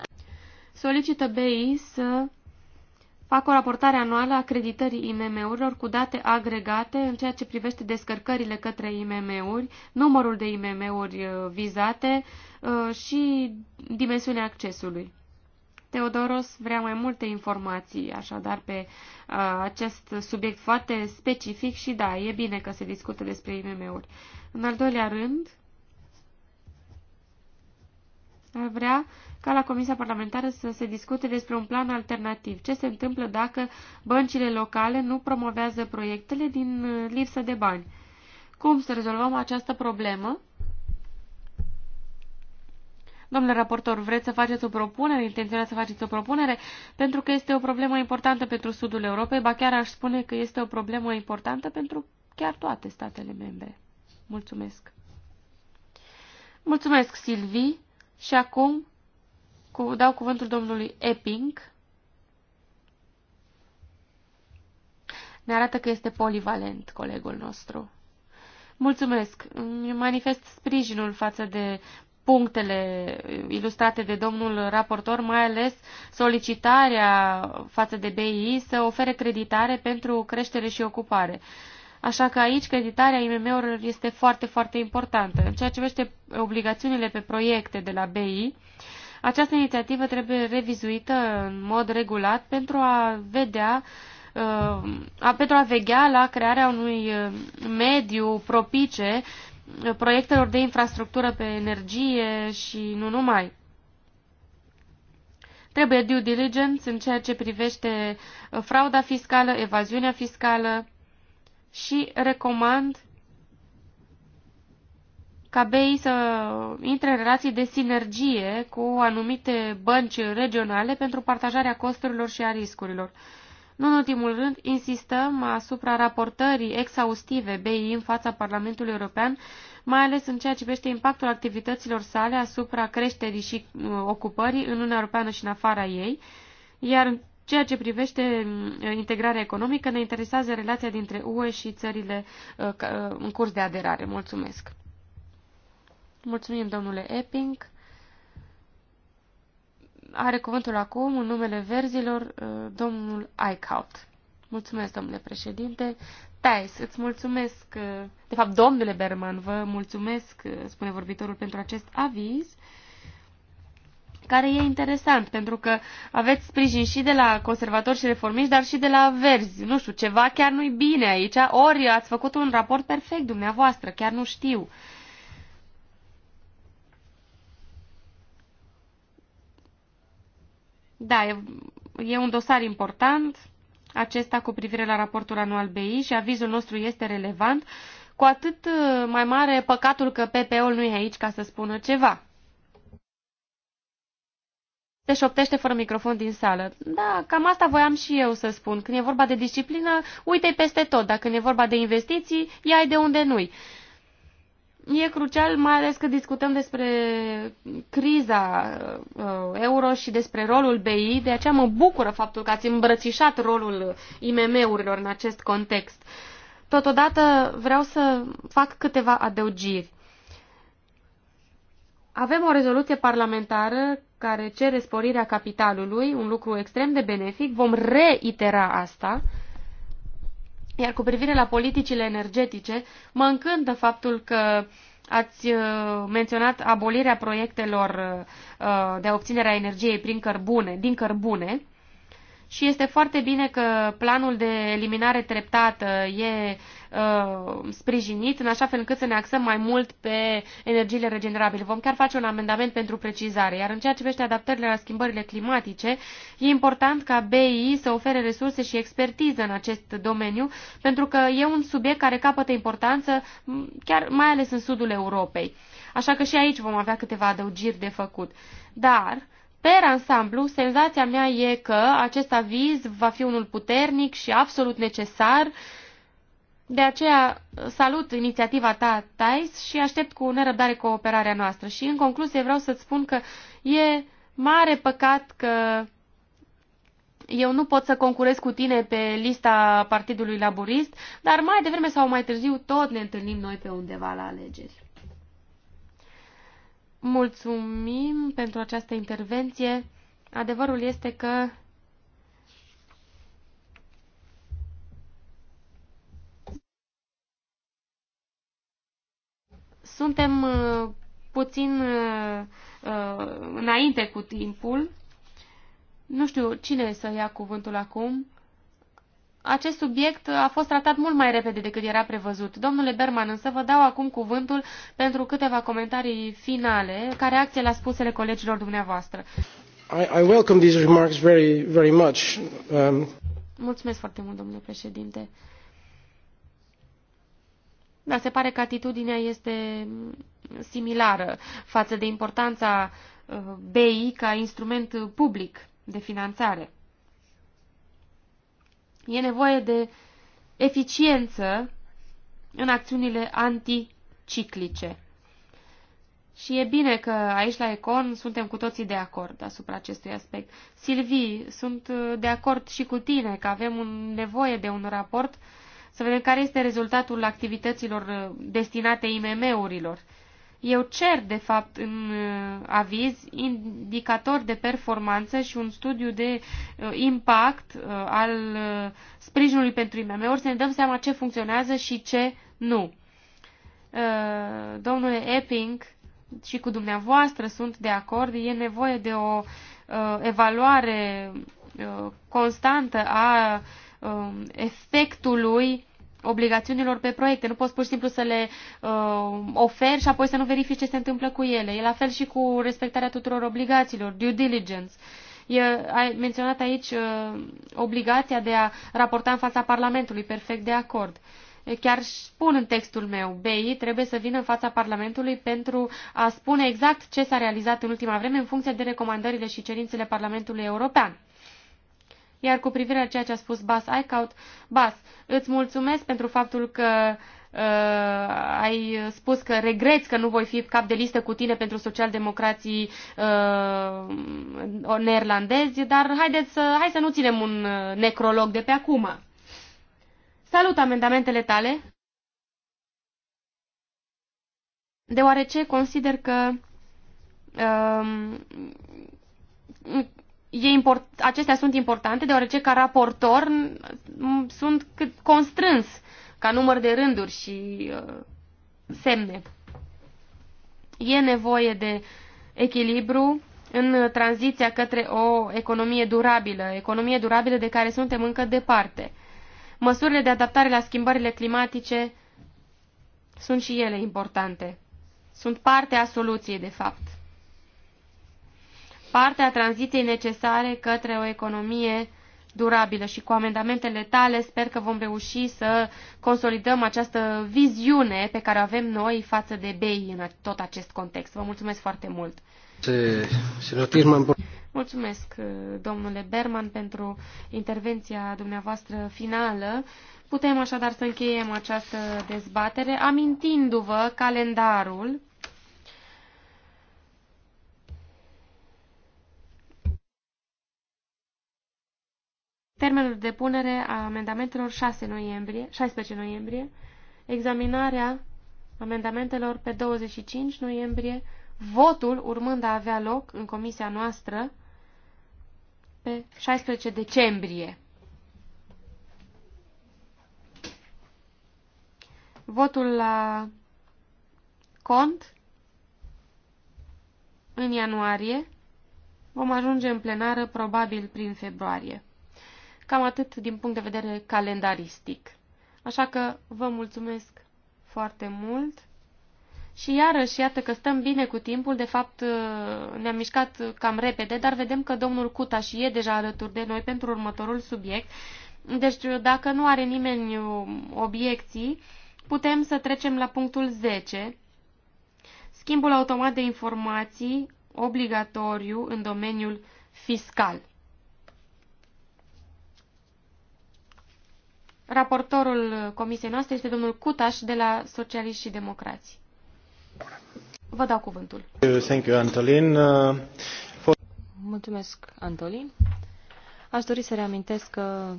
Solicită BI să facă o raportare anuală a creditării IMM-urilor cu date agregate în ceea ce privește descărcările către IMM-uri, numărul de IMM-uri uh, vizate uh, și dimensiunea accesului. Teodoros vrea mai multe informații, așadar, pe uh, acest subiect foarte specific și da, e bine că se discută despre IMM-uri. În al doilea rând, ar vrea ca la Comisia Parlamentară să se discute despre un plan alternativ. Ce se întâmplă dacă băncile locale nu promovează proiectele din uh, lipsă de bani? Cum să rezolvăm această problemă? Domnule raportor, vreți să faceți o propunere? Intenționați să faceți o propunere? Pentru că este o problemă importantă pentru sudul Europei, ba chiar aș spune că este o problemă importantă pentru chiar toate statele membre. Mulțumesc! Mulțumesc, Silvi! Și acum cu, dau cuvântul domnului Epping. Ne arată că este polivalent colegul nostru. Mulțumesc. manifest sprijinul față de punctele ilustrate de domnul raportor, mai ales solicitarea față de BI să ofere creditare pentru creștere și ocupare. Așa că aici creditarea IMM-urilor este foarte, foarte importantă. În ceea ce vește obligațiunile pe proiecte de la BI, această inițiativă trebuie revizuită în mod regulat pentru a vedea uh, pentru a veghea la crearea unui uh, mediu propice proiectelor de infrastructură pe energie și nu numai. Trebuie due diligence în ceea ce privește uh, frauda fiscală, evaziunea fiscală și recomand ca BEI să intre în relații de sinergie cu anumite bănci regionale pentru partajarea costurilor și a riscurilor. Nu în ultimul rând, insistăm asupra raportării exhaustive BI în fața Parlamentului European, mai ales în ceea ce privește impactul activităților sale asupra creșterii și uh, ocupării în Uniunea Europeană și în afara ei, iar în ceea ce privește uh, integrarea economică, ne interesează relația dintre UE și țările uh, în curs de aderare. Mulțumesc! Mulțumim, domnule Epping! Are cuvântul acum, în numele verzilor, uh, domnul Eichhout. Mulțumesc, domnule președinte. Thais, îți mulțumesc, uh, de fapt, domnule Berman, vă mulțumesc, uh, spune vorbitorul, pentru acest aviz care e interesant, pentru că aveți sprijin și de la conservatori și reformiști, dar și de la verzi. Nu știu, ceva chiar nu-i bine aici, ori ați făcut un raport perfect dumneavoastră, chiar nu știu. Uh, Da, e, e un dosar important, acesta cu privire la raportul anual BI și avizul nostru este relevant, cu atât uh, mai mare păcatul că PPO-ul nu e aici ca să spună ceva. Se șoptește fără microfon din sală. Da, cam asta voiam și eu să spun. Când e vorba de disciplină, uite-i peste tot. Dacă când e vorba de investiții, ia de unde nu-i. E crucial, mai ales că discutăm despre criza uh, euro și despre rolul BI, de aceea mă bucură faptul că ați îmbrățișat rolul IMM-urilor în acest context. Totodată vreau să fac câteva adăugiri. Avem o rezoluție parlamentară care cere sporirea capitalului, un lucru extrem de benefic, vom reitera asta, iar cu privire la politicile energetice, mă încântă faptul că ați uh, menționat abolirea proiectelor uh, de obținere a energiei prin cărbune, din cărbune, și este foarte bine că planul de eliminare treptată e uh, sprijinit în așa fel încât să ne axăm mai mult pe energiile regenerabile. Vom chiar face un amendament pentru precizare. Iar în ceea ce vește adaptările la schimbările climatice, e important ca BI să ofere resurse și expertiză în acest domeniu, pentru că e un subiect care capătă importanță chiar mai ales în sudul Europei. Așa că și aici vom avea câteva adăugiri de făcut. Dar Per ansamblu, senzația mea e că acest aviz va fi unul puternic și absolut necesar. De aceea salut inițiativa ta, Thais, și aștept cu nerăbdare cooperarea noastră. Și în concluzie vreau să-ți spun că e mare păcat că eu nu pot să concurez cu tine pe lista Partidului Laborist, dar mai devreme sau mai târziu tot ne întâlnim noi pe undeva la alegeri. Mulțumim pentru această intervenție. Adevărul este că suntem uh, puțin uh, uh, înainte cu timpul. Nu știu cine să ia cuvântul acum acest subiect a fost tratat mult mai repede decât era prevăzut. Domnule Berman, însă vă dau acum cuvântul pentru câteva comentarii finale, ca reacție la spusele colegilor dumneavoastră. I, I welcome these remarks very, very much. Um... Mulțumesc foarte mult, domnule președinte. Da, se pare că atitudinea este similară față de importanța uh, BI ca instrument public de finanțare. E nevoie de eficiență în acțiunile anticiclice. Și e bine că aici la Econ suntem cu toții de acord asupra acestui aspect. Silvii, sunt uh, de acord și cu tine că avem un, nevoie de un raport să vedem care este rezultatul activităților uh, destinate IMM-urilor. Eu cer, de fapt, în uh, aviz indicatori de performanță și un studiu de uh, impact uh, al sprijinului pentru IMM-uri, să ne dăm seama ce funcționează și ce nu. Domnule Epping, și cu dumneavoastră sunt de acord, e nevoie de o evaluare constantă a um, efectului obligațiunilor pe proiecte. Nu poți pur și simplu să le uh, oferi și apoi să nu verifici ce se întâmplă cu ele. E la fel și cu respectarea tuturor obligațiilor, due diligence. E, ai menționat aici uh, obligația de a raporta în fața Parlamentului, perfect de acord. Chiar spun în textul meu, BI trebuie să vină în fața Parlamentului pentru a spune exact ce s-a realizat în ultima vreme în funcție de recomandările și cerințele Parlamentului European. Iar cu privire la ceea ce a spus Bas Icaut, Bas, îți mulțumesc pentru faptul că uh, ai spus că regreți că nu voi fi cap de listă cu tine pentru socialdemocrații uh, neerlandezi, dar haideți să, hai să nu ținem un uh, necrolog de pe acum. Salut amendamentele tale, deoarece consider că um, e import, acestea sunt importante deoarece ca raportor sunt cât constrâns ca număr de rânduri și uh, semne. E nevoie de echilibru în tranziția către o economie durabilă, economie durabilă de care suntem încă departe. Măsurile de adaptare la schimbările climatice sunt și ele importante. Sunt parte a soluției, de fapt parte a tranziției necesare către o economie durabilă și cu amendamentele tale sper că vom reuși să consolidăm această viziune pe care o avem noi față de BEI în tot acest context. Vă mulțumesc foarte mult! Mulțumesc, domnule Berman, pentru intervenția dumneavoastră finală. Putem așadar să încheiem această dezbatere amintindu-vă calendarul Termenul de punere a amendamentelor 6 noiembrie, 16 noiembrie, examinarea amendamentelor pe 25 noiembrie, votul urmând a avea loc în comisia noastră pe 16 decembrie. Votul la cont în ianuarie. Vom ajunge în plenară probabil prin februarie. Cam atât din punct de vedere calendaristic. Așa că vă mulțumesc foarte mult. Și iarăși, iată că stăm bine cu timpul, de fapt ne-am mișcat cam repede, dar vedem că domnul și e deja alături de noi pentru următorul subiect. Deci, dacă nu are nimeni obiecții, putem să trecem la punctul 10. Schimbul automat de informații obligatoriu în domeniul fiscal. Raportorul comisiei noastre este domnul Cutaș de la Socialiști și Democrați. Vă dau cuvântul. Thank you, Antolin. Mulțumesc, Antolin. Aș dori să reamintesc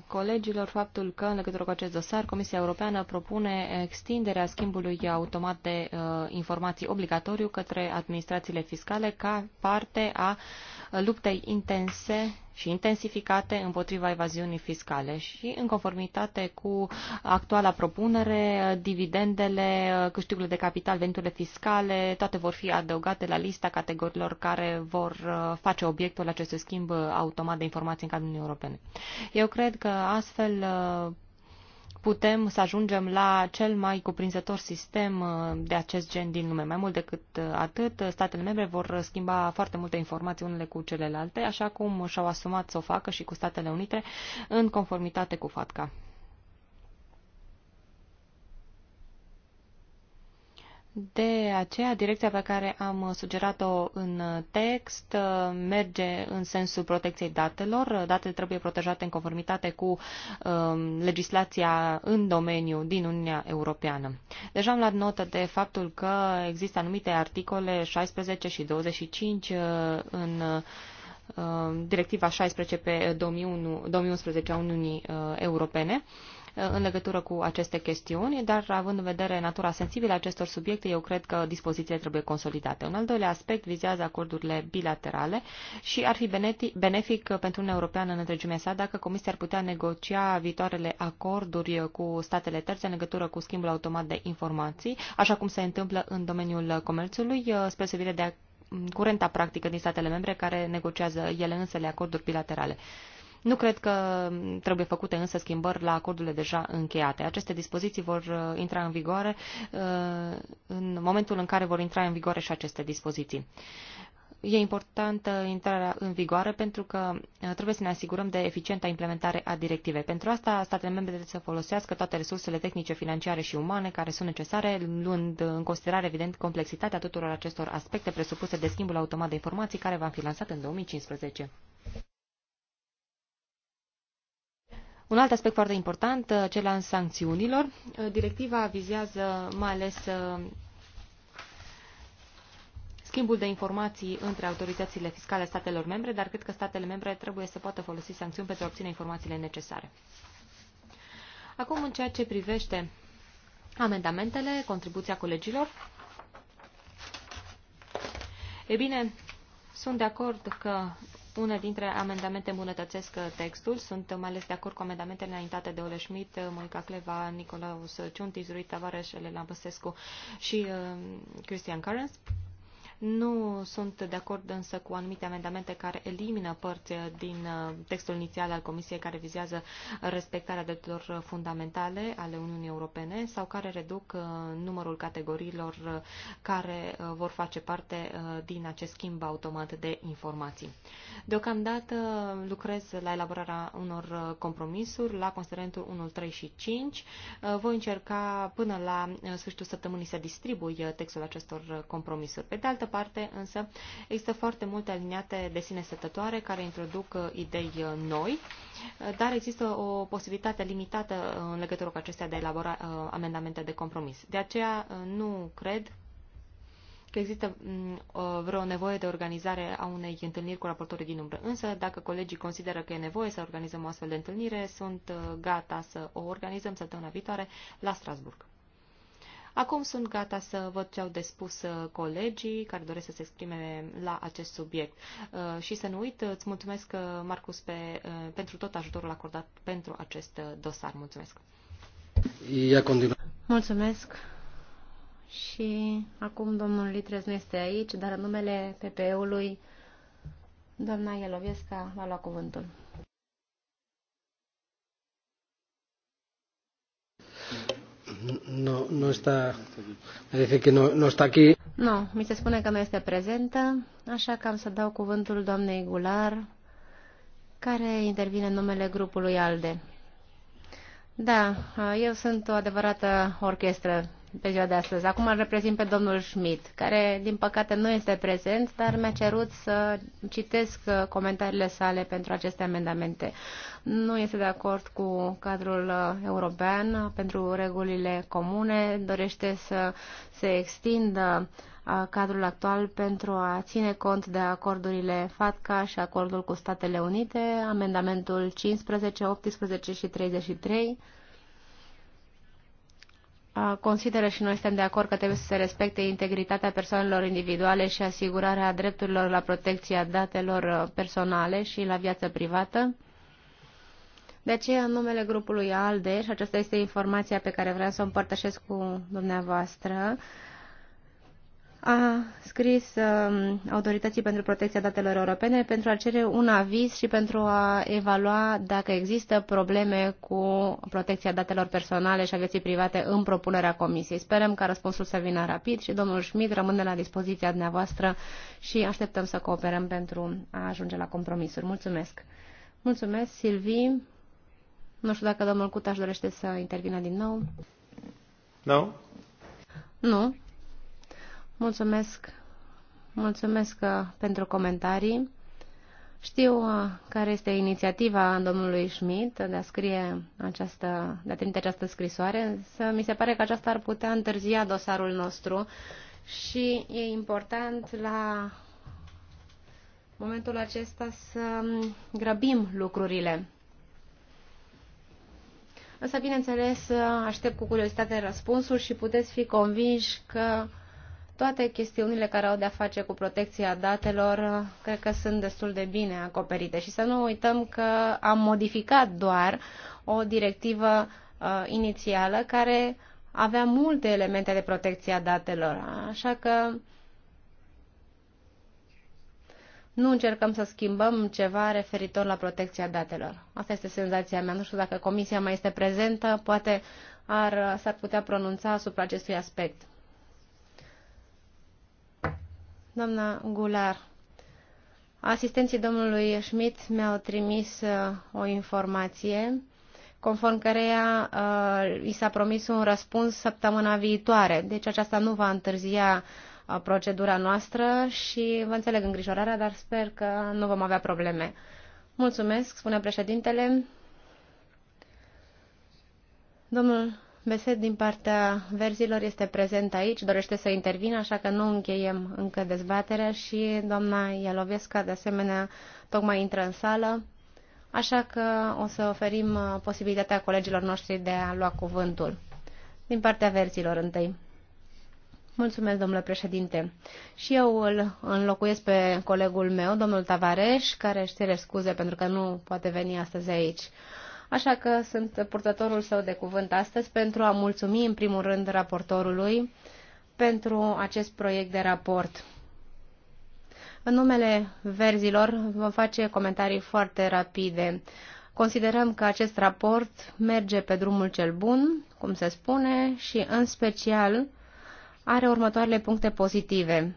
colegilor faptul că, în legătură cu acest dosar, Comisia Europeană propune extinderea schimbului automat de uh, informații obligatoriu către administrațiile fiscale ca parte a luptei intense și intensificate împotriva evaziunii fiscale și în conformitate cu actuala propunere, dividendele, câștigurile de capital, veniturile fiscale, toate vor fi adăugate la lista categoriilor care vor uh, face obiectul acestui schimb automat de informații în cadrul Uniunii Europene. Eu cred că astfel uh, putem să ajungem la cel mai cuprinzător sistem uh, de acest gen din lume. Mai mult decât uh, atât, uh, statele membre vor schimba foarte multe informații unele cu celelalte, așa cum și-au asumat să o facă și cu Statele Unite în conformitate cu FATCA. De aceea, direcția pe care am sugerat-o în text uh, merge în sensul protecției datelor. Datele trebuie protejate în conformitate cu um, legislația în domeniu din Uniunea Europeană. Deja am luat notă de faptul că există anumite articole 16 și 25 uh, în um, Directiva 16 pe 2001, 2011 a Uniunii Europene, uh, Uh, în legătură cu aceste chestiuni, dar având în vedere natura sensibilă a acestor subiecte, eu cred că dispozițiile trebuie consolidate. Un al doilea aspect vizează acordurile bilaterale și ar fi benefic pentru Uniunea Europeană în întregimea sa dacă Comisia ar putea negocia viitoarele acorduri cu statele terțe în legătură cu schimbul automat de informații, așa cum se întâmplă în domeniul comerțului, uh, spre sevire de curenta practică din statele membre care negociază ele însele acorduri bilaterale. Nu cred că trebuie făcute însă schimbări la acordurile deja încheiate. Aceste dispoziții vor uh, intra în vigoare uh, în momentul în care vor intra în vigoare și aceste dispoziții e importantă intrarea în vigoare pentru că uh, trebuie să ne asigurăm de eficienta implementare a directivei. Pentru asta, statele membre trebuie să folosească toate resursele tehnice, financiare și umane care sunt necesare, luând în considerare, evident, complexitatea tuturor acestor aspecte presupuse de schimbul automat de informații care va fi lansat în 2015. Un alt aspect foarte important, uh, cel al sancțiunilor. Uh, directiva vizează mai ales uh, schimbul de informații între autoritățile fiscale statelor membre, dar cred că statele membre trebuie să poată folosi sancțiuni pentru a obține informațiile necesare. Acum, în ceea ce privește amendamentele, contribuția colegilor, e bine, sunt de acord că unele dintre amendamente îmbunătățesc uh, textul. Sunt uh, mai ales de acord cu amendamentele înaintate de Ole Schmidt, uh, Monica Cleva, Nicolaus Ciunti, Rui Vares, Elena Băsescu și Cristian Carens. Nu sunt de acord însă cu anumite amendamente care elimină părți din uh, textul inițial al Comisiei care vizează respectarea drepturilor fundamentale ale Uniunii Europene sau care reduc uh, numărul categoriilor uh, care vor face parte din acest schimb automat de informații. Deocamdată lucrez la elaborarea unor compromisuri la considerentul 1, 3 și 5. Voi încerca până la sfârșitul săptămânii să distribui textul acestor compromisuri. Pe de altă parte, însă, există foarte multe aliniate de sine stătătoare care introduc uh, idei uh, noi, uh, dar există o posibilitate limitată în legătură cu acestea de a elabora amendamente de compromis. De aceea nu cred că există mm, vreo nevoie de organizare a unei întâlniri cu raportorii din umbră. Însă, dacă colegii consideră că e nevoie să organizăm o astfel de întâlnire, sunt gata să o organizăm săptămâna viitoare la Strasburg. Acum sunt gata să văd ce au de spus uh, colegii care doresc să se exprime la acest subiect. Uh, și să nu uit, îți mulțumesc, uh, Marcus, pe, pentru tot ajutorul acordat pentru acest dosar. Mulțumesc! Ia continuă. Mulțumesc! Și acum domnul Litres nu este aici, dar în numele PPE-ului, doamna Ielovesca va lua cuvântul. No, no está, me dice que no, no está aquí. Nu, mi se spune că nu este prezentă, așa că am să dau cuvântul doamnei Gular, care intervine în numele grupului ALDE. Da, eu sunt o adevărată orchestră pe ziua de astăzi. Acum îl reprezint pe domnul Schmidt, care din păcate nu este prezent, dar mi-a cerut să citesc uh, comentariile sale pentru aceste amendamente. Nu este de acord cu cadrul uh, european uh, pentru regulile comune, dorește să se extindă cadrul actual pentru a ține cont de acordurile FATCA și acordul cu Statele Unite, amendamentul 15, 18 și 33, consideră și noi suntem de acord că trebuie să se respecte integritatea persoanelor individuale și asigurarea drepturilor la protecția datelor personale și la viață privată. De aceea, în numele grupului ALDE, și aceasta este informația pe care vreau să o împărtășesc cu dumneavoastră, a scris um, Autorității pentru Protecția Datelor Europene pentru a cere un aviz și pentru a evalua dacă există probleme cu protecția datelor personale și a vieții private în propunerea Comisiei. Sperăm ca răspunsul să vină rapid și domnul Schmidt rămâne la dispoziția dumneavoastră și așteptăm să cooperăm pentru a ajunge la compromisuri. Mulțumesc! Mulțumesc, Silvi. Nu știu dacă domnul Cutaș dorește să intervină din nou. Nu? No. Nu. Mulțumesc, mulțumesc uh, pentru comentarii. Știu uh, care este inițiativa domnului Schmidt de a scrie această, de a trimite această scrisoare, însă mi se pare că aceasta ar putea întârzia dosarul nostru și e important la momentul acesta să um, grăbim lucrurile. Însă, bineînțeles, uh, aștept cu curiozitate răspunsul și puteți fi convinși că toate chestiunile care au de-a face cu protecția datelor cred că sunt destul de bine acoperite și să nu uităm că am modificat doar o directivă uh, inițială care avea multe elemente de protecție a datelor, așa că nu încercăm să schimbăm ceva referitor la protecția datelor. Asta este senzația mea. Nu știu dacă comisia mai este prezentă, poate ar, s-ar putea pronunța asupra acestui aspect. Doamna Gular, asistenții domnului Schmidt mi-au trimis uh, o informație conform căreia uh, i s-a promis un răspuns săptămâna viitoare. Deci aceasta nu va întârzia uh, procedura noastră și vă înțeleg îngrijorarea, dar sper că nu vom avea probleme. Mulțumesc, spune președintele. Domnul Beset din partea verzilor este prezent aici, dorește să intervină, așa că nu încheiem încă dezbaterea și doamna Ialovesca, de asemenea, tocmai intră în sală, așa că o să oferim uh, posibilitatea colegilor noștri de a lua cuvântul. Din partea verzilor întâi. Mulțumesc, domnule președinte. Și eu îl înlocuiesc pe colegul meu, domnul Tavares, care își cere scuze pentru că nu poate veni astăzi aici așa că sunt purtătorul său de cuvânt astăzi pentru a mulțumi în primul rând raportorului pentru acest proiect de raport. În numele verzilor vom face comentarii foarte rapide. Considerăm că acest raport merge pe drumul cel bun, cum se spune, și în special are următoarele puncte pozitive.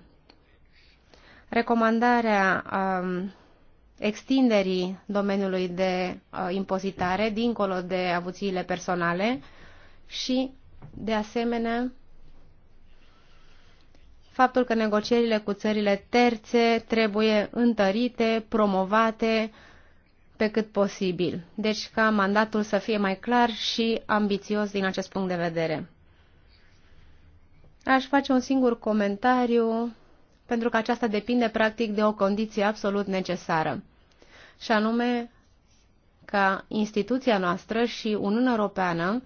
Recomandarea um, extinderii domeniului de uh, impozitare dincolo de avuțiile personale și, de asemenea, faptul că negocierile cu țările terțe trebuie întărite, promovate pe cât posibil. Deci ca mandatul să fie mai clar și ambițios din acest punct de vedere. Aș face un singur comentariu, pentru că aceasta depinde practic de o condiție absolut necesară și anume ca instituția noastră și Uniunea Europeană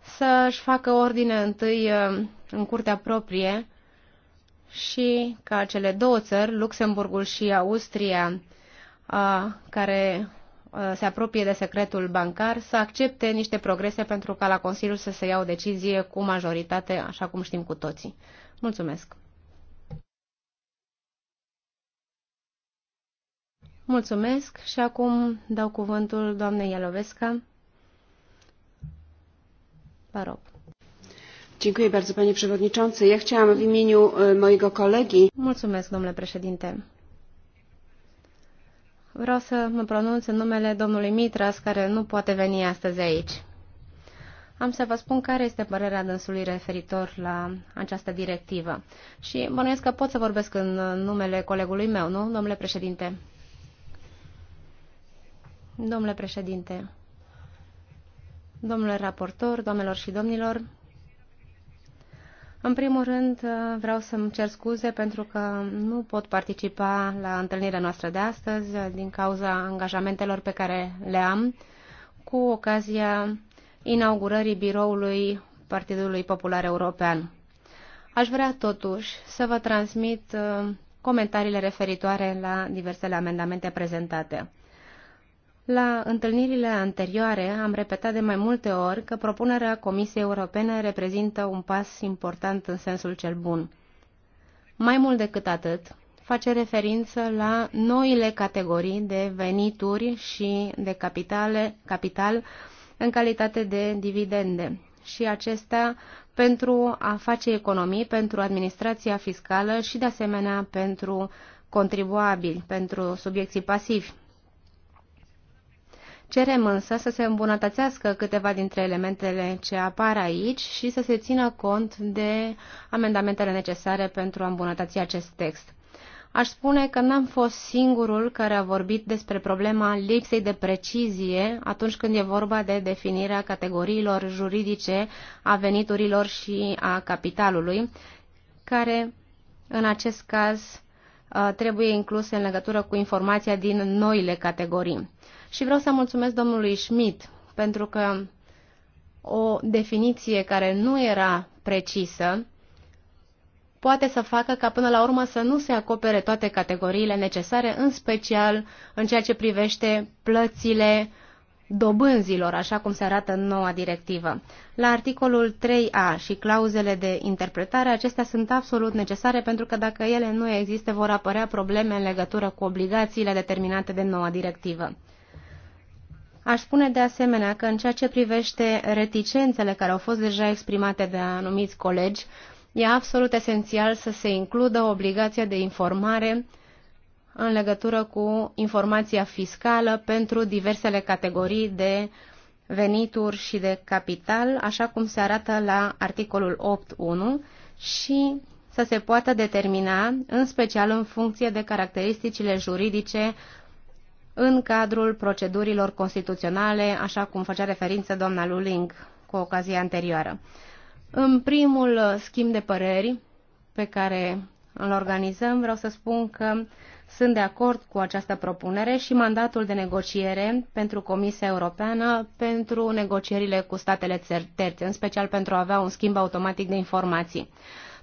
să-și facă ordine întâi uh, în curtea proprie și ca cele două țări, Luxemburgul și Austria, uh, care uh, se apropie de secretul bancar, să accepte niște progrese pentru ca la Consiliu să se ia o decizie cu majoritate, așa cum știm cu toții. Mulțumesc! Mulțumesc și acum dau cuvântul doamnei Ialovesca. Vă rog. Dziękuję bardzo, panie przewodniczący. Ja chciałam w imieniu mojego kolegi... Mulțumesc, domnule președinte. Vreau să mă pronunț în numele domnului Mitras, care nu poate veni astăzi aici. Am să vă spun care este părerea dânsului referitor la această directivă. Și bănuiesc că pot să vorbesc în numele colegului meu, nu, domnule președinte? Domnule președinte, domnule raportor, doamnelor și domnilor, în primul rând, uh, vreau să-mi cer scuze pentru că nu pot participa la întâlnirea noastră de astăzi uh, din cauza angajamentelor pe care le am cu ocazia inaugurării biroului Partidului Popular European. Aș vrea totuși să vă transmit uh, comentariile referitoare la diversele amendamente prezentate. La întâlnirile anterioare am repetat de mai multe ori că propunerea Comisiei Europene reprezintă un pas important în sensul cel bun. Mai mult decât atât, face referință la noile categorii de venituri și de capitale, capital în calitate de dividende și acestea pentru a face economii, pentru administrația fiscală și de asemenea pentru contribuabili, pentru subiecții pasivi. Cerem însă să se îmbunătățească câteva dintre elementele ce apar aici și să se țină cont de amendamentele necesare pentru a îmbunătăți acest text. Aș spune că n-am fost singurul care a vorbit despre problema lipsei de precizie atunci când e vorba de definirea categoriilor juridice a veniturilor și a capitalului, care în acest caz uh, trebuie incluse în legătură cu informația din noile categorii. Și vreau să mulțumesc domnului Schmidt, pentru că o definiție care nu era precisă poate să facă ca până la urmă să nu se acopere toate categoriile necesare, în special în ceea ce privește plățile dobânzilor, așa cum se arată în noua directivă. La articolul 3a și clauzele de interpretare, acestea sunt absolut necesare pentru că dacă ele nu există, vor apărea probleme în legătură cu obligațiile determinate de noua directivă. Aș spune de asemenea că în ceea ce privește reticențele care au fost deja exprimate de anumiți colegi, e absolut esențial să se includă obligația de informare în legătură cu informația fiscală pentru diversele categorii de venituri și de capital, așa cum se arată la articolul 8.1 și să se poată determina, în special în funcție de caracteristicile juridice în cadrul procedurilor constituționale, așa cum făcea referință doamna Luling cu ocazia anterioară. În primul schimb de păreri pe care îl organizăm, vreau să spun că sunt de acord cu această propunere și mandatul de negociere pentru Comisia Europeană pentru negocierile cu statele terțe, în special pentru a avea un schimb automatic de informații.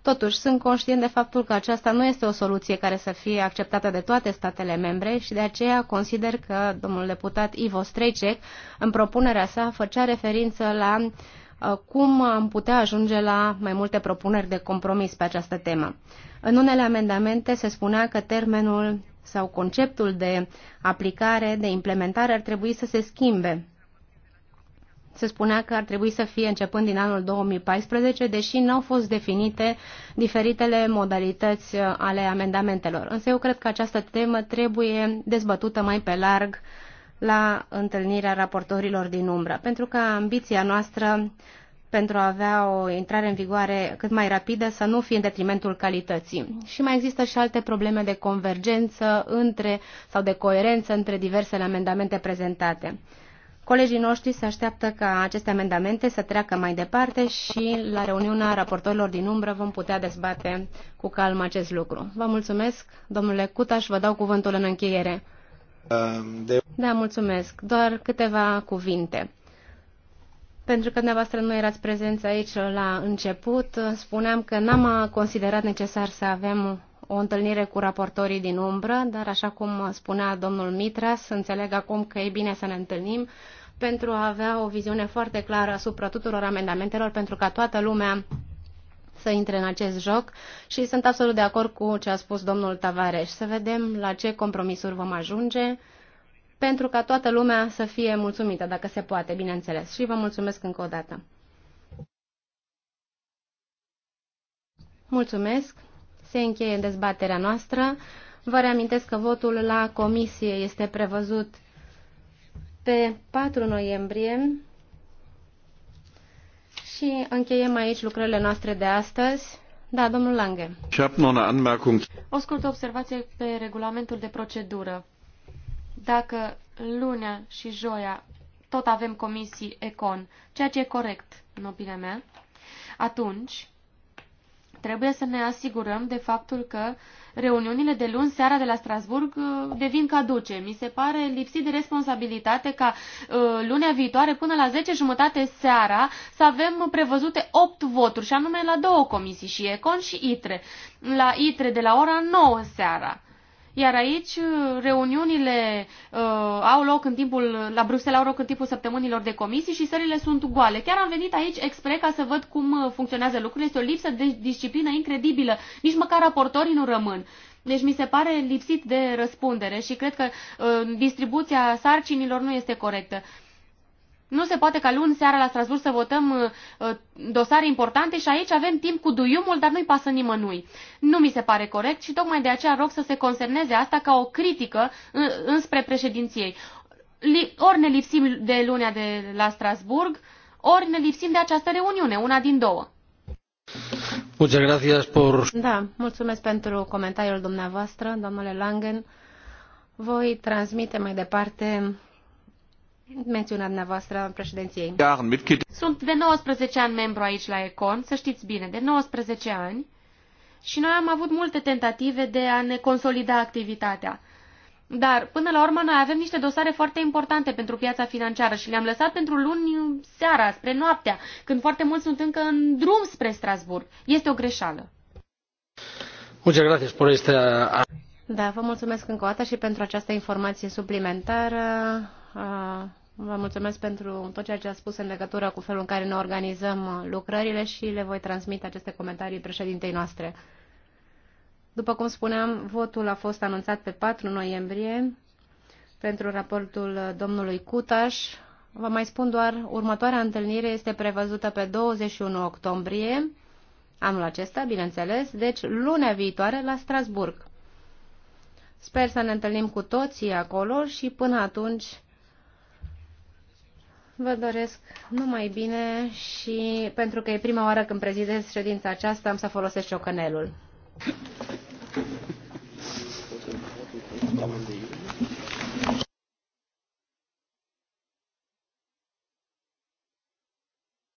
Totuși, sunt conștient de faptul că aceasta nu este o soluție care să fie acceptată de toate statele membre și de aceea consider că domnul deputat Ivo Strecek în propunerea sa, făcea referință la uh, cum am putea ajunge la mai multe propuneri de compromis pe această temă. În unele amendamente se spunea că termenul sau conceptul de aplicare, de implementare ar trebui să se schimbe se spunea că ar trebui să fie începând din anul 2014, deși nu au fost definite diferitele modalități uh, ale amendamentelor. Însă eu cred că această temă trebuie dezbătută mai pe larg la întâlnirea raportorilor din umbră, pentru că ambiția noastră pentru a avea o intrare în vigoare cât mai rapidă, să nu fie în detrimentul calității. Și mai există și alte probleme de convergență între, sau de coerență între diversele amendamente prezentate. Colegii noștri se așteaptă ca aceste amendamente să treacă mai departe și la reuniunea raportorilor din umbră vom putea dezbate cu calm acest lucru. Vă mulțumesc, domnule Cutaș, vă dau cuvântul în încheiere. De... Da, mulțumesc. Doar câteva cuvinte. Pentru că dumneavoastră nu erați prezenți aici la început, spuneam că n-am considerat necesar să avem o întâlnire cu raportorii din umbră, dar așa cum spunea domnul Mitras, înțeleg acum că e bine să ne întâlnim pentru a avea o viziune foarte clară asupra tuturor amendamentelor, pentru ca toată lumea să intre în acest joc și sunt absolut de acord cu ce a spus domnul Tavares. Să vedem la ce compromisuri vom ajunge pentru ca toată lumea să fie mulțumită, dacă se poate, bineînțeles. Și vă mulțumesc încă o dată. Mulțumesc. Se încheie dezbaterea noastră. Vă reamintesc că votul la comisie este prevăzut pe 4 noiembrie și încheiem aici lucrările noastre de astăzi. Da, domnul Lange. O scurtă observație pe regulamentul de procedură. Dacă lunea și joia tot avem comisii ECON, ceea ce e corect, în opinia mea, atunci trebuie să ne asigurăm de faptul că uh, reuniunile de luni seara de la Strasburg uh, devin caduce. Mi se pare lipsit de responsabilitate ca uh, lunea viitoare până la 10 jumătate seara să avem prevăzute 8 voturi și anume la două comisii și Econ și ITRE. La ITRE de la ora 9 seara. Iar aici uh, reuniunile uh, au loc în timpul, la Bruxelles au loc în timpul săptămânilor de comisii și sările sunt goale. Chiar am venit aici expre ca să văd cum uh, funcționează lucrurile. Este o lipsă de disciplină incredibilă. Nici măcar raportorii nu rămân. Deci mi se pare lipsit de răspundere și cred că uh, distribuția sarcinilor nu este corectă. Uh, nu se poate ca luni seara la Strasbourg să votăm uh, uh, dosare importante și aici avem timp cu duiumul, dar nu-i pasă nimănui. Nu mi se pare corect și tocmai de aceea rog să se concerneze asta ca o critică uh, înspre președinției. Ori ne lipsim de lunea de la Strasburg, ori ne lipsim de această reuniune, una din două. Muchas gracias por... Da, mulțumesc pentru comentariul dumneavoastră, domnule Langen. Voi transmite mai departe mențiunea dumneavoastră președinției. Sunt de 19 ani membru aici la Econ, să știți bine, de 19 ani și noi am avut multe tentative de a ne consolida activitatea. Dar, până la urmă, noi avem niște dosare foarte importante pentru piața financiară și le-am lăsat pentru luni seara, spre noaptea, când foarte mulți sunt încă în drum spre Strasburg. Este o greșeală. Mulțumesc, gracias por Da, vă mulțumesc încă o dată și pentru această informație suplimentară. Vă mulțumesc pentru tot ceea ce a spus în legătură cu felul în care ne organizăm lucrările și le voi transmite aceste comentarii președintei noastre. După cum spuneam, votul a fost anunțat pe 4 noiembrie pentru raportul domnului Cutaș. Vă mai spun doar, următoarea întâlnire este prevăzută pe 21 octombrie anul acesta, bineînțeles, deci lunea viitoare la Strasburg. Sper să ne întâlnim cu toții acolo și până atunci Vă doresc numai bine și pentru că e prima oară când prezidez ședința aceasta, am să folosesc ciocănelul. Thank